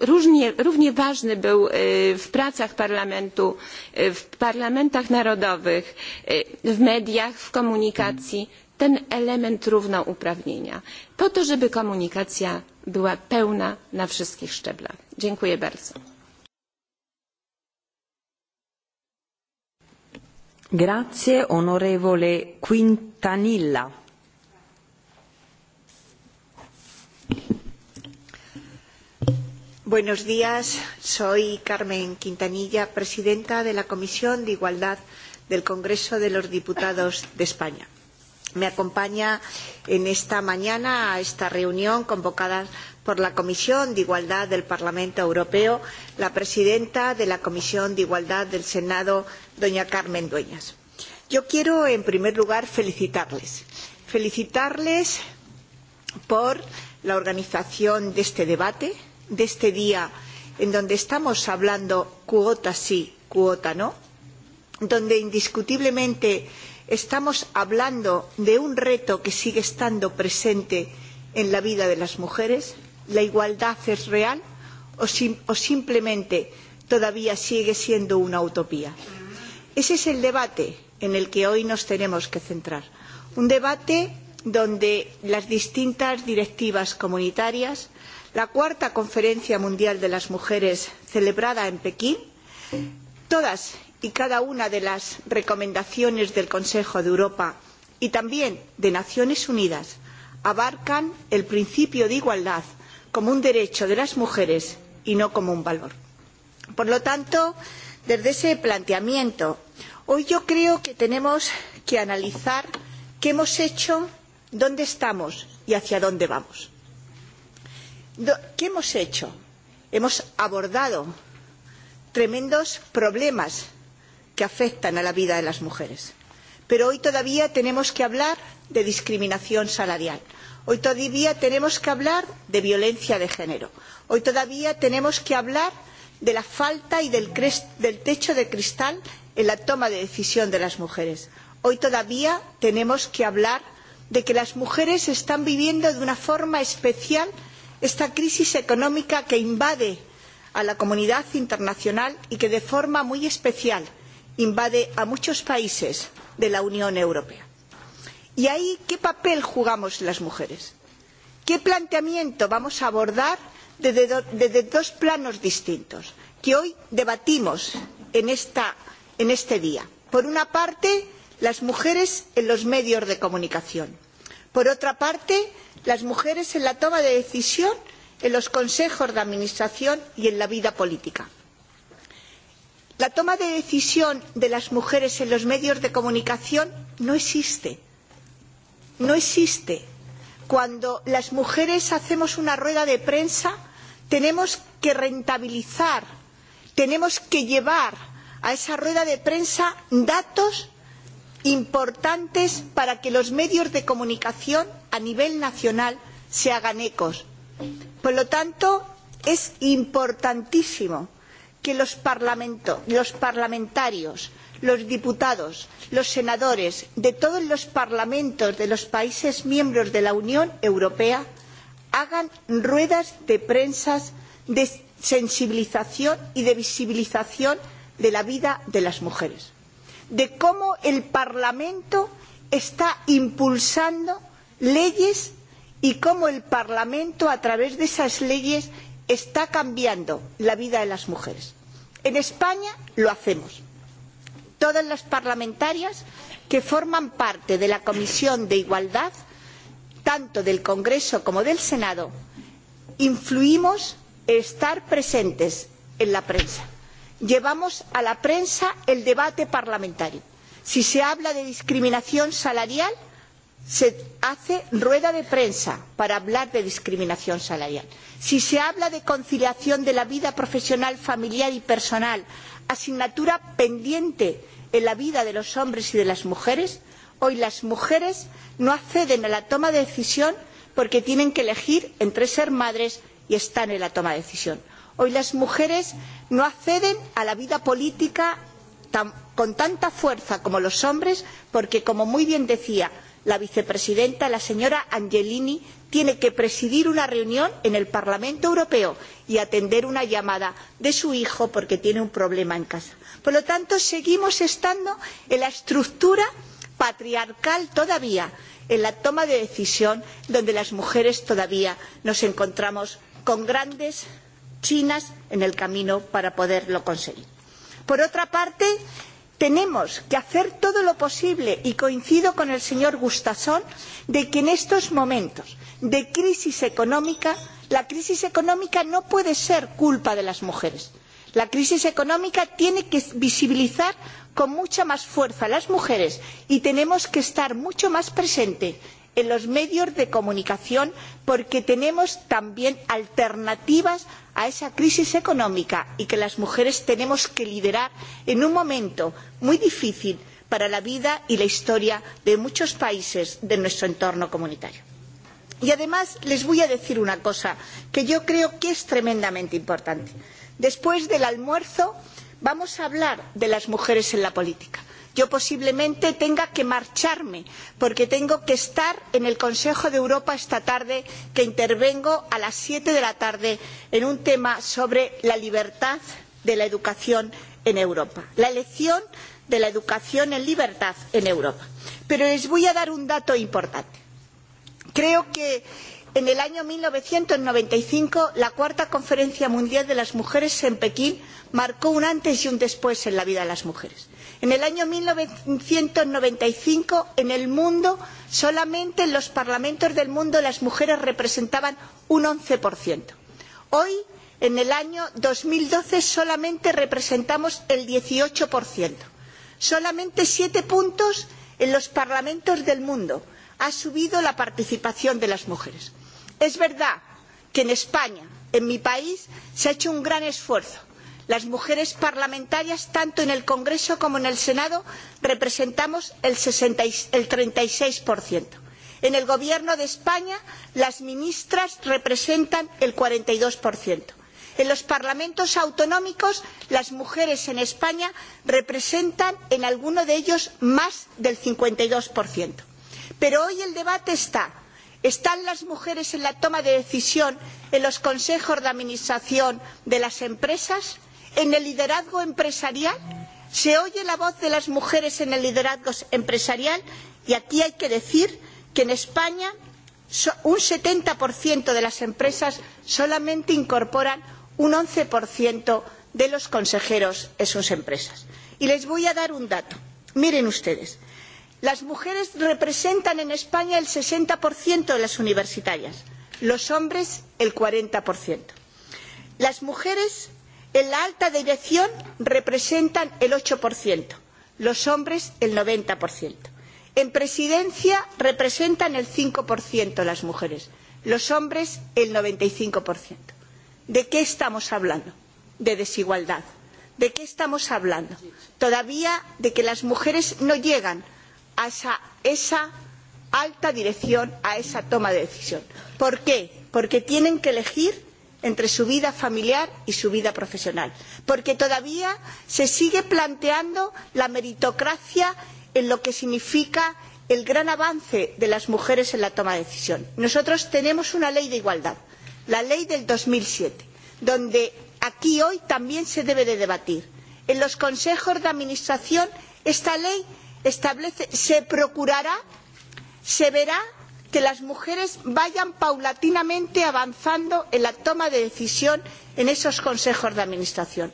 Różnie, równie ważny był e, w pracach parlamentu, e, w parlamentach narodowych, e, w mediach, w komunikacji ten element równouprawnienia, po to, żeby komunikacja była pełna na wszystkich szczeblach. Dziękuję bardzo. Grazie, onorevole Quintanilla. Buenos días, soy Carmen Quintanilla, presidenta de la Comisión de Igualdad del Congreso de los Diputados de España. Me acompaña en esta mañana a esta reunión convocada por la Comisión de Igualdad del Parlamento Europeo la presidenta de la Comisión de Igualdad del Senado, doña Carmen Dueñas. Yo quiero, en primer lugar, felicitarles. Felicitarles por la organización de este debate, de este día en donde estamos hablando cuota sí, cuota no, donde indiscutiblemente estamos hablando de un reto que sigue estando presente en la vida de las mujeres, la igualdad es real o, sim o simplemente todavía sigue siendo una utopía. Ese es el debate en el que hoy nos tenemos que centrar. Un debate donde las distintas directivas comunitarias la cuarta conferencia mundial de las mujeres celebrada en Pekín, todas y cada una de las recomendaciones del Consejo de Europa y también de Naciones Unidas abarcan el principio de igualdad como un derecho de las mujeres y no como un valor. Por lo tanto, desde ese planteamiento, hoy yo creo que tenemos que analizar qué hemos hecho, dónde estamos y hacia dónde vamos. ¿Qué hemos hecho? Hemos abordado tremendos problemas que afectan a la vida de las mujeres. Pero hoy todavía tenemos que hablar de discriminación salarial. Hoy todavía tenemos que hablar de violencia de género. Hoy todavía tenemos que hablar de la falta y del, del techo de cristal en la toma de decisión de las mujeres. Hoy todavía tenemos que hablar de que las mujeres están viviendo de una forma especial esta crisis económica que invade a la comunidad internacional y que de forma muy especial invade a muchos países de la Unión Europea. ¿Y ahí qué papel jugamos las mujeres? ¿Qué planteamiento vamos a abordar desde, do, desde dos planos distintos que hoy debatimos en, esta, en este día? Por una parte, las mujeres en los medios de comunicación. Por otra parte, las mujeres en la toma de decisión, en los consejos de administración y en la vida política. La toma de decisión de las mujeres en los medios de comunicación no existe. No existe. Cuando las mujeres hacemos una rueda de prensa, tenemos que rentabilizar, tenemos que llevar a esa rueda de prensa datos importantes para que los medios de comunicación a nivel nacional se hagan ecos. Por lo tanto, es importantísimo que los, los parlamentarios, los diputados, los senadores de todos los parlamentos de los países miembros de la Unión Europea hagan ruedas de prensa de sensibilización y de visibilización de la vida de las mujeres de cómo el Parlamento está impulsando leyes y cómo el Parlamento, a través de esas leyes, está cambiando la vida de las mujeres. En España lo hacemos. Todas las parlamentarias que forman parte de la Comisión de Igualdad, tanto del Congreso como del Senado, influimos en estar presentes en la prensa llevamos a la prensa el debate parlamentario. Si se habla de discriminación salarial, se hace rueda de prensa para hablar de discriminación salarial. Si se habla de conciliación de la vida profesional, familiar y personal, asignatura pendiente en la vida de los hombres y de las mujeres, hoy las mujeres no acceden a la toma de decisión porque tienen que elegir entre ser madres y estar en la toma de decisión. Hoy las mujeres no acceden a la vida política tan, con tanta fuerza como los hombres porque, como muy bien decía la vicepresidenta, la señora Angelini, tiene que presidir una reunión en el Parlamento Europeo y atender una llamada de su hijo porque tiene un problema en casa. Por lo tanto, seguimos estando en la estructura patriarcal todavía, en la toma de decisión donde las mujeres todavía nos encontramos con grandes chinas en el camino para poderlo conseguir. Por otra parte, tenemos que hacer todo lo posible y coincido con el señor Gustafsson de que en estos momentos de crisis económica la crisis económica no puede ser culpa de las mujeres. La crisis económica tiene que visibilizar con mucha más fuerza a las mujeres y tenemos que estar mucho más presentes en los medios de comunicación porque tenemos también alternativas a esa crisis económica y que las mujeres tenemos que liderar en un momento muy difícil para la vida y la historia de muchos países de nuestro entorno comunitario. Y además les voy a decir una cosa que yo creo que es tremendamente importante. Después del almuerzo vamos a hablar de las mujeres en la política Yo posiblemente tenga que marcharme porque tengo que estar en el Consejo de Europa esta tarde, que intervengo a las siete de la tarde en un tema sobre la libertad de la educación en Europa. La elección de la educación en libertad en Europa. Pero les voy a dar un dato importante. Creo que en el año mil novecientos noventa y cinco la Cuarta Conferencia Mundial de las Mujeres en Pekín marcó un antes y un después en la vida de las mujeres. En el año 1995, en el mundo, solamente en los parlamentos del mundo las mujeres representaban un 11%. Hoy, en el año 2012, solamente representamos el 18%. Solamente siete puntos en los parlamentos del mundo ha subido la participación de las mujeres. Es verdad que en España, en mi país, se ha hecho un gran esfuerzo Las mujeres parlamentarias, tanto en el Congreso como en el Senado, representamos el, 60 y, el 36%. En el Gobierno de España, las ministras representan el 42%. En los parlamentos autonómicos, las mujeres en España representan en alguno de ellos más del 52%. Pero hoy el debate está ¿Están las mujeres en la toma de decisión en los consejos de administración de las empresas? en el liderazgo empresarial? ¿Se oye la voz de las mujeres en el liderazgo empresarial? Y aquí hay que decir que en España un 70% de las empresas solamente incorporan un 11% de los consejeros en sus empresas. Y les voy a dar un dato. Miren ustedes, las mujeres representan en España el 60% de las universitarias, los hombres el 40%. Las mujeres En la alta dirección representan el 8%, los hombres el 90%. En presidencia representan el 5% las mujeres, los hombres el 95%. ¿De qué estamos hablando? De desigualdad. ¿De qué estamos hablando? Todavía de que las mujeres no llegan a esa, esa alta dirección, a esa toma de decisión. ¿Por qué? Porque tienen que elegir entre su vida familiar y su vida profesional. Porque todavía se sigue planteando la meritocracia en lo que significa el gran avance de las mujeres en la toma de decisión. Nosotros tenemos una ley de igualdad, la ley del dos mil siete, donde aquí hoy también se debe de debatir. En los consejos de administración esta ley establece, se procurará, se verá que las mujeres vayan paulatinamente avanzando en la toma de decisión en esos consejos de administración.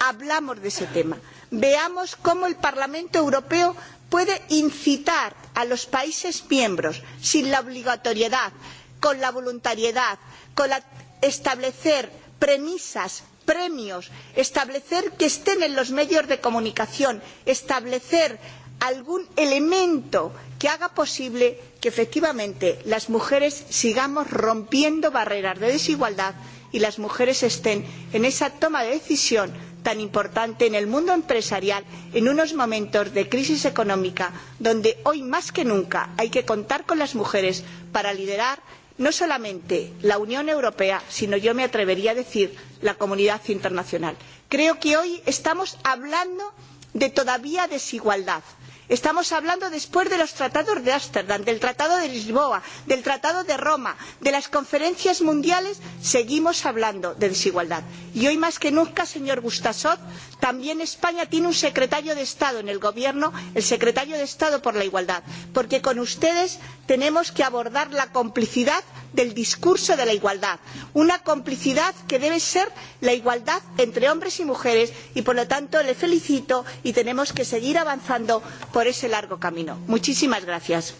Hablamos de ese tema. Veamos cómo el Parlamento Europeo puede incitar a los países miembros sin la obligatoriedad, con la voluntariedad, con la, establecer premisas premios, establecer que estén en los medios de comunicación, establecer algún elemento que haga posible que efectivamente las mujeres sigamos rompiendo barreras de desigualdad y las mujeres estén en esa toma de decisión tan importante en el mundo empresarial en unos momentos de crisis económica donde hoy más que nunca hay que contar con las mujeres para liderar no solamente la Unión Europea, sino yo me atrevería a decir la comunidad internacional. Creo que hoy estamos hablando de todavía desigualdad Estamos hablando después de los tratados de Ámsterdam, del tratado de Lisboa, del tratado de Roma, de las conferencias mundiales, seguimos hablando de desigualdad. Y hoy más que nunca, señor Gustasot, también España tiene un secretario de Estado en el gobierno, el secretario de Estado por la igualdad, porque con ustedes tenemos que abordar la complicidad del discurso de la igualdad, una complicidad que debe ser la igualdad entre hombres y mujeres y por lo tanto le felicito y tenemos que seguir avanzando por ese largo camino. Muchísimas gracias.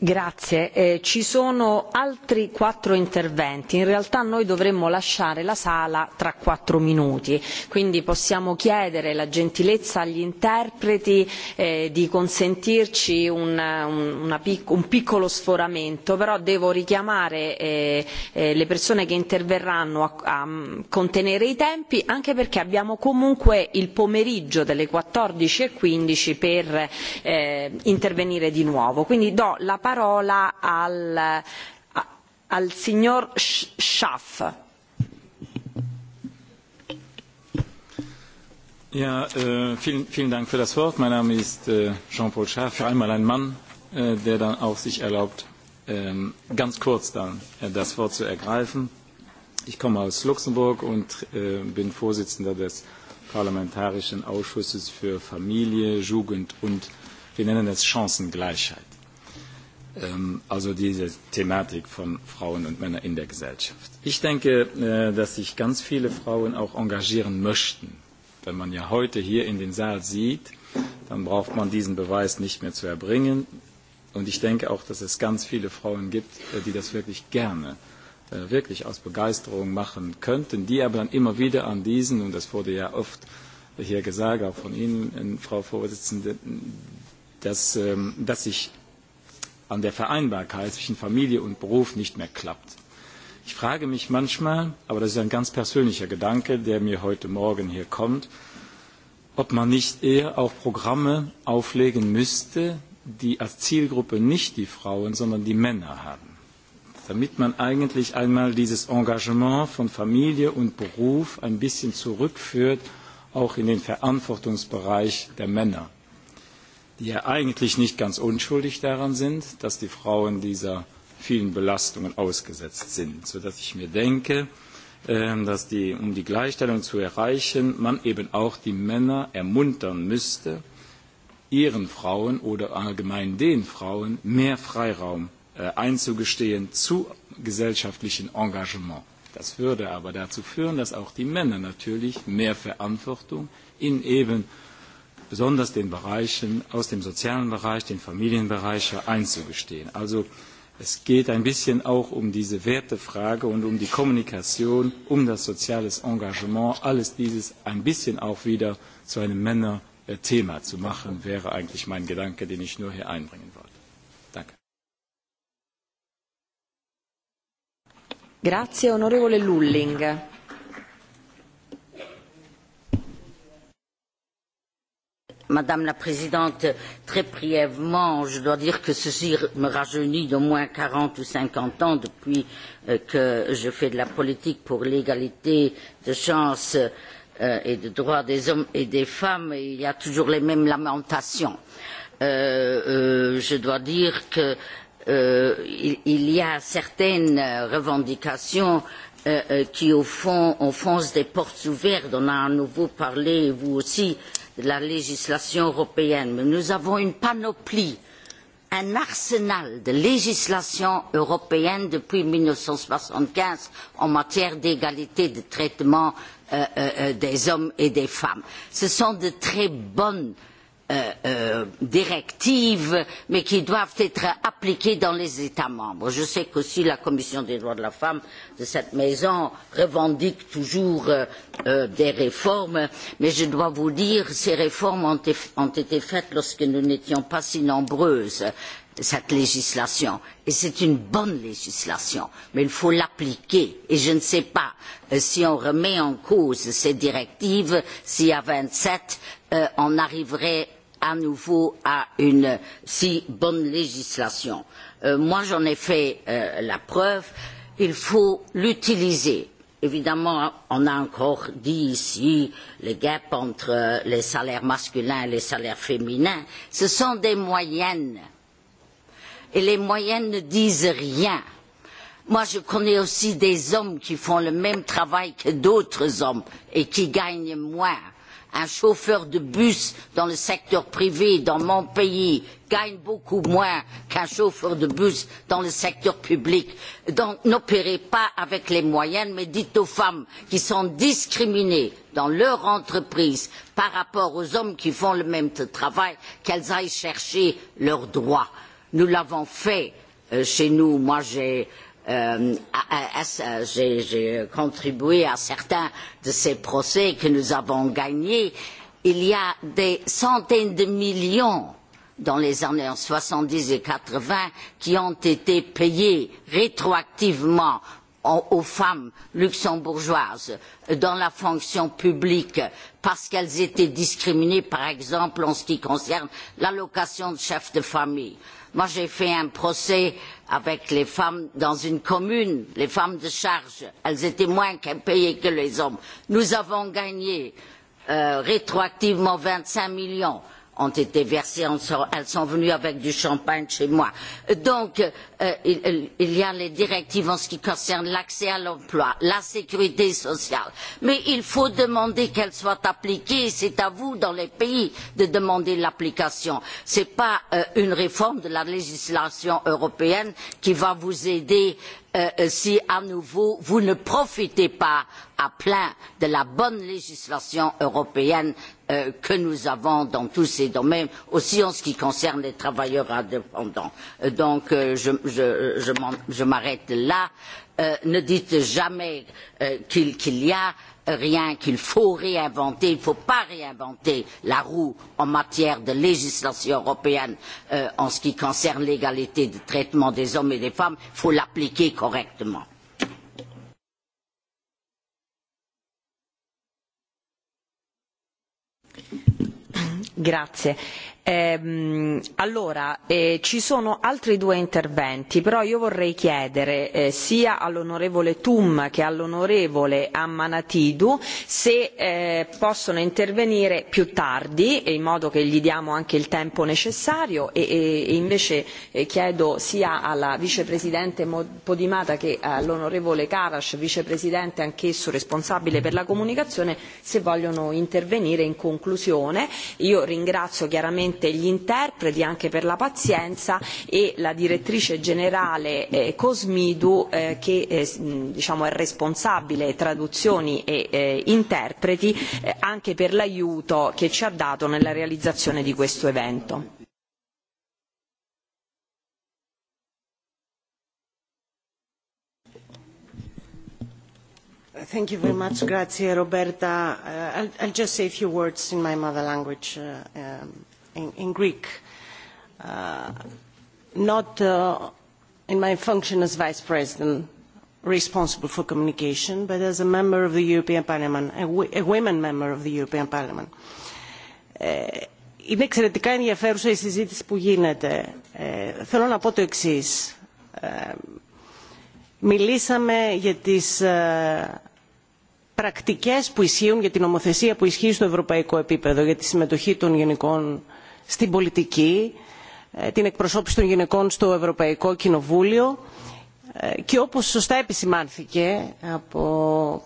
Grazie. Eh, ci sono altri quattro interventi. In realtà noi dovremmo lasciare la sala tra quattro minuti, quindi possiamo chiedere la gentilezza agli interpreti eh, di consentirci un, un, pic un, piccolo sforamento, però devo richiamare eh, eh le persone che interverranno a, a, mm, contenere i tempi, anche perché abbiamo comunque il pomeriggio delle quattordici e quindici per eh, intervenire di nuovo. Quindi do la parola al, al signor Schaff. Ja, äh, vielen, vielen Dank für das Wort. Mein Name ist äh, Jean-Paul Schaaf, für einmal ein Mann, äh, der dann auch sich erlaubt, äh, ganz kurz dann äh, das Wort zu ergreifen. Ich komme aus Luxemburg und äh, bin Vorsitzender des Parlamentarischen Ausschusses für Familie, Jugend und wir nennen es Chancengleichheit. Ähm, also diese Thematik von Frauen und Männern in der Gesellschaft. Ich denke, äh, dass sich ganz viele Frauen auch engagieren möchten. Wenn man ja heute hier in den Saal sieht, dann braucht man diesen Beweis nicht mehr zu erbringen. Und ich denke auch, dass es ganz viele Frauen gibt, äh, die das wirklich gerne, äh, wirklich aus Begeisterung machen könnten, die aber dann immer wieder an diesen, und das wurde ja oft hier gesagt, auch von Ihnen, Frau Vorsitzende, dass, ähm, dass sich an der Vereinbarkeit zwischen Familie und Beruf nicht mehr klappt. Ich frage mich manchmal, aber das ist ein ganz persönlicher Gedanke, der mir heute Morgen hier kommt, ob man nicht eher auch Programme auflegen müsste, die als Zielgruppe nicht die Frauen, sondern die Männer haben, damit man eigentlich einmal dieses Engagement von Familie und Beruf ein bisschen zurückführt, auch in den Verantwortungsbereich der Männer die ja eigentlich nicht ganz unschuldig daran sind, dass die Frauen dieser vielen Belastungen ausgesetzt sind, sodass ich mir denke, ähm, dass die, um die Gleichstellung zu erreichen, man eben auch die Männer ermuntern müsste, ihren Frauen oder allgemein den Frauen mehr Freiraum äh, einzugestehen zu gesellschaftlichem Engagement. Das würde aber dazu führen, dass auch die Männer natürlich mehr Verantwortung in eben besonders den Bereichen aus dem sozialen Bereich, den Familienbereich einzugestehen. Also es geht ein bisschen auch um diese Wertefrage und um die Kommunikation, um das soziale Engagement. Alles dieses ein bisschen auch wieder zu einem Männerthema zu machen, wäre eigentlich mein Gedanke, den ich nur hier einbringen wollte. Danke. Grazie, onorevole Lulling. Madame la Présidente, très brièvement, je dois dire que ceci me rajeunit d'au moins quarante ou cinquante ans depuis euh, que je fais de la politique pour l'égalité de chance euh, et de droits des hommes et des femmes, et il y a toujours les mêmes lamentations. Euh, euh, je dois dire que euh, il, y a certaines revendications euh, qui au fond enfoncent des portes ouvertes. On a à nouveau parlé, vous aussi, la législation européenne, mais nous avons une panoplie, un arsenal de législation européenne depuis mille neuf cent soixante quinze en matière d'égalité de traitement euh, euh, euh, des hommes et des femmes. Ce sont de très bonnes euh, euh, directives, mais qui doivent être appliquées dans les États membres. Je sais qu'aussi la Commission des droits de la femme de cette maison revendique toujours euh, euh, des réformes, mais je dois vous dire, ces réformes ont, ont été faites lorsque nous n'étions pas si nombreuses cette législation. Et c'est une bonne législation, mais il faut l'appliquer. Et je ne sais pas euh, si on remet en cause ces directives, si à vingt sept euh, on arriverait à nouveau à une si bonne législation. Euh, moi, j'en ai fait euh, la preuve. Il faut l'utiliser. Évidemment, on a encore dit ici le gap entre euh, les salaires masculins et les salaires féminins. Ce sont des moyennes. Et les moyennes ne disent rien. Moi, je connais aussi des hommes qui font le même travail que d'autres hommes et qui gagnent moins un chauffeur de bus dans le secteur privé dans mon pays gagne beaucoup moins qu'un chauffeur de bus dans le secteur public. Donc n'opérez pas avec les moyens, mais dites aux femmes qui sont discriminées dans leur entreprise par rapport aux hommes qui font le même travail qu'elles aillent chercher leurs droits. Nous l'avons fait euh, chez nous. Moi, j'ai euh, j'ai contribué à certains de ces procès que nous avons gagnés. Il y a des centaines de millions dans les années 70 et 80 qui ont été payés rétroactivement aux femmes luxembourgeoises dans la fonction publique parce qu'elles étaient discriminées, par exemple, en ce qui concerne l'allocation de chef de famille. Moi, j'ai fait un procès avec les femmes dans une commune, les femmes de charge. Elles étaient moins payées que les hommes. Nous avons gagné euh, rétroactivement 25 millions ont été versées, on sort, elles sont venues avec du champagne chez moi. Donc, euh, il, il y a les directives en ce qui concerne l'accès à l'emploi, la sécurité sociale. Mais il faut demander qu'elles soient appliquées. C'est à vous, dans les pays, de demander l'application. Ce n'est pas euh, une réforme de la législation européenne qui va vous aider euh, si à nouveau vous ne profitez pas à plein de la bonne législation européenne Euh, que nous avons dans tous ces domaines, aussi en ce qui concerne les travailleurs indépendants. Euh, donc, euh, je, je, je, je m'arrête là. Euh, ne dites jamais euh, qu'il qu y a rien qu'il faut réinventer. Il ne faut pas réinventer la roue en matière de législation européenne euh, en ce qui concerne l'égalité de traitement des hommes et des femmes. Il faut l'appliquer correctement. Grazie. Ehm, allora, eh, ci sono altri due interventi, però io vorrei chiedere eh, sia all'onorevole Tum che all'onorevole Ammanatidu se eh, possono intervenire più tardi, eh, in modo che gli diamo anche il tempo necessario e, e invece eh, chiedo sia alla vicepresidente Podimata che all'onorevole Karas, vicepresidente anch'esso responsabile per la comunicazione, se vogliono intervenire in conclusione. Io ringrazio chiaramente ovviamente gli interpreti anche per la pazienza e la direttrice generale eh, Cosmidu eh, che eh, diciamo è responsabile e traduzioni e eh, interpreti eh, anche per l'aiuto che ci ha dato nella realizzazione di questo evento. Thank you very much. Grazie, Roberta. Uh, I'll, I'll just say a few words in my mother language. Uh, um, in, in Greek. Uh, not uh, in my function as Vice President responsible for communication, but as a member of the European Parliament, a, w a women member of the European Parliament. είναι uh, εξαιρετικά ενδιαφέρουσα η συζήτηση που γίνεται. Ε, θέλω να πω το εξή. Ε, μιλήσαμε για τι ε, πρακτικές που ισχύουν, για την ομοθεσία που ισχύει στο ευρωπαϊκό επίπεδο, για τη συμμετοχή των γενικών στην πολιτική, την εκπροσώπηση των γυναικών στο Ευρωπαϊκό Κοινοβούλιο και όπως σωστά επισημάνθηκε από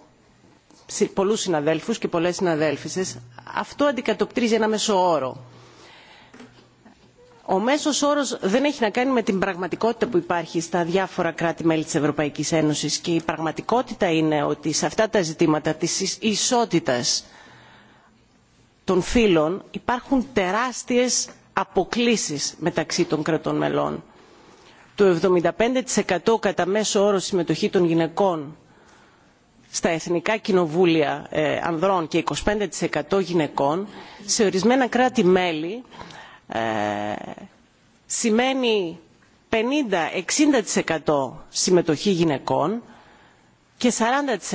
πολλούς συναδέλφους και πολλές συναδέλφισες, αυτό αντικατοπτρίζει ένα μέσο όρο. Ο μέσος όρος δεν έχει να κάνει με την πραγματικότητα που υπάρχει στα διάφορα κράτη-μέλη της Ευρωπαϊκής Ένωσης και η πραγματικότητα είναι ότι σε αυτά τα ζητήματα της ισότητας των φύλων υπάρχουν τεράστιες αποκλίσεις μεταξύ των κρατών μελών. Το 75% κατά μέσο όρο συμμετοχή των γυναικών στα εθνικά κοινοβούλια ε, ανδρών και 25% γυναικών σε ορισμένα κράτη-μέλη ε, σημαίνει 50-60% συμμετοχή γυναικών και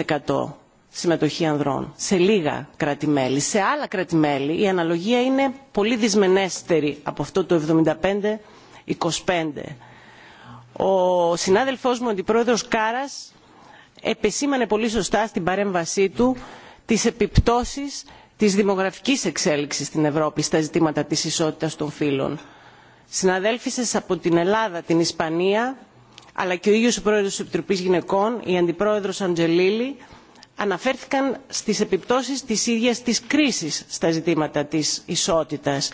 40% συμμετοχή ανδρών σε λίγα κράτη-μέλη. Σε άλλα κράτη-μέλη η αναλογία είναι πολύ δυσμενέστερη από αυτό το 75-25. Ο συνάδελφός μου, ο αντιπρόεδρος Κάρας, επεσήμανε πολύ σωστά στην παρέμβασή του τις επιπτώσεις της δημογραφικής εξέλιξης στην Ευρώπη στα ζητήματα της ισότητας των φύλων. Συναδέλφισες από την Ελλάδα, την Ισπανία, αλλά και ο ίδιος ο πρόεδρος της Επιτροπής Γυναικών, η αντιπρόεδρος Αντζελίλη, αναφέρθηκαν στις επιπτώσεις της ίδιας της κρίσης στα ζητήματα της ισότητας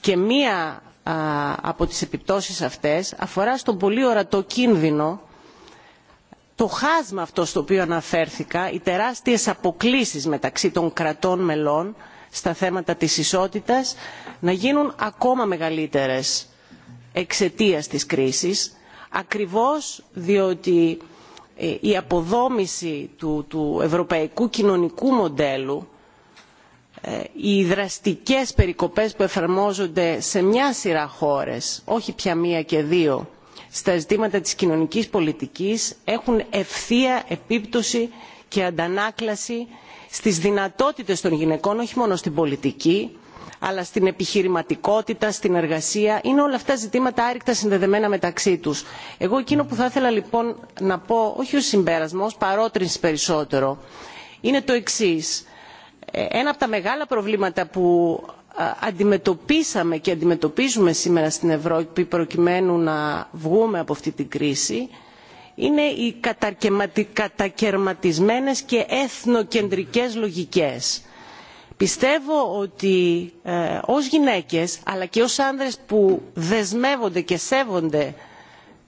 και μία α, από τις επιπτώσεις αυτές αφορά στον πολύ ορατό κίνδυνο το χάσμα αυτό στο οποίο αναφέρθηκα, οι τεράστιες αποκλίσεις μεταξύ των κρατών μελών στα θέματα της ισότητας να γίνουν ακόμα μεγαλύτερες εξαιτίας της κρίσης, ακριβώς διότι η αποδόμηση του, του ευρωπαϊκού κοινωνικού μοντέλου, οι δραστικές περικοπές που εφαρμόζονται σε μια σειρά χώρες, όχι πια μία και δύο, στα ζητήματα της κοινωνικής πολιτικής έχουν ευθεία επίπτωση και αντανάκλαση στις δυνατότητες των γυναικών, όχι μόνο στην πολιτική, αλλά στην επιχειρηματικότητα, στην εργασία. Είναι όλα αυτά ζητήματα άρρηκτα συνδεδεμένα μεταξύ του. Εγώ εκείνο που θα ήθελα λοιπόν να πω, όχι ω συμπέρασμα, ω παρότρινση περισσότερο, είναι το εξή. Ένα από τα μεγάλα προβλήματα που αντιμετωπίσαμε και αντιμετωπίζουμε σήμερα στην Ευρώπη προκειμένου να βγούμε από αυτή την κρίση είναι οι κατακαιρματισμένες και εθνοκεντρικές λογικές Πιστεύω ότι ε, ως γυναίκες αλλά και ως άνδρες που δεσμεύονται και σέβονται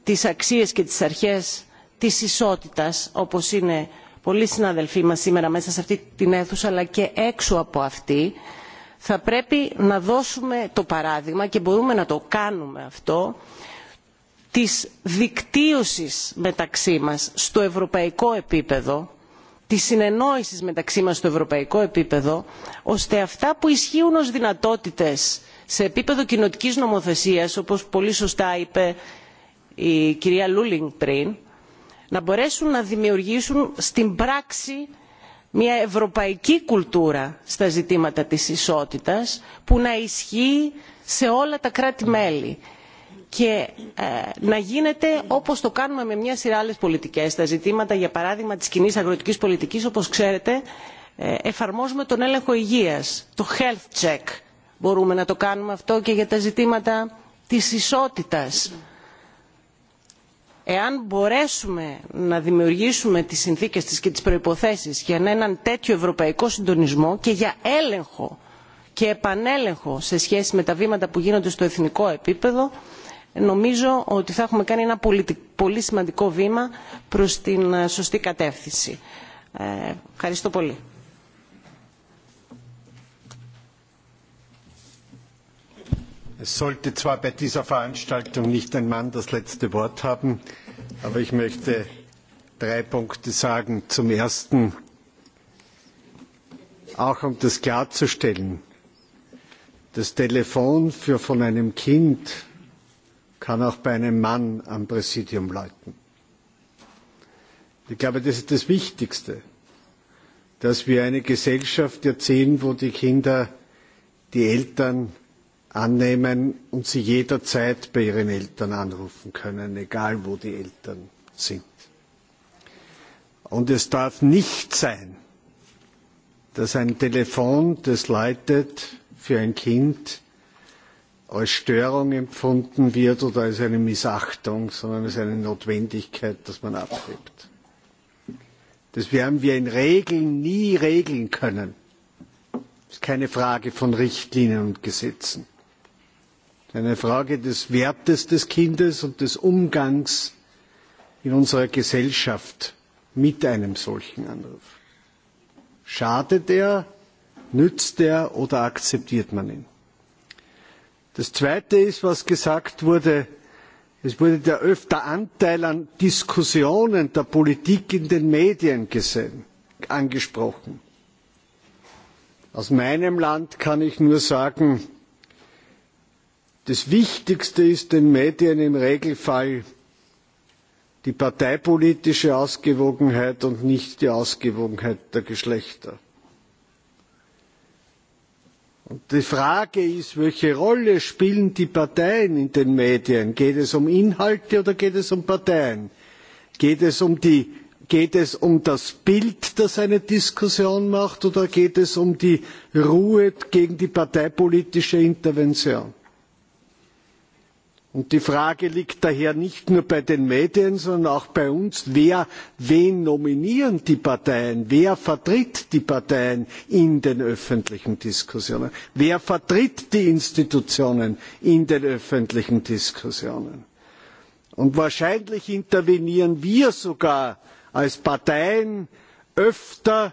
τις αξίες και τις αρχές της ισότητας όπως είναι πολλοί συναδελφοί μας σήμερα μέσα σε αυτή την αίθουσα αλλά και έξω από αυτή θα πρέπει να δώσουμε το παράδειγμα και μπορούμε να το κάνουμε αυτό της δικτύωσης μεταξύ μας στο ευρωπαϊκό επίπεδο τη συνεννόησης μεταξύ μας στο ευρωπαϊκό επίπεδο, ώστε αυτά που ισχύουν ως δυνατότητες σε επίπεδο κοινοτικής νομοθεσίας, όπως πολύ σωστά είπε η κυρία Λούλινγκ πριν, να μπορέσουν να δημιουργήσουν στην πράξη μια ευρωπαϊκή κουλτούρα στα ζητήματα της ισότητας που να ισχύει σε όλα τα κράτη-μέλη και ε, να γίνεται όπως το κάνουμε με μια σειρά άλλες πολιτικές. Τα ζητήματα, για παράδειγμα, της κοινή αγροτικής πολιτικής, όπως ξέρετε, ε, εφαρμόζουμε τον έλεγχο υγείας, το health check. Μπορούμε να το κάνουμε αυτό και για τα ζητήματα της ισότητας. Εάν μπορέσουμε να δημιουργήσουμε τις συνθήκες της και τις προϋποθέσεις για έναν τέτοιο ευρωπαϊκό συντονισμό και για έλεγχο και επανέλεγχο σε σχέση με τα βήματα που γίνονται στο εθνικό επίπεδο, νομίζω ότι θα έχουμε κάνει ένα πολύ, πολύ σημαντικό βήμα προς την σωστή κατεύθυνση. Ε, ευχαριστώ πολύ. Es sollte zwar bei dieser Veranstaltung nicht ein Mann das letzte Wort haben, aber ich möchte drei Punkte sagen. Zum ersten, auch um das klarzustellen, das Telefon für von einem Kind kann auch bei einem Mann am Präsidium läuten. Ich glaube, das ist das Wichtigste, dass wir eine Gesellschaft erzählen, wo die Kinder die Eltern annehmen und sie jederzeit bei ihren Eltern anrufen können, egal wo die Eltern sind. Und es darf nicht sein, dass ein Telefon, das läutet für ein Kind, als Störung empfunden wird oder als eine Missachtung, sondern als eine Notwendigkeit, dass man abhebt. Das werden wir in Regeln nie regeln können. Das ist keine Frage von Richtlinien und Gesetzen. Das ist eine Frage des Wertes des Kindes und des Umgangs in unserer Gesellschaft mit einem solchen Anruf. Schadet er, nützt er oder akzeptiert man ihn? Das Zweite ist, was gesagt wurde, es wurde der öfter Anteil an Diskussionen der Politik in den Medien gesehen, angesprochen. Aus meinem Land kann ich nur sagen, das Wichtigste ist den Medien im Regelfall die parteipolitische Ausgewogenheit und nicht die Ausgewogenheit der Geschlechter. Die Frage ist, welche Rolle spielen die Parteien in den Medien? Geht es um Inhalte oder geht es um Parteien? Geht es um, die, geht es um das Bild, das eine Diskussion macht, oder geht es um die Ruhe gegen die parteipolitische Intervention? Und die Frage liegt daher nicht nur bei den Medien, sondern auch bei uns, wer, wen nominieren die Parteien, wer vertritt die Parteien in den öffentlichen Diskussionen, wer vertritt die Institutionen in den öffentlichen Diskussionen. Und wahrscheinlich intervenieren wir sogar als Parteien öfter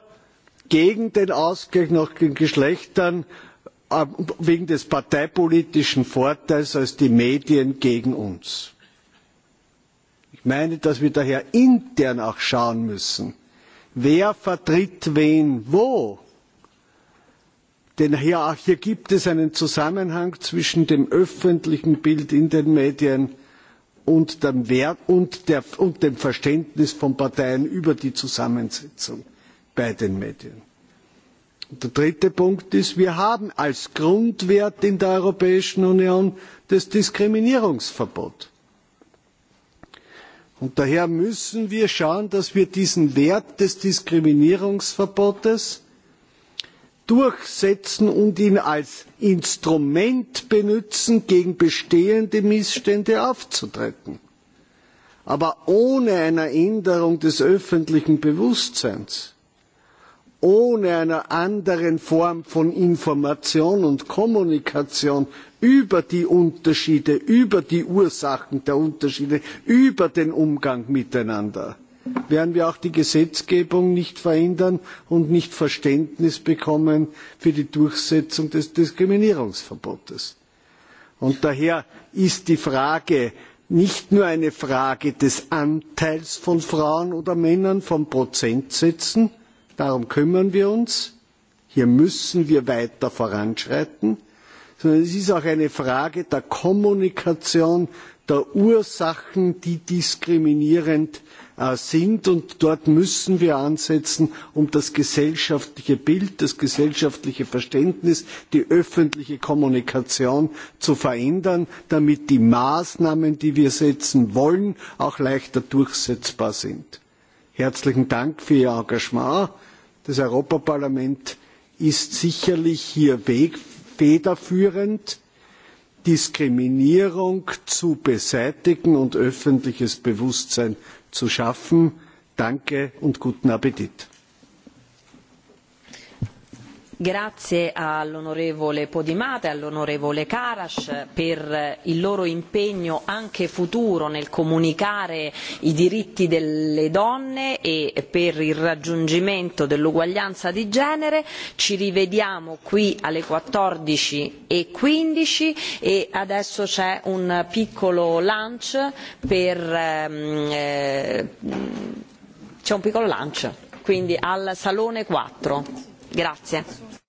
gegen den Ausgleich nach den Geschlechtern Äh, wegen des parteipolitischen Vorteils als die Medien gegen uns. Ich meine, dass wir daher intern auch schauen müssen, wer vertritt wen wo. Denn hier, auch hier gibt es einen Zusammenhang zwischen dem öffentlichen Bild in den Medien und dem, Wert und, der, und dem Verständnis von Parteien über die Zusammensetzung bei den Medien. Der dritte Punkt ist, wir haben als Grundwert in der Europäischen Union das Diskriminierungsverbot. Und daher müssen wir schauen, dass wir diesen Wert des Diskriminierungsverbotes durchsetzen und ihn als Instrument benutzen, gegen bestehende Missstände aufzutreten. Aber ohne eine Änderung des öffentlichen Bewusstseins ohne einer anderen Form von Information und Kommunikation über die Unterschiede, über die Ursachen der Unterschiede, über den Umgang miteinander werden wir auch die Gesetzgebung nicht verändern und nicht Verständnis bekommen für die Durchsetzung des Diskriminierungsverbotes. Und daher ist die Frage nicht nur eine Frage des Anteils von Frauen oder Männern, von Prozentsätzen, Darum kümmern wir uns. Hier müssen wir weiter voranschreiten. Sondern es ist auch eine Frage der Kommunikation der Ursachen, die diskriminierend äh, sind. Und dort müssen wir ansetzen, um das gesellschaftliche Bild, das gesellschaftliche Verständnis, die öffentliche Kommunikation zu verändern, damit die Maßnahmen, die wir setzen wollen, auch leichter durchsetzbar sind. Herzlichen Dank für Ihr Engagement. Das Europaparlament ist sicherlich hier Weg federführend, Diskriminierung zu beseitigen und öffentliches Bewusstsein zu schaffen. Danke und guten Appetit. Grazie all'onorevole Podimata e all'onorevole Karas per il loro impegno anche futuro nel comunicare i diritti delle donne e per il raggiungimento dell'uguaglianza di genere. Ci rivediamo qui alle quattordici e e adesso c'è un piccolo lunch per ehm, eh, c'è un piccolo lunch quindi al salone 4. Grazie.